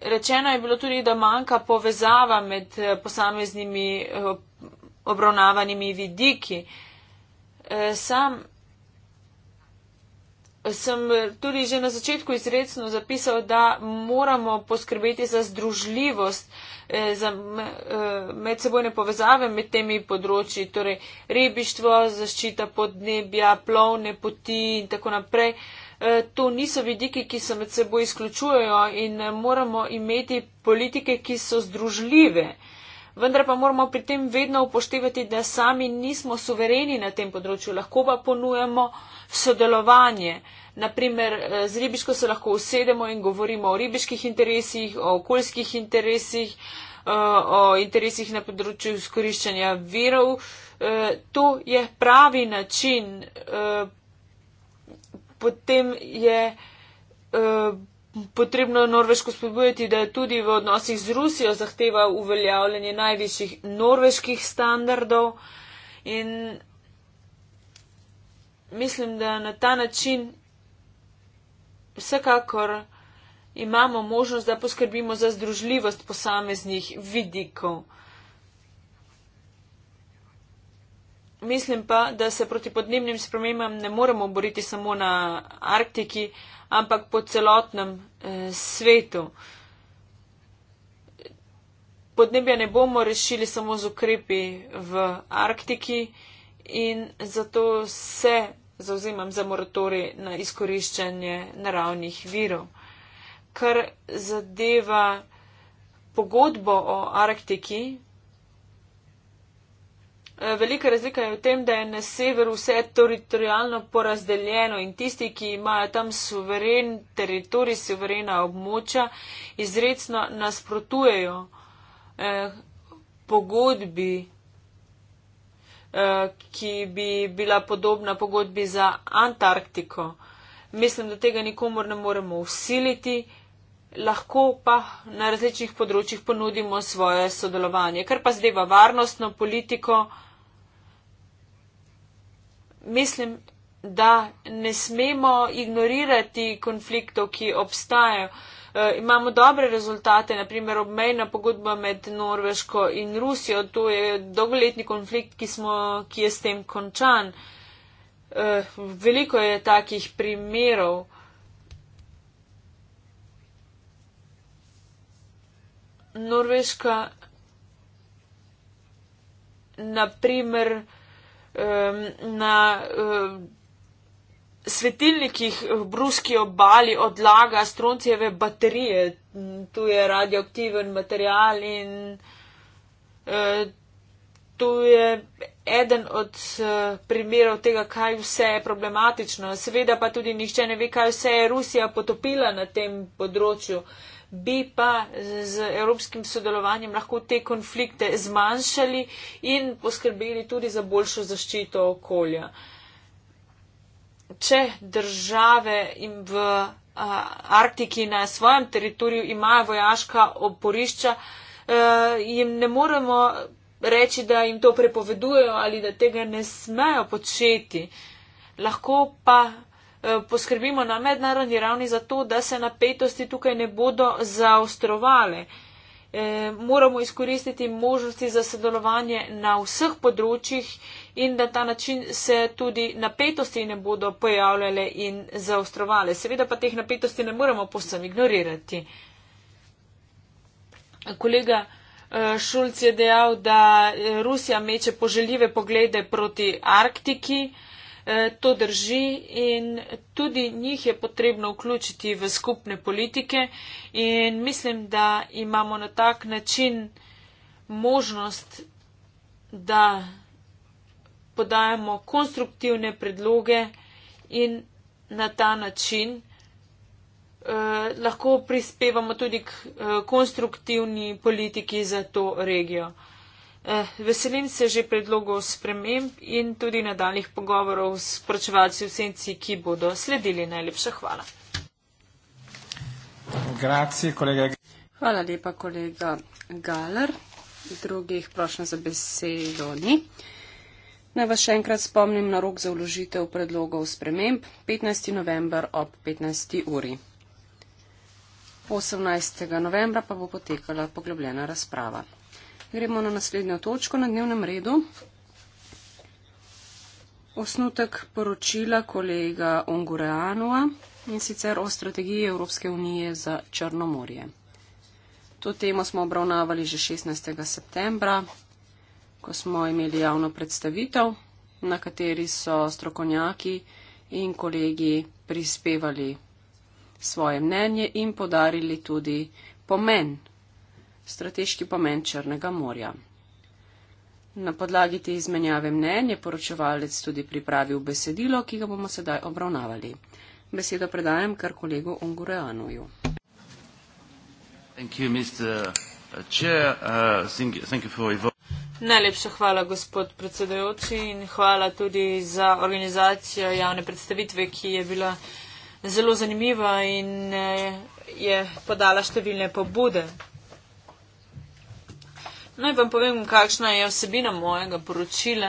rečeno je bilo tudi, da manjka povezava med eh, posameznimi obravnavanimi vidiki. Sam sem tudi že na začetku izredno zapisal, da moramo poskrbeti za združljivost, eh, za eh, medsebojne povezave med temi področji, torej ribištvo, zaščita podnebja, plovne poti in tako naprej. Eh, to niso vidiki, ki se med seboj izključujejo in moramo imeti politike, ki so združljive vendar pa moramo pri tem vedno upoštevati, da sami nismo suvereni na tem področju, lahko pa ponujemo sodelovanje. Naprimer, eh, z ribiško se lahko usedemo in govorimo o ribiških interesih, o okoljskih interesih, eh, o interesih na področju skoriščanja virov. Eh, to je pravi način. Potem je potrebno Norveško spodbujati, da tudi v odnosih z Rusijo zahteva uveljavljanje najvišjih norveških standardov. In mislim, da na ta način vsekakor imamo možnost, da poskrbimo za združljivost posameznih vidikov. Mislim pa, da se proti podnebnim spremembam ne moremo boriti samo na Arktiki, ampak po celotnem eh, svetu. Podnebja ne bomo rešili samo z ukrepi v Arktiki in zato se zauzemam za moratorij na izkoriščanje naravnih virov. Kar zadeva pogodbo o Arktiki, Eh, velika razlika je v tem, da je na severu vse teritorijalno porazdeljeno in tisti, ki imajo tam suveren teritorij, suverena območja, izredno nasprotujejo eh, pogodbi, eh, ki bi bila podobna pogodbi za Antarktiko. Mislim, da tega nikomor ne moremo usiliti. Lahko pa na različnih področjih ponudimo svoje sodelovanje, kar pa zdaj v varnostno politiko mislim, da ne smemo ignorirati konfliktov, ki obstajajo. E, imamo dobre rezultate, naprimer obmejna pogodba med Norveško in Rusijo, to je dolgoletni konflikt, ki, smo, ki je s tem končan. E, veliko je takih primerov. Norveška, naprimer, um, na um, svetilnikih v bruski obali odlaga stroncijeve baterije. Tu je radioaktiven material in uh, tu je eden od uh, primerov tega, kaj vse je problematično. Seveda pa tudi nišče ne ve, kaj vse je Rusija potopila na tem področju. Uh, bi pa z evropskim sodelovanjem lahko te konflikte zmanjšali in poskrbeli tudi za boljšo zaščito okolja. Če države in v Arktiki na svojem teritoriju imajo vojaška oporišča, e, jim ne moremo reči, da jim to prepovedujejo ali da tega ne smejo početi. Lahko pa Eh, poskrbimo na mednarodni ravni za to, da se napetosti tukaj ne bodo zaostrovale. Eh, moramo izkoristiti možnosti za sodelovanje na vseh področjih in da ta način se tudi napetosti ne bodo pojavljale in zaostrovale. Seveda pa teh napetosti ne moremo posem ignorirati. Kolega eh, Šulc je dejal, da Rusija meče poželjive poglede proti Arktiki. Eh, to drži in tudi njih je potrebno vključiti v skupne politike in mislim, da imamo na tak način možnost, da podajamo konstruktivne predloge in na ta način eh, lahko prispevamo tudi k eh, konstruktivni politiki za to regijo. Eh, veselim se že predlogov sprememb in tudi nadaljih pogovorov s poročevalci v senci, ki bodo sledili. Najlepša hvala. Grazie, kolega. Hvala lepa, kolega Galer. Drugih prošnja za besedo ni. Naj vas še enkrat spomnim na rok za vložitev predlogov sprememb 15. november ob 15. uri. 18. novembra pa bo potekala poglobljena razprava. Gremo na naslednjo točko na dnevnem redu. Osnutek poročila kolega Ongureanua in sicer o strategiji Evropske unije za Črnomorje. To temo smo obravnavali že 16. septembra, ko smo imeli javno predstavitev, na kateri so strokovnjaki in kolegi prispevali svoje mnenje in podarili tudi pomen strateški pomen Črnega morja. Na podlagi te izmenjave mnen je poročevalec tudi pripravil besedilo, ki ga bomo sedaj obravnavali. Besedo predajem kar kolegu Ungureanoju. Uh, uh, Najlepša hvala, gospod predsedajoči, in hvala tudi za organizacijo javne predstavitve, ki je bila zelo zanimiva in uh, je podala številne pobude Naj vam povem, kakšna je vsebina mojega poročila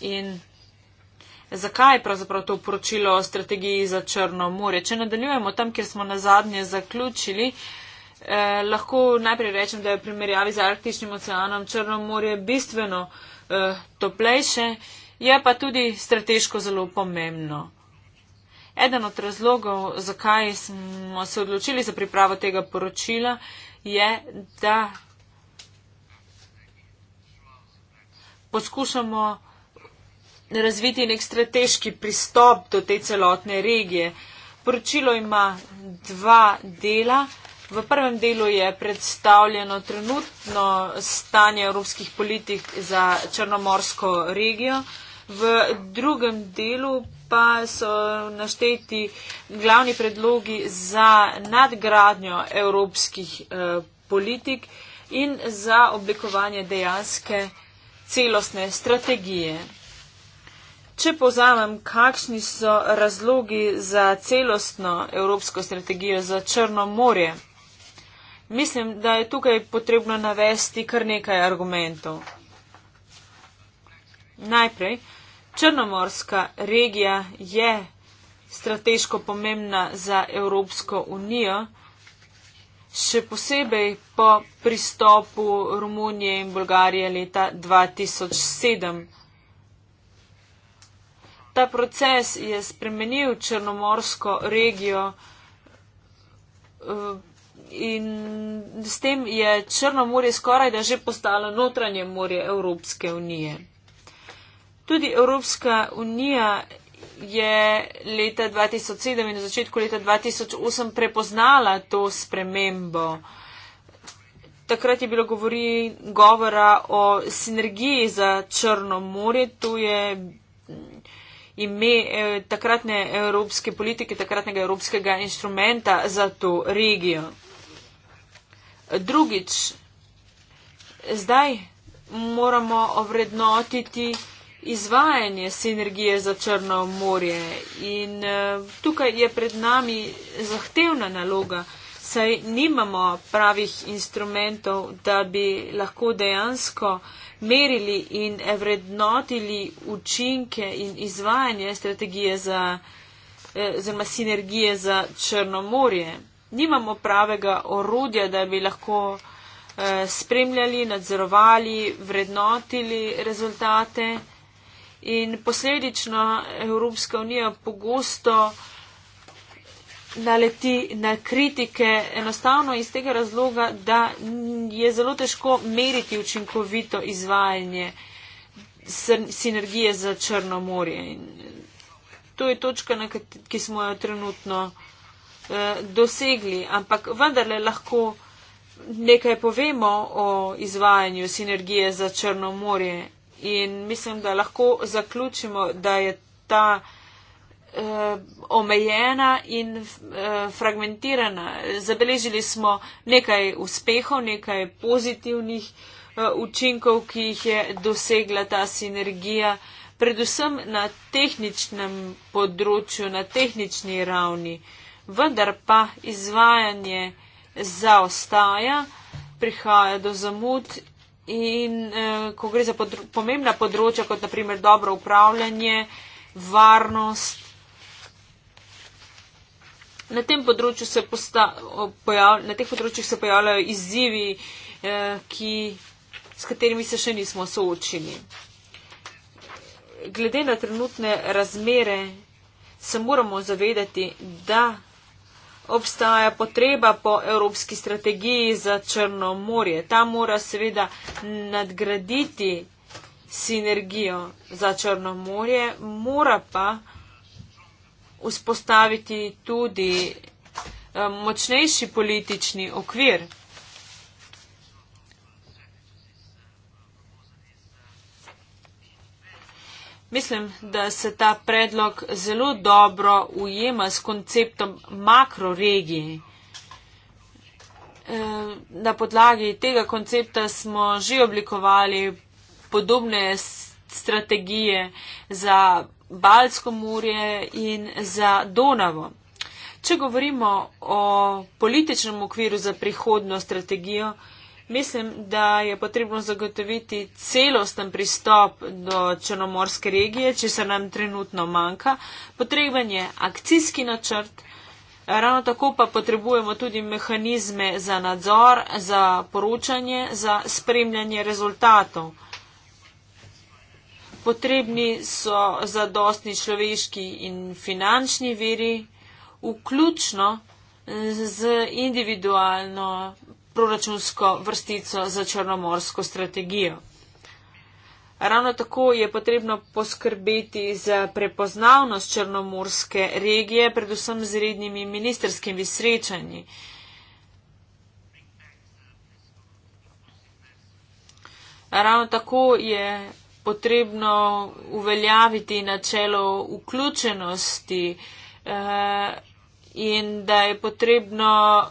in zakaj je pravzaprav to poročilo o strategiji za Črno more. Če nadaljujemo tam, kjer smo na zadnje zaključili, eh, lahko najprej rečem, da je v primerjavi z Arktičnim oceanom Črno more bistveno eh, toplejše, je pa tudi strateško zelo pomembno. Eden od razlogov, zakaj smo se odločili za pripravo tega poročila, je, da poskušamo razviti nek strateški pristop do te celotne regije. Poročilo ima dva dela. V prvem delu je predstavljeno trenutno stanje evropskih politik za Črnomorsko regijo, v drugem delu pa so našteti glavni predlogi za nadgradnjo evropskih eh, politik in za oblikovanje dejanske eh, celostne strategije. Če povzamem, kakšni so razlogi za celostno evropsko strategijo za Črno morje, mislim, da je tukaj potrebno navesti kar nekaj argumentov. Najprej, Črnomorska regija je strateško pomembna za Evropsko unijo še posebej po pristopu Romunije in Bolgarije leta 2007. Ta proces je spremenil Črnomorsko regijo eh, in s tem je Črnomorje skoraj da že postalo notranje morje Evropske unije. Tudi Evropska unija je leta 2007 in na začetku leta 2008 prepoznala to spremembo. Takrat je bilo govori, govora o sinergiji za Črno more. To je mm, ime e, takratne evropske politike, takratnega evropskega instrumenta za to regijo. Drugič, zdaj moramo ovrednotiti izvajanje sinergije za Črno morje. In eh, tukaj je pred nami zahtevna naloga, saj nimamo pravih instrumentov, da bi lahko dejansko merili in vrednotili učinke in izvajanje strategije za eh, oziroma sinergije za Črno morje. Nimamo pravega orodja, da bi lahko eh, spremljali, nadzorovali, vrednotili rezultate. In posledično Evropska unija pogosto naleti na kritike enostavno iz tega razloga, da je zelo težko meriti učinkovito izvajanje sinergije za Črno morje. In to je točka, ki smo jo trenutno eh, dosegli, ampak vendarle lahko nekaj povemo o izvajanju sinergije za Črno morje In mislim, da lahko zaključimo, da je ta eh, omejena in eh, fragmentirana. Zabeležili smo nekaj uspehov, nekaj pozitivnih eh, učinkov, ki jih je dosegla ta sinergija, predvsem na tehničnem področju, na tehnični ravni. Vendar pa izvajanje zaostaja, prihaja do zamud In eh, ko gre za podro pomembna področja, kot naprimer dobro upravljanje, varnost, na, tem na teh področjih se pojavljajo izzivi, eh, ki, s katerimi se še nismo soočili. Glede na trenutne razmere, se moramo zavedati, da obstaja potreba po evropski strategiji za Črno morje. Ta mora seveda nadgraditi sinergijo za Črno morje, mora pa vzpostaviti tudi eh, močnejši politični okvir. Mislim, da se ta predlog zelo dobro ujema s konceptom makroregiji. Eh, na podlagi tega koncepta smo že oblikovali podobne strategije za Balsko morje in za Donavo. Če govorimo o političnem okviru za prihodno strategijo, Mislim, da je potrebno zagotoviti celosten pristop do črnomorske regije, če se nam trenutno manjka. Potreben je akcijski načrt, ravno tako pa potrebujemo tudi mehanizme za nadzor, za poročanje, za spremljanje rezultatov. Potrebni so zadostni človeški in finančni veri, vključno z individualno proračunsko vrstico za črnomorsko strategijo. Ravno tako je potrebno poskrbeti za prepoznavnost črnomorske regije, predvsem z rednimi ministerskimi srečanji. Ravno tako je potrebno uveljaviti načelo vključenosti eh, in da je potrebno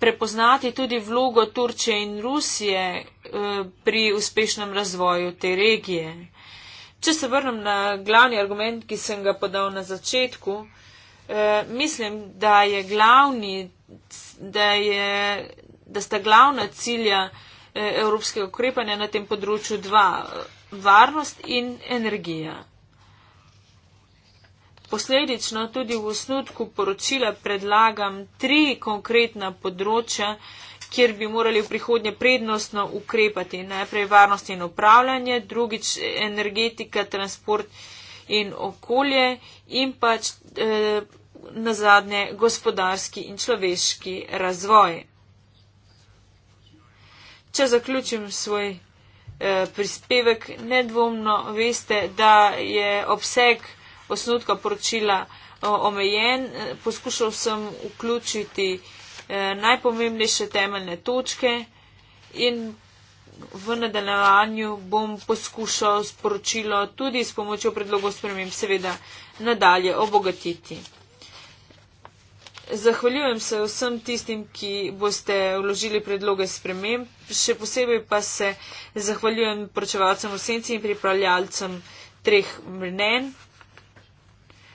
prepoznati tudi vlogo Turčije in Rusije eh, pri uspešnem razvoju te regije. Če se vrnem na glavni argument, ki sem ga podal na začetku, eh, mislim, da, je glavni, da, je, da sta glavna cilja eh, evropskega ukrepanja na tem področju dva, varnost in energija. Posledično tudi v osnutku poročila predlagam tri konkretna področja, kjer bi morali v prihodnje prednostno ukrepati. Najprej varnost in upravljanje, drugič energetika, transport in okolje in pač eh, na zadnje gospodarski in človeški razvoj. Če zaključim svoj eh, prispevek, nedvomno veste, da je obseg posnutka poročila omejen. E, poskušal sem vključiti e, najpomembnejše temeljne točke in v nadaljevanju bom poskušal sporočilo tudi s pomočjo predlogov sprememb seveda nadalje obogatiti. Zahvaljujem se vsem tistim, ki boste vložili predloge sprememb, še posebej pa se zahvaljujem poročevalcem v senci in pripravljalcem treh mnen.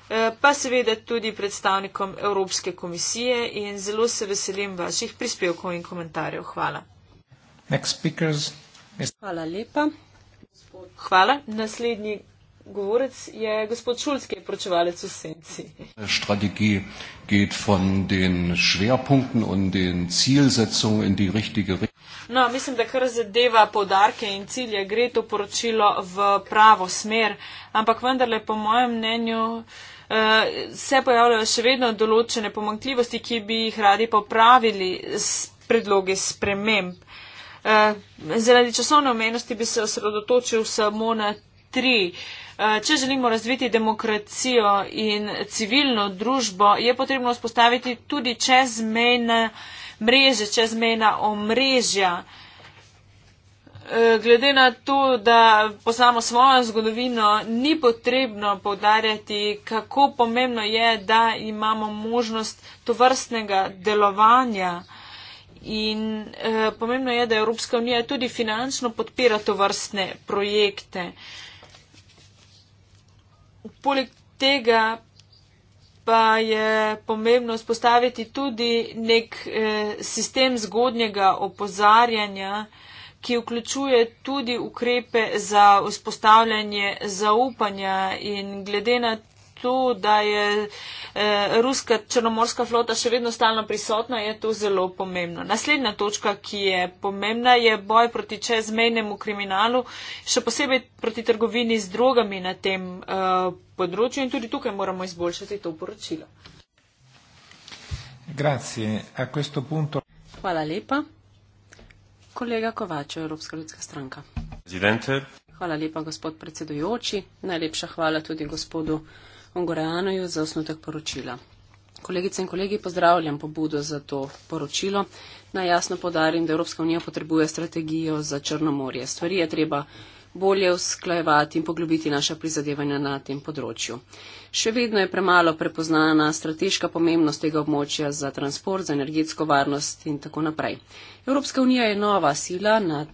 Eh, pa seveda tudi predstavnikom Evropske komisije in zelo se veselim vaših prispevkov in komentarjev. Hvala. Hvala lepa. Hvala. Naslednji govorec je gospod Šulski, pročevalec v senci. Strategija geht von den Schwerpunkten und den Zielsetzungen in die richtige Richtung. No, mislim, da kar zadeva povdarke in cilje, gre to poročilo v pravo smer, ampak vendarle po mojem mnenju. Eh, se pojavljajo še vedno določene pomankljivosti, ki bi jih radi popravili s predlogi sprememb. Eh, zaradi časovne omenosti bi se osredotočil samo na tri. Eh, če želimo razviti demokracijo in civilno družbo, je potrebno vzpostaviti tudi čezmejne mreže, čezmejna omrežja. Eh, glede na to, da poznamo svojo zgodovino, ni potrebno povdarjati, kako pomembno je, da imamo možnost to vrstnega delovanja. In eh, pomembno je, da Evropska unija tudi finančno podpira to vrstne projekte. Poleg tega pa je pomembno spostaviti tudi nek eh, sistem zgodnjega opozarjanja, eh, ki vključuje tudi ukrepe za vzpostavljanje zaupanja in glede na to, da je eh, ruska črnomorska flota še vedno stalno prisotna, je to zelo pomembno. Naslednja točka, ki je pomembna, je boj proti čezmejnemu kriminalu, še posebej proti trgovini z drogami na tem eh, področju in tudi tukaj moramo izboljšati to poročilo. Grazie. A questo punto. Hvala lepa. Kolega Kovač, Evropska ljudska stranka. Zidente. Hvala lepa, gospod predsedujoči. Najlepša hvala tudi gospodu Ongorejanoju za osnutek poročila. Kolegice in kolegi, pozdravljam pobudo za to poročilo. Najjasno podarim, da Evropska unija potrebuje strategijo za Črno morje. Stvari je treba bolje usklajevati in poglobiti naša prizadevanja na tem področju. Še vedno je premalo prepoznana strateška pomembnost tega območja za transport, za energetsko varnost in tako naprej. Evropska unija je nova sila na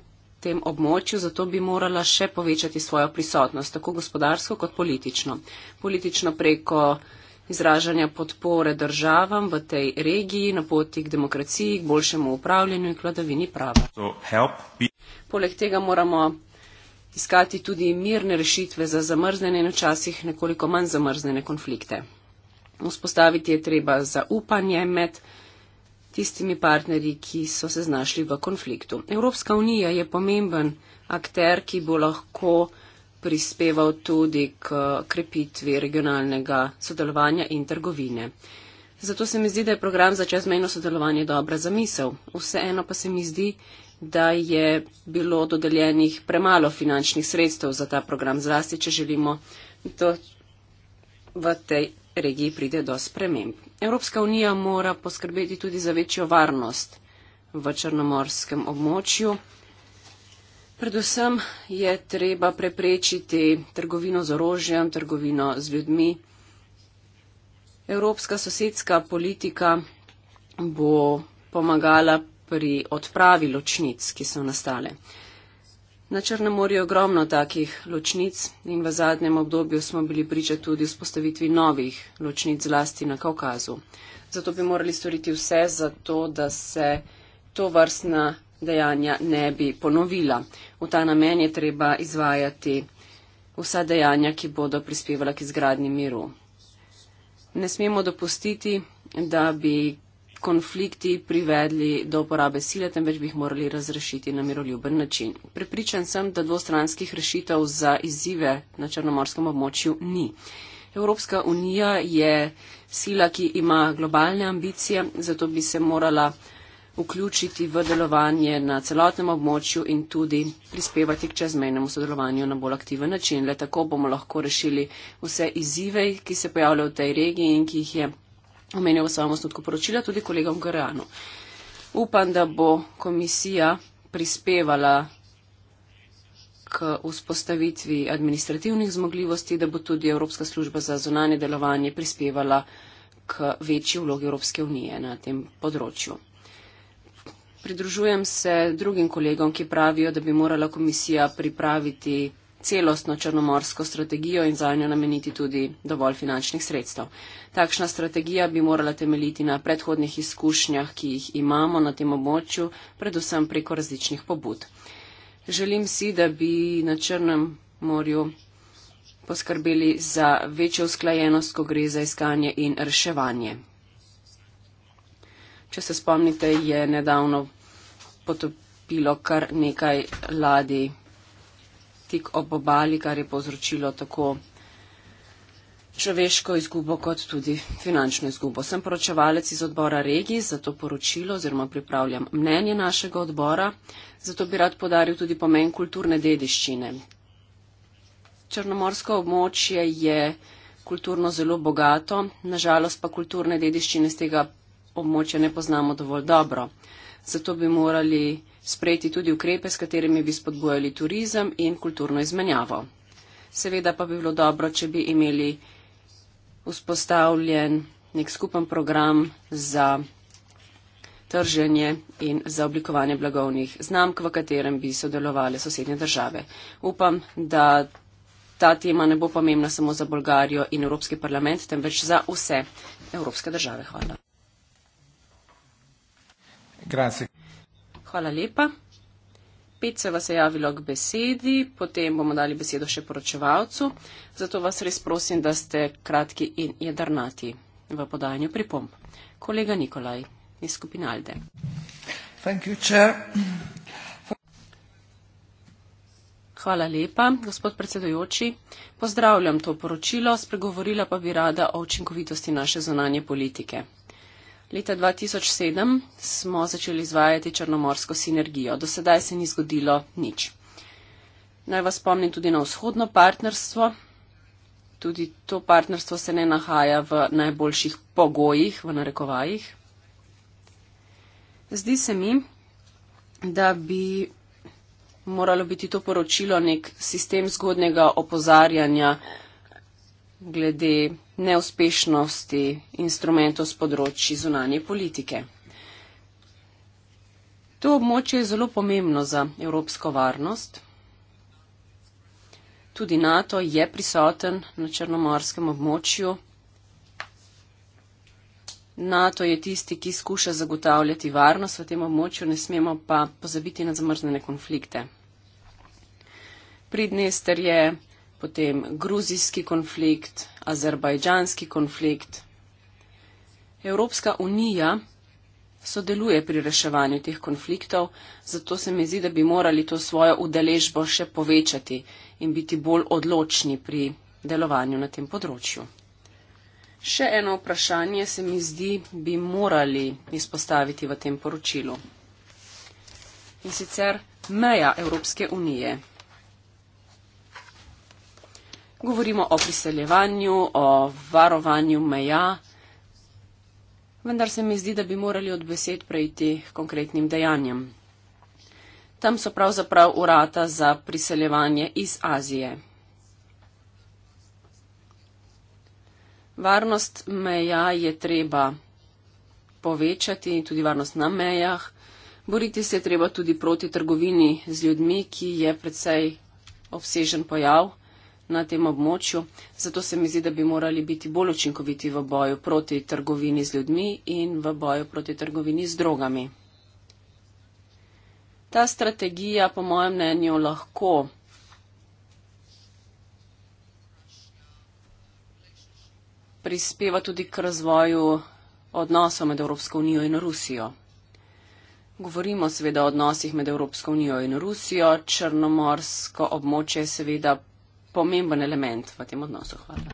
tem območju, zato bi morala še povečati svojo prisotnost, tako gospodarsko kot politično. Politično preko izražanja podpore državam v tej regiji na poti k demokraciji, k boljšemu upravljanju in k vladavini prava. So, Poleg tega moramo iskati tudi mirne rešitve za zamrznjene in včasih nekoliko manj zamrznjene konflikte. Vzpostaviti je treba zaupanje med tistimi partnerji, ki so se znašli v konfliktu. Evropska unija je pomemben akter, ki bo lahko prispeval tudi k krepitvi regionalnega sodelovanja in trgovine. Zato se mi zdi, da je program za čezmejno sodelovanje dobra zamisel. Vseeno pa se mi zdi, da je bilo dodeljenih premalo finančnih sredstev za ta program, zlasti če želimo, da v tej regiji pride do sprememb. Evropska unija mora poskrbeti tudi za večjo varnost v črnomorskem območju. Predvsem je treba preprečiti trgovino z orožjem, trgovino z ljudmi. Evropska sosedska politika bo pomagala pri odpravi ločnic, ki so nastale. Na Črnem morju je ogromno takih ločnic in v zadnjem obdobju smo bili priča tudi vzpostavitvi novih ločnic zlasti na Kaukazu. Zato bi morali storiti vse za to, da se to vrstna dejanja ne bi ponovila. V ta namen je treba izvajati vsa dejanja, ki bodo prispevala k izgradni miru. Ne smemo dopustiti, da bi konflikti privedli do uporabe sile, temveč bi jih morali razrešiti na miroljuben način. Prepričan sem, da dvostranskih rešitev za izzive na črnomorskem območju ni. Evropska unija je sila, ki ima globalne ambicije, zato bi se morala vključiti v delovanje na celotnem območju in tudi prispevati k čezmejnemu sodelovanju na bolj aktiven način. Le tako bomo lahko rešili vse izzive, ki se pojavljajo v tej regiji in ki jih je omenil v samem osnutku poročila tudi kolegom Grano. Upam, da bo komisija prispevala k vzpostavitvi administrativnih zmogljivosti, da bo tudi Evropska služba za zonanje delovanje prispevala k večji vlogi Evropske unije na tem področju. Pridružujem se drugim kolegom, ki pravijo, da bi morala komisija pripraviti celostno črnomorsko strategijo in za njo nameniti tudi dovolj finančnih sredstev. Takšna strategija bi morala temeljiti na predhodnih izkušnjah, ki jih imamo na tem območju, predvsem preko različnih pobud. Želim si, da bi na Črnem morju poskrbeli za večjo usklajenost, ko gre za iskanje in reševanje. Če se spomnite, je nedavno potopilo kar nekaj ladij tik ob obali, kar je povzročilo tako človeško izgubo kot tudi finančno izgubo. Sem poročevalec iz odbora regij za to poročilo oziroma pripravljam mnenje našega odbora, zato bi rad podaril tudi pomen kulturne dediščine. Črnomorsko območje je kulturno zelo bogato, nažalost pa kulturne dediščine z tega območja ne poznamo dovolj dobro. Zato bi morali sprejeti tudi ukrepe, s katerimi bi spodbojali turizem in kulturno izmenjavo. Seveda pa bi bilo dobro, če bi imeli vzpostavljen nek skupen program za trženje in za oblikovanje blagovnih znamk, v katerem bi sodelovali sosednje države. Upam, da ta tema ne bo pomembna samo za Bolgarijo in Evropski parlament, temveč za vse evropske države. Hvala. Grazie. Hvala lepa. Pet se vas je javilo k besedi, potem bomo dali besedo še poročevalcu. Zato vas res prosim, da ste kratki in jedrnati v podajanju pripomb. Kolega Nikolaj iz skupine Alde. You, Hvala lepa, gospod predsedujoči. Pozdravljam to poročilo, spregovorila pa bi rada o učinkovitosti naše zonanje politike. Leta 2007 smo začeli izvajati črnomorsko sinergijo. Do sedaj se ni zgodilo nič. Naj vas spomnim tudi na vzhodno partnerstvo. Tudi to partnerstvo se ne nahaja v najboljših pogojih, v narekovajih. Zdi se mi, da bi moralo biti to poročilo nek sistem zgodnega opozarjanja glede neuspešnosti instrumentov z področji zunanje politike. To območje je zelo pomembno za evropsko varnost. Tudi NATO je prisoten na črnomorskem območju. NATO je tisti, ki skuša zagotavljati varnost v tem območju, ne smemo pa pozabiti na zamrznene konflikte. Pridnester je potem gruzijski konflikt, azerbajdžanski konflikt. Evropska unija sodeluje pri reševanju teh konfliktov, zato se mi zdi, da bi morali to svojo udeležbo še povečati in biti bolj odločni pri delovanju na tem področju. Še eno vprašanje se mi zdi, bi morali izpostaviti v tem poročilu. In sicer meja Evropske unije govorimo o priseljevanju, o varovanju meja, vendar se mi zdi, da bi morali od besed preiti konkretnim dejanjem. Tam so pravzaprav urata za priseljevanje iz Azije. Varnost meja je treba povečati, tudi varnost na mejah. Boriti se je treba tudi proti trgovini z ljudmi, ki je predvsej obsežen pojav na tem območju. Zato se mi zdi, da bi morali biti bolj učinkoviti v boju proti trgovini z ljudmi in v boju proti trgovini z drogami. Ta strategija, po mojem mnenju, lahko prispeva tudi k razvoju odnosov med Evropsko unijo in Rusijo. Govorimo seveda o odnosih med Evropsko unijo in Rusijo. Črnomorsko območje je seveda pomemben element v tem odnosu. Hvala.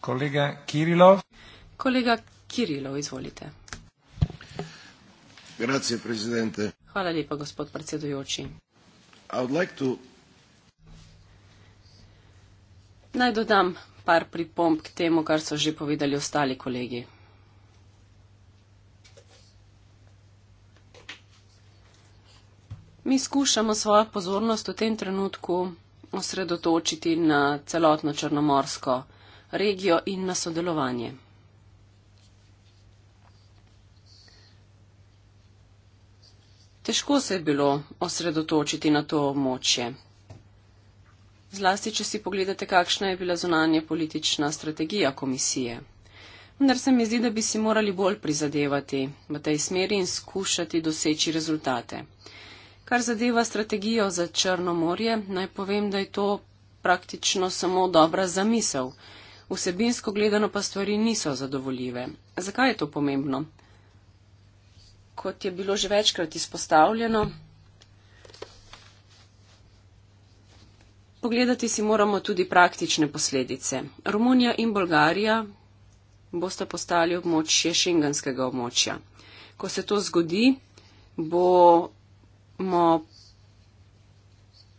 Kolega Kirilov. Kolega Kirilov, izvolite. Grazie, presidente. Hvala lepa, gospod predsedujoči. Like to... Naj dodam par pripomb k temu, kar so že povedali ostali kolegi. mi skušamo svojo pozornost v tem trenutku osredotočiti na celotno črnomorsko regijo in na sodelovanje. Težko se je bilo osredotočiti na to območje. Zlasti, če si pogledate, kakšna je bila zunanje politična strategija komisije. Vendar se mi zdi, da bi si morali bolj prizadevati v tej smeri in skušati doseči rezultate. Kar zadeva strategijo za Črno morje, naj povem, da je to praktično samo dobra zamisel. Vsebinsko gledano pa stvari niso zadovoljive. Zakaj je to pomembno? Kot je bilo že večkrat izpostavljeno, pogledati si moramo tudi praktične posledice. Romunija in Bolgarija bosta postali območje šengenskega območja. Ko se to zgodi, bo smo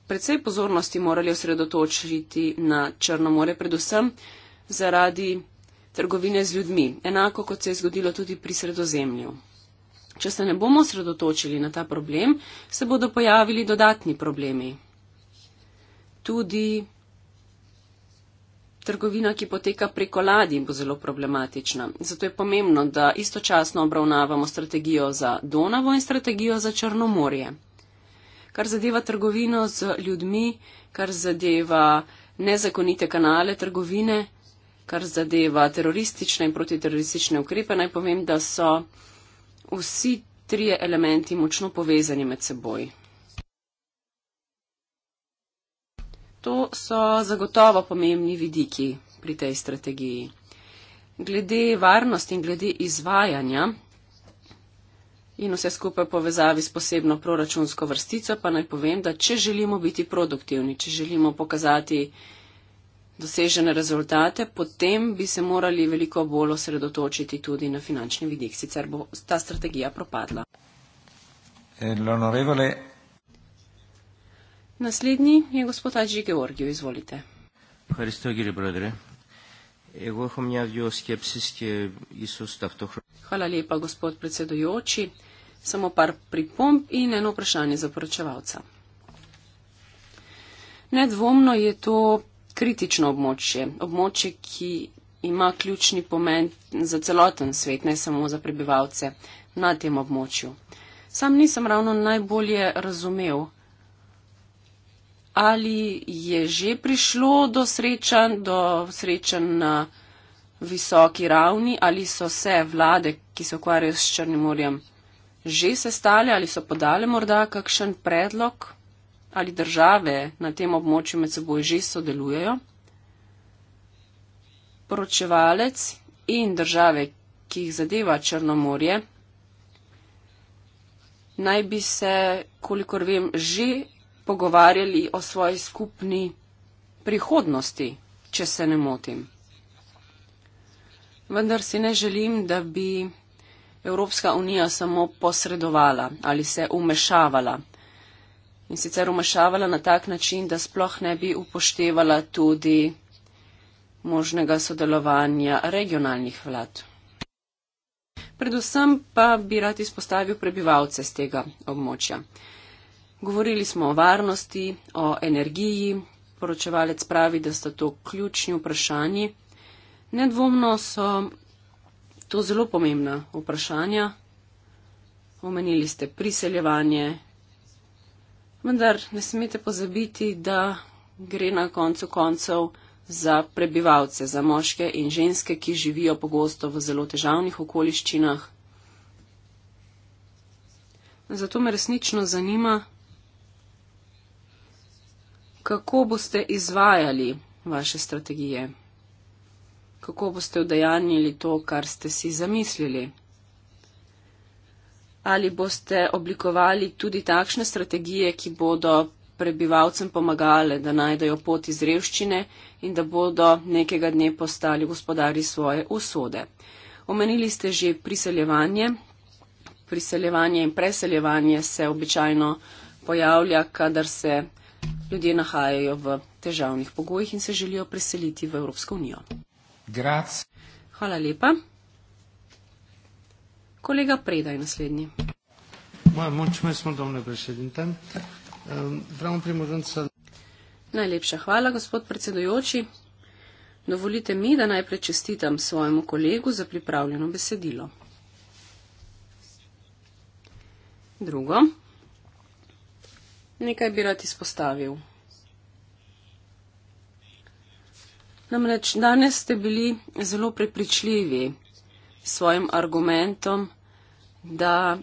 predvsej pozornosti morali osredotočiti na Črnomore, predvsem zaradi trgovine z ljudmi, enako kot se je zgodilo tudi pri Sredozemlju. Če se ne bomo osredotočili na ta problem, se bodo pojavili dodatni problemi. Tudi trgovina, ki poteka preko ladij, bo zelo problematična. Zato je pomembno, da istočasno obravnavamo strategijo za Donavo in strategijo za Črno morje kar zadeva trgovino z ljudmi, kar zadeva nezakonite kanale trgovine, kar zadeva teroristične in protiteroristične ukrepe. Naj povem, da so vsi trije elementi močno povezani med seboj. To so zagotovo pomembni vidiki pri tej strategiji. Glede varnosti in glede izvajanja In vse skupaj povezavi s posebno proračunsko vrstico, pa naj povem, da če želimo biti produktivni, če želimo pokazati dosežene rezultate, potem bi se morali veliko bolj osredotočiti tudi na finančni vidik, sicer bo ta strategija propadla. Eh, l'onorevole. Naslednji je gospod Ađi Georgiju, izvolite. Hvala lepa, gospod predsedujoči samo par pripomb in eno vprašanje za poročevalca. Nedvomno je to kritično območje, območje, ki ima ključni pomen za celoten svet, ne samo za prebivalce na tem območju. Sam nisem ravno najbolje razumel, ali je že prišlo do srečanj, do srečanj na visoki ravni, ali so se vlade, ki se ukvarjajo s Črnim morjem, že sestali ali so podali morda kakšen predlog ali države na tem območju med seboj že sodelujejo. Poročevalec in države, ki jih zadeva Črnomorje, naj bi se, kolikor vem, že pogovarjali o svoji skupni prihodnosti, če se ne motim. Vendar si ne želim, da bi Evropska unija samo posredovala ali se umešavala. In sicer umešavala na tak način, da sploh ne bi upoštevala tudi možnega sodelovanja regionalnih vlad. Predvsem pa bi rad izpostavil prebivalce z tega območja. Govorili smo o varnosti, o energiji, poročevalec pravi, da so to ključni vprašanji. Nedvomno so to zelo pomembna vprašanja. Omenili ste priseljevanje, vendar ne smete pozabiti, da gre na koncu koncev za prebivalce, za moške in ženske, ki živijo pogosto v zelo težavnih okoliščinah. Zato me resnično zanima, kako boste izvajali vaše strategije kako boste udejanjili to, kar ste si zamislili. Ali boste oblikovali tudi takšne strategije, ki bodo prebivalcem pomagale, da najdejo pot iz revščine in da bodo nekega dne postali gospodari svoje usode. Omenili ste že priseljevanje. Priseljevanje in preseljevanje se običajno pojavlja, kadar se ljudje nahajajo v težavnih pogojih in se želijo preseliti v Evropsko unijo. Graz. Hvala lepa. Kolega Preda je naslednji. Moja moč, moj smo domne presedente. Ehm, Vramo primožnica. Najlepša hvala, gospod predsedujoči. Dovolite mi, da najprej čestitam svojemu kolegu za pripravljeno besedilo. Drugo. Nekaj bi rad izpostavil. Namreč danes ste bili zelo prepričljivi s svojim argumentom, da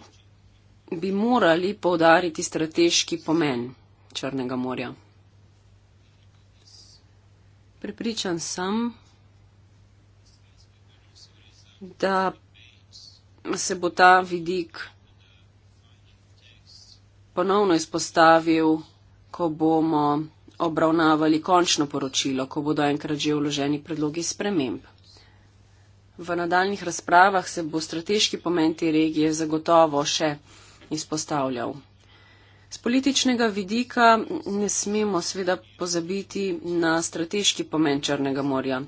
bi morali povdariti strateški pomen Črnega morja. Pripričan sem, da se bo ta vidik ponovno izpostavil, ko bomo obravnavali končno poročilo, ko bodo enkrat že vloženi predlogi sprememb. V nadaljnih razpravah se bo strateški pomen te regije zagotovo še izpostavljal. Z političnega vidika ne smemo sveda pozabiti na strateški pomen Črnega morja.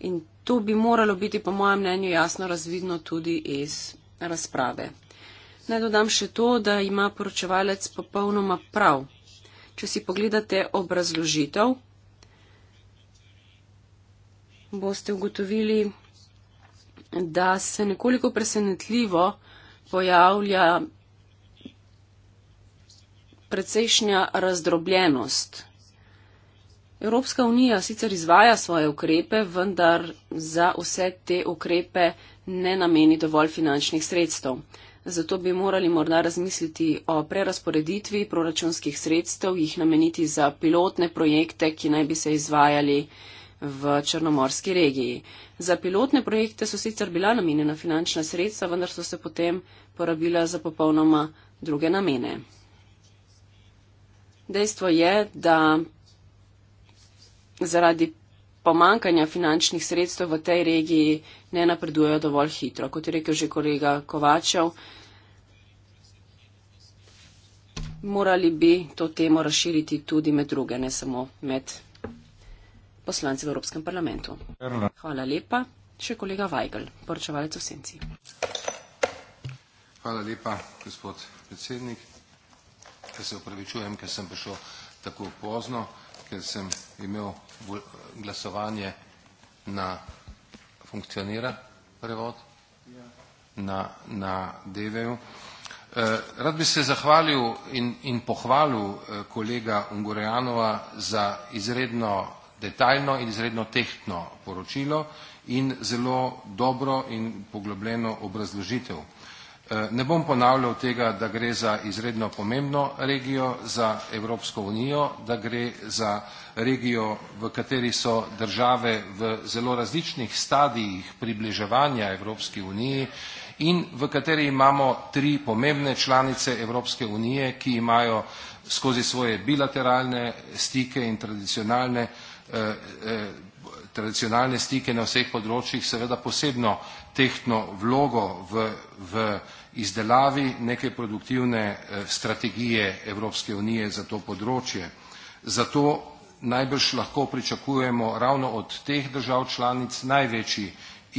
In to bi moralo biti, po mojem mnenju, jasno razvidno tudi iz razprave. Naj dodam še to, da ima poročevalec popolnoma prav, če si pogledate obrazložitev, boste ugotovili, da se nekoliko presenetljivo pojavlja precejšnja razdrobljenost. Evropska unija sicer izvaja svoje ukrepe, vendar za vse te ukrepe ne nameni dovolj finančnih sredstev zato bi morali morda razmisliti o prerasporeditvi proračunskih sredstev, jih nameniti za pilotne projekte, ki naj bi se izvajali v Črnomorski regiji. Za pilotne projekte so sicer bila namenjena finančna sredstva, vendar so se potem porabila za popolnoma druge namene. Dejstvo je, da zaradi pomankanja finančnih sredstev v tej regiji ne napredujejo dovolj hitro. Kot je rekel že kolega Kovačev, morali bi to temo razširiti tudi med druge, ne samo med poslanci v Evropskem parlamentu. Hvala lepa. Še kolega Vajgl, poročevalec v Senci. Hvala lepa, gospod predsednik. Ker se upravičujem, ker sem prišel tako pozno ker sem imel glasovanje na funkcionira prevod ja. na, na DV-ju. Eh, rad bi se zahvalil in, in pohvalil eh, kolega Ungorejanova za izredno detaljno in izredno tehtno poročilo in zelo dobro in poglobljeno obrazložitev. Eh, ne bom ponavljal tega, da gre za izredno pomembno regijo za Evropsko unijo, da gre za regijo, v kateri so države v zelo različnih stadijih približevanja Evropski uniji in v kateri imamo tri pomembne članice Evropske unije, ki imajo skozi svoje bilateralne stike in tradicionalne eh, eh, tradicionalne stike na vseh področjih, seveda posebno tehtno vlogo v, v izdelavi neke produktivne eh, strategije Evropske unije za to področje. Zato najbrž lahko pričakujemo ravno od teh držav članic največji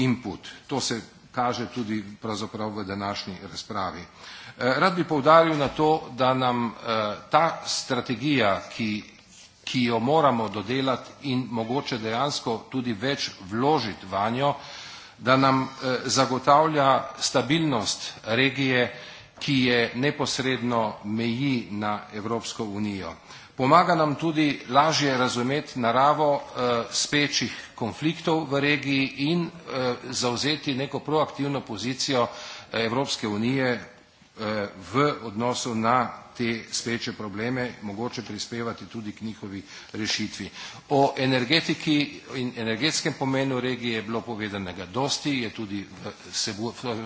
input. To se kaže tudi pravzaprav v današnji razpravi. Eh, rad bi poudaril na to, da nam eh, ta strategija, ki ki jo moramo dodelati in mogoče dejansko tudi več vložiti vanjo, da nam eh, zagotavlja stabilnost regije, ki je neposredno meji na Evropsko unijo. Pomaga nam tudi lažje razumeti naravo eh, spečih konfliktov v regiji in eh, zauzeti neko proaktivno pozicijo Evropske unije v odnosu na te speče probleme, mogoče prispevati tudi k njihovi rešitvi. O energetiki in energetskem pomenu regije je bilo povedanega dosti, je tudi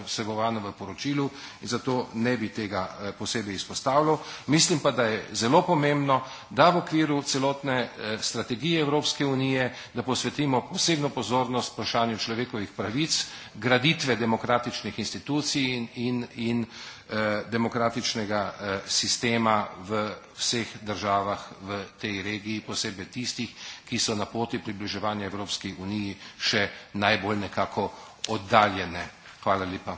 vsebovano v poročilu in zato ne bi tega eh, posebej izpostavljal. Mislim pa, da je zelo pomembno, da v okviru celotne eh, strategije Evropske unije, da posvetimo posebno pozornost vprašanju človekovih pravic, graditve demokratičnih institucij in, in, in Eh, demokratičnega eh, sistema v vseh državah v tej regiji, posebej tistih, ki so na poti približevanja Evropski uniji še najbolj nekako oddaljene. Hvala lepa.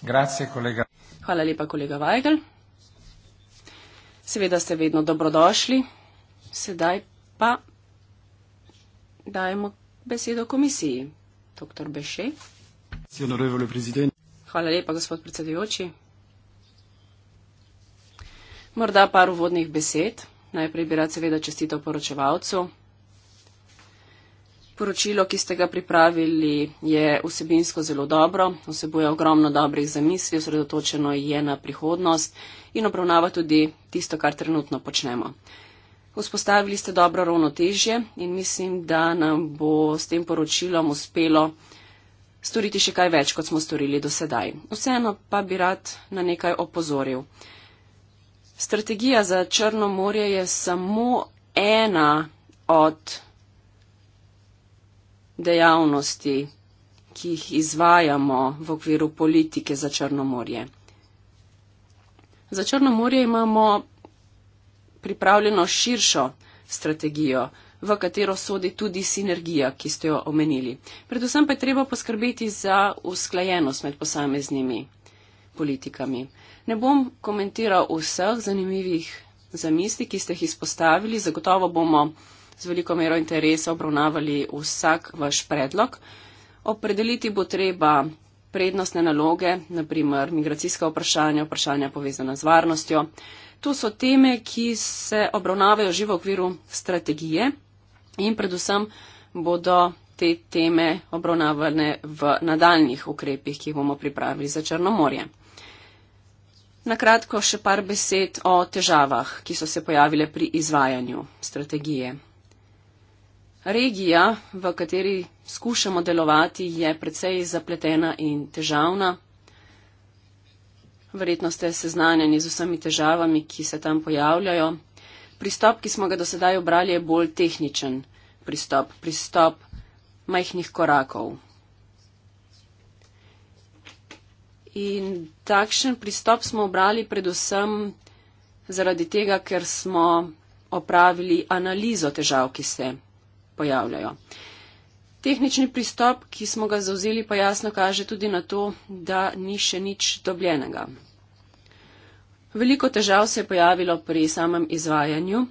Grazie, kolega. Hvala lepa, kolega Weigl. Seveda ste vedno dobrodošli. Sedaj pa dajemo besedo komisiji dr. Beše. Hvala lepa, gospod predsedujoči. Morda par uvodnih besed. Najprej bi rad seveda čestitev poročevalcu. Poročilo, ki ste ga pripravili, je vsebinsko zelo dobro, vsebuje ogromno dobrih zamisli, osredotočeno je na prihodnost in obravnava tudi tisto, kar trenutno počnemo. Vzpostavili ste dobro ravnotežje in mislim, da nam bo s tem poročilom uspelo storiti še kaj več, kot smo storili do sedaj. Vseeno pa bi rad na nekaj opozoril. Strategija za Črno morje je samo ena od dejavnosti, ki jih izvajamo v okviru politike za Črno morje. Za Črno morje imamo pripravljeno širšo strategijo, v katero sodi tudi sinergija, ki ste jo omenili. Predvsem pa je treba poskrbeti za usklajenost med posameznimi politikami. Ne bom komentiral vseh zanimivih zamisli, ki ste jih izpostavili. Zagotovo bomo z veliko mero interesa obravnavali vsak vaš predlog. Opredeliti bo treba prednostne naloge, naprimer migracijska vprašanja, vprašanja povezana z varnostjo, To so teme, ki se obravnavajo že v okviru strategije in predvsem bodo te teme obravnavane v nadaljnih ukrepih, ki jih bomo pripravili za Črnomorje. Na kratko še par besed o težavah, ki so se pojavile pri izvajanju strategije. Regija, v kateri skušamo delovati, je precej zapletena in težavna. Verjetno ste seznanjeni z vsemi težavami, ki se tam pojavljajo. Pristop, ki smo ga do sedaj obrali, je bolj tehničen pristop, pristop majhnih korakov. In takšen pristop smo obrali predvsem zaradi tega, ker smo opravili analizo težav, ki se pojavljajo. Tehnični pristop, ki smo ga zauzeli, pa jasno kaže tudi na to, da ni še nič dobljenega. Veliko težav se je pojavilo pri samem izvajanju.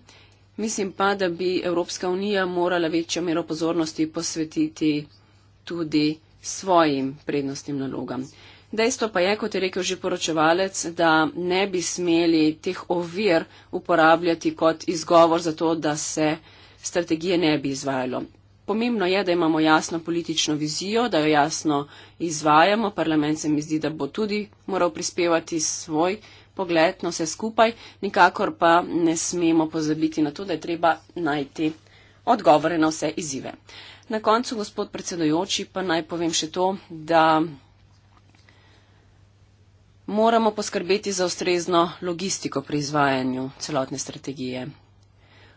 Mislim pa, da bi Evropska unija morala večjo mero pozornosti posvetiti tudi svojim prednostnim nalogam. Dejstvo pa je, kot je rekel že poročevalec, da ne bi smeli teh ovir uporabljati kot izgovor za to, da se strategije ne bi izvajalo pomembno je, da imamo jasno politično vizijo, da jo jasno izvajamo. Parlament se mi zdi, da bo tudi moral prispevati svoj pogled na vse skupaj, nikakor pa ne smemo pozabiti na to, da je treba najti odgovore na vse izzive. Na koncu, gospod predsedojoči, pa naj povem še to, da moramo poskrbeti za ustrezno logistiko pri izvajanju celotne strategije.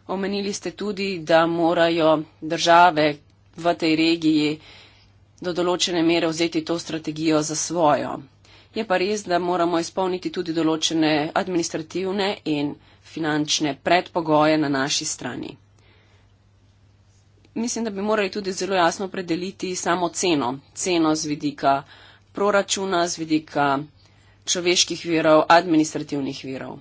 Omenili ste tudi, da morajo države v tej regiji do določene mere vzeti to strategijo za svojo. Je pa res, da moramo izpolniti tudi določene administrativne in finančne predpogoje na naši strani. Mislim, da bi morali tudi zelo jasno predeliti samo ceno. Ceno z vidika proračuna, z vidika človeških virov, administrativnih virov.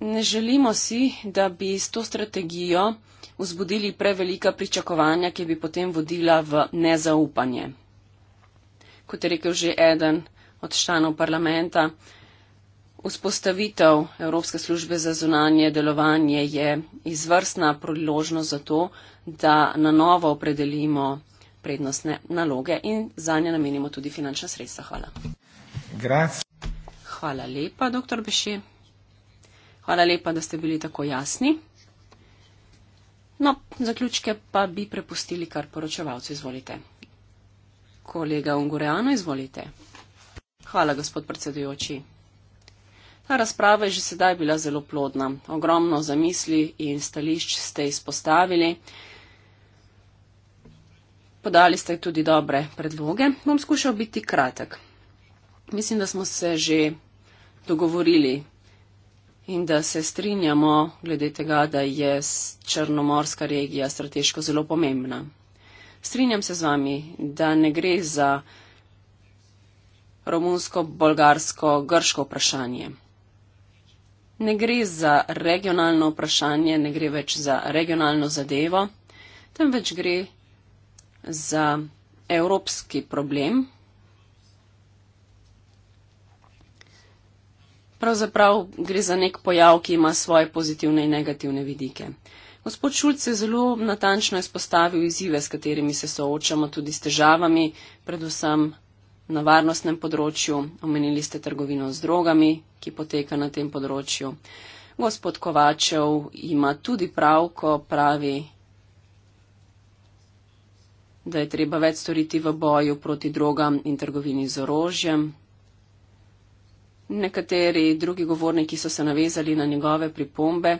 Ne želimo si, da bi s to strategijo vzbudili prevelika pričakovanja, ki bi potem vodila v nezaupanje. Kot je rekel že eden od članov parlamenta, vzpostavitev Evropske službe za zunanje delovanje je izvrstna priložnost za to, da na novo opredelimo prednostne naloge in za nje namenimo tudi finančna sredstva. Hvala. Grazie. Hvala lepa, dr. Beši. Hvala lepa, da ste bili tako jasni. No, zaključke pa bi prepustili kar poročevalcu. Izvolite. Kolega Ungureano, izvolite. Hvala, gospod predsedujoči. Ta razprava je že sedaj bila zelo plodna. Ogromno zamisli in stališč ste izpostavili. Podali ste tudi dobre predloge. Bom skušal biti kratek. Mislim, da smo se že dogovorili in da se strinjamo glede tega, da je Črnomorska regija strateško zelo pomembna. Strinjam se z vami, da ne gre za romunsko, bolgarsko, grško vprašanje. Ne gre za regionalno vprašanje, ne gre več za regionalno zadevo, temveč gre za evropski problem, Pravzaprav gre za nek pojav, ki ima svoje pozitivne in negativne vidike. Gospod Šulc je zelo natančno izpostavil izzive, s katerimi se soočamo, tudi s težavami, predvsem na varnostnem področju. Omenili ste trgovino z drogami, ki poteka na tem področju. Gospod Kovačev ima tudi prav, ko pravi, da je treba več storiti v boju proti drogam in trgovini z orožjem, nekateri drugi govorniki so se navezali na njegove pripombe.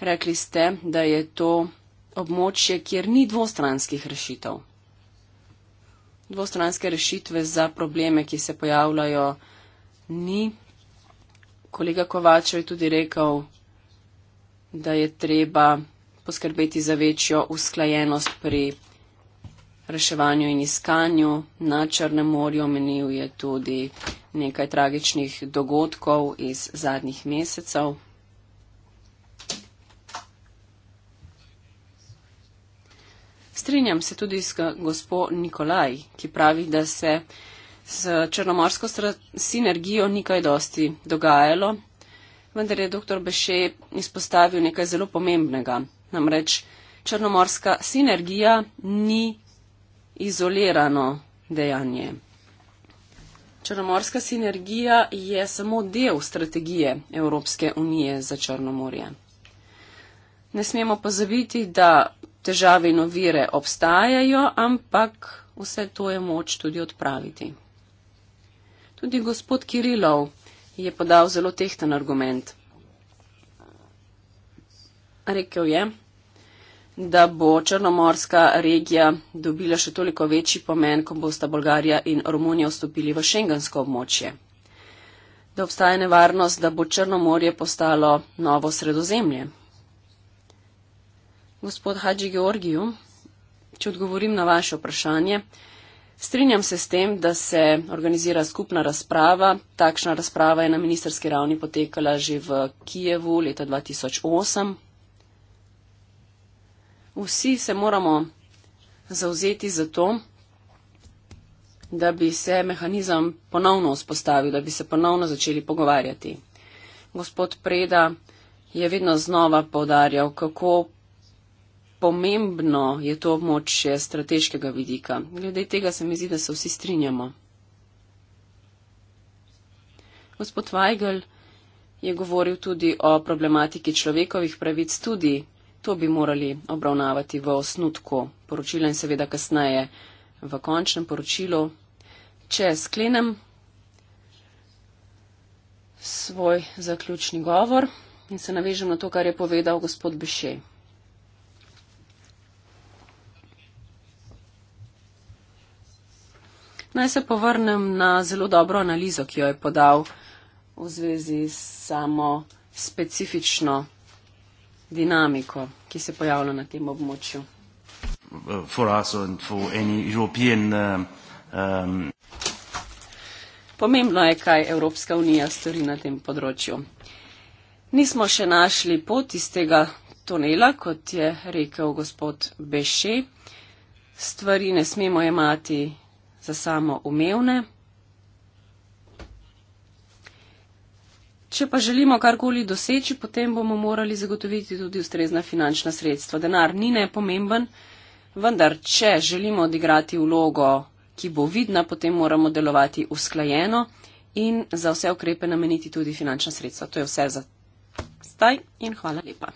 Rekli ste, da je to območje, kjer ni dvostranskih rešitev. Dvostranske rešitve za probleme, ki se pojavljajo, ni. Kolega Kovačev je tudi rekel, da je treba poskrbeti za večjo usklajenost pri reševanju in iskanju na Črnem morju, omenil je tudi nekaj tragičnih dogodkov iz zadnjih mesecev. Strinjam se tudi s gospo Nikolaj, ki pravi, da se s črnomorsko sinergijo ni kaj dosti dogajalo, vendar je dr. Beše izpostavil nekaj zelo pomembnega. Namreč črnomorska sinergija ni izolirano dejanje. Črnomorska sinergija je samo del strategije Evropske unije za Črnomorje. Ne smemo pozaviti, da težave in ovire obstajajo, ampak vse to je moč tudi odpraviti. Tudi gospod Kirilov je podal zelo tehten argument. Rekel je, da bo črnomorska regija dobila še toliko večji pomen, ko bosta Bolgarija in Romunija vstopili v šengensko območje. Da obstaja nevarnost, da bo Črnomorje postalo novo sredozemlje. Gospod Hadži Georgiju, če odgovorim na vaše vprašanje, strinjam se s tem, da se organizira skupna razprava. Takšna razprava je na ministerski ravni potekala že v Kijevu leta 2008 vsi se moramo zauzeti za to, da bi se mehanizem ponovno vzpostavil, da bi se ponovno začeli pogovarjati. Gospod Preda je vedno znova povdarjal, kako pomembno je to območje strateškega vidika. Glede tega se mi zdi, da se vsi strinjamo. Gospod Weigl je govoril tudi o problematiki človekovih pravic, tudi To bi morali obravnavati v osnutku poročila in seveda kasneje v končnem poročilu. Če sklenem svoj zaključni govor in se navežem na to, kar je povedal gospod Bešej. Naj se povrnem na zelo dobro analizo, ki jo je podal v zvezi s samo specifično dinamiko, ki se pojavlja na tem območju. Uh, um, Pomembno je, kaj Evropska unija stori na tem področju. Nismo še našli pot iz tega tunela, kot je rekel gospod Beše. Stvari ne smemo jemati za samo umevne. Če pa želimo karkoli doseči, potem bomo morali zagotoviti tudi ustrezna finančna sredstva. Denar ni nepomemben, vendar če želimo odigrati vlogo, ki bo vidna, potem moramo delovati usklajeno in za vse ukrepe nameniti tudi finančna sredstva. To je vse za zdaj in hvala lepa.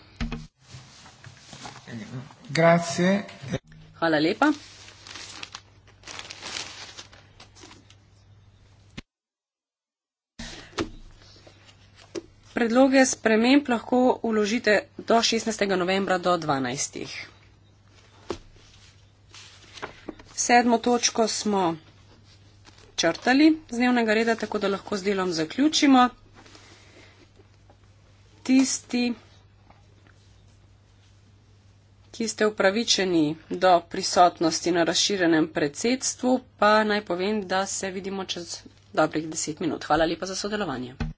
Grazie. Hvala lepa. Predloge sprememb lahko uložite do 16. novembra do 12. Sedmo točko smo črtali z dnevnega reda, tako da lahko z delom zaključimo. Tisti, ki ste upravičeni do prisotnosti na razširenem predsedstvu, pa naj povem, da se vidimo čez dobrih deset minut. Hvala lepa za sodelovanje.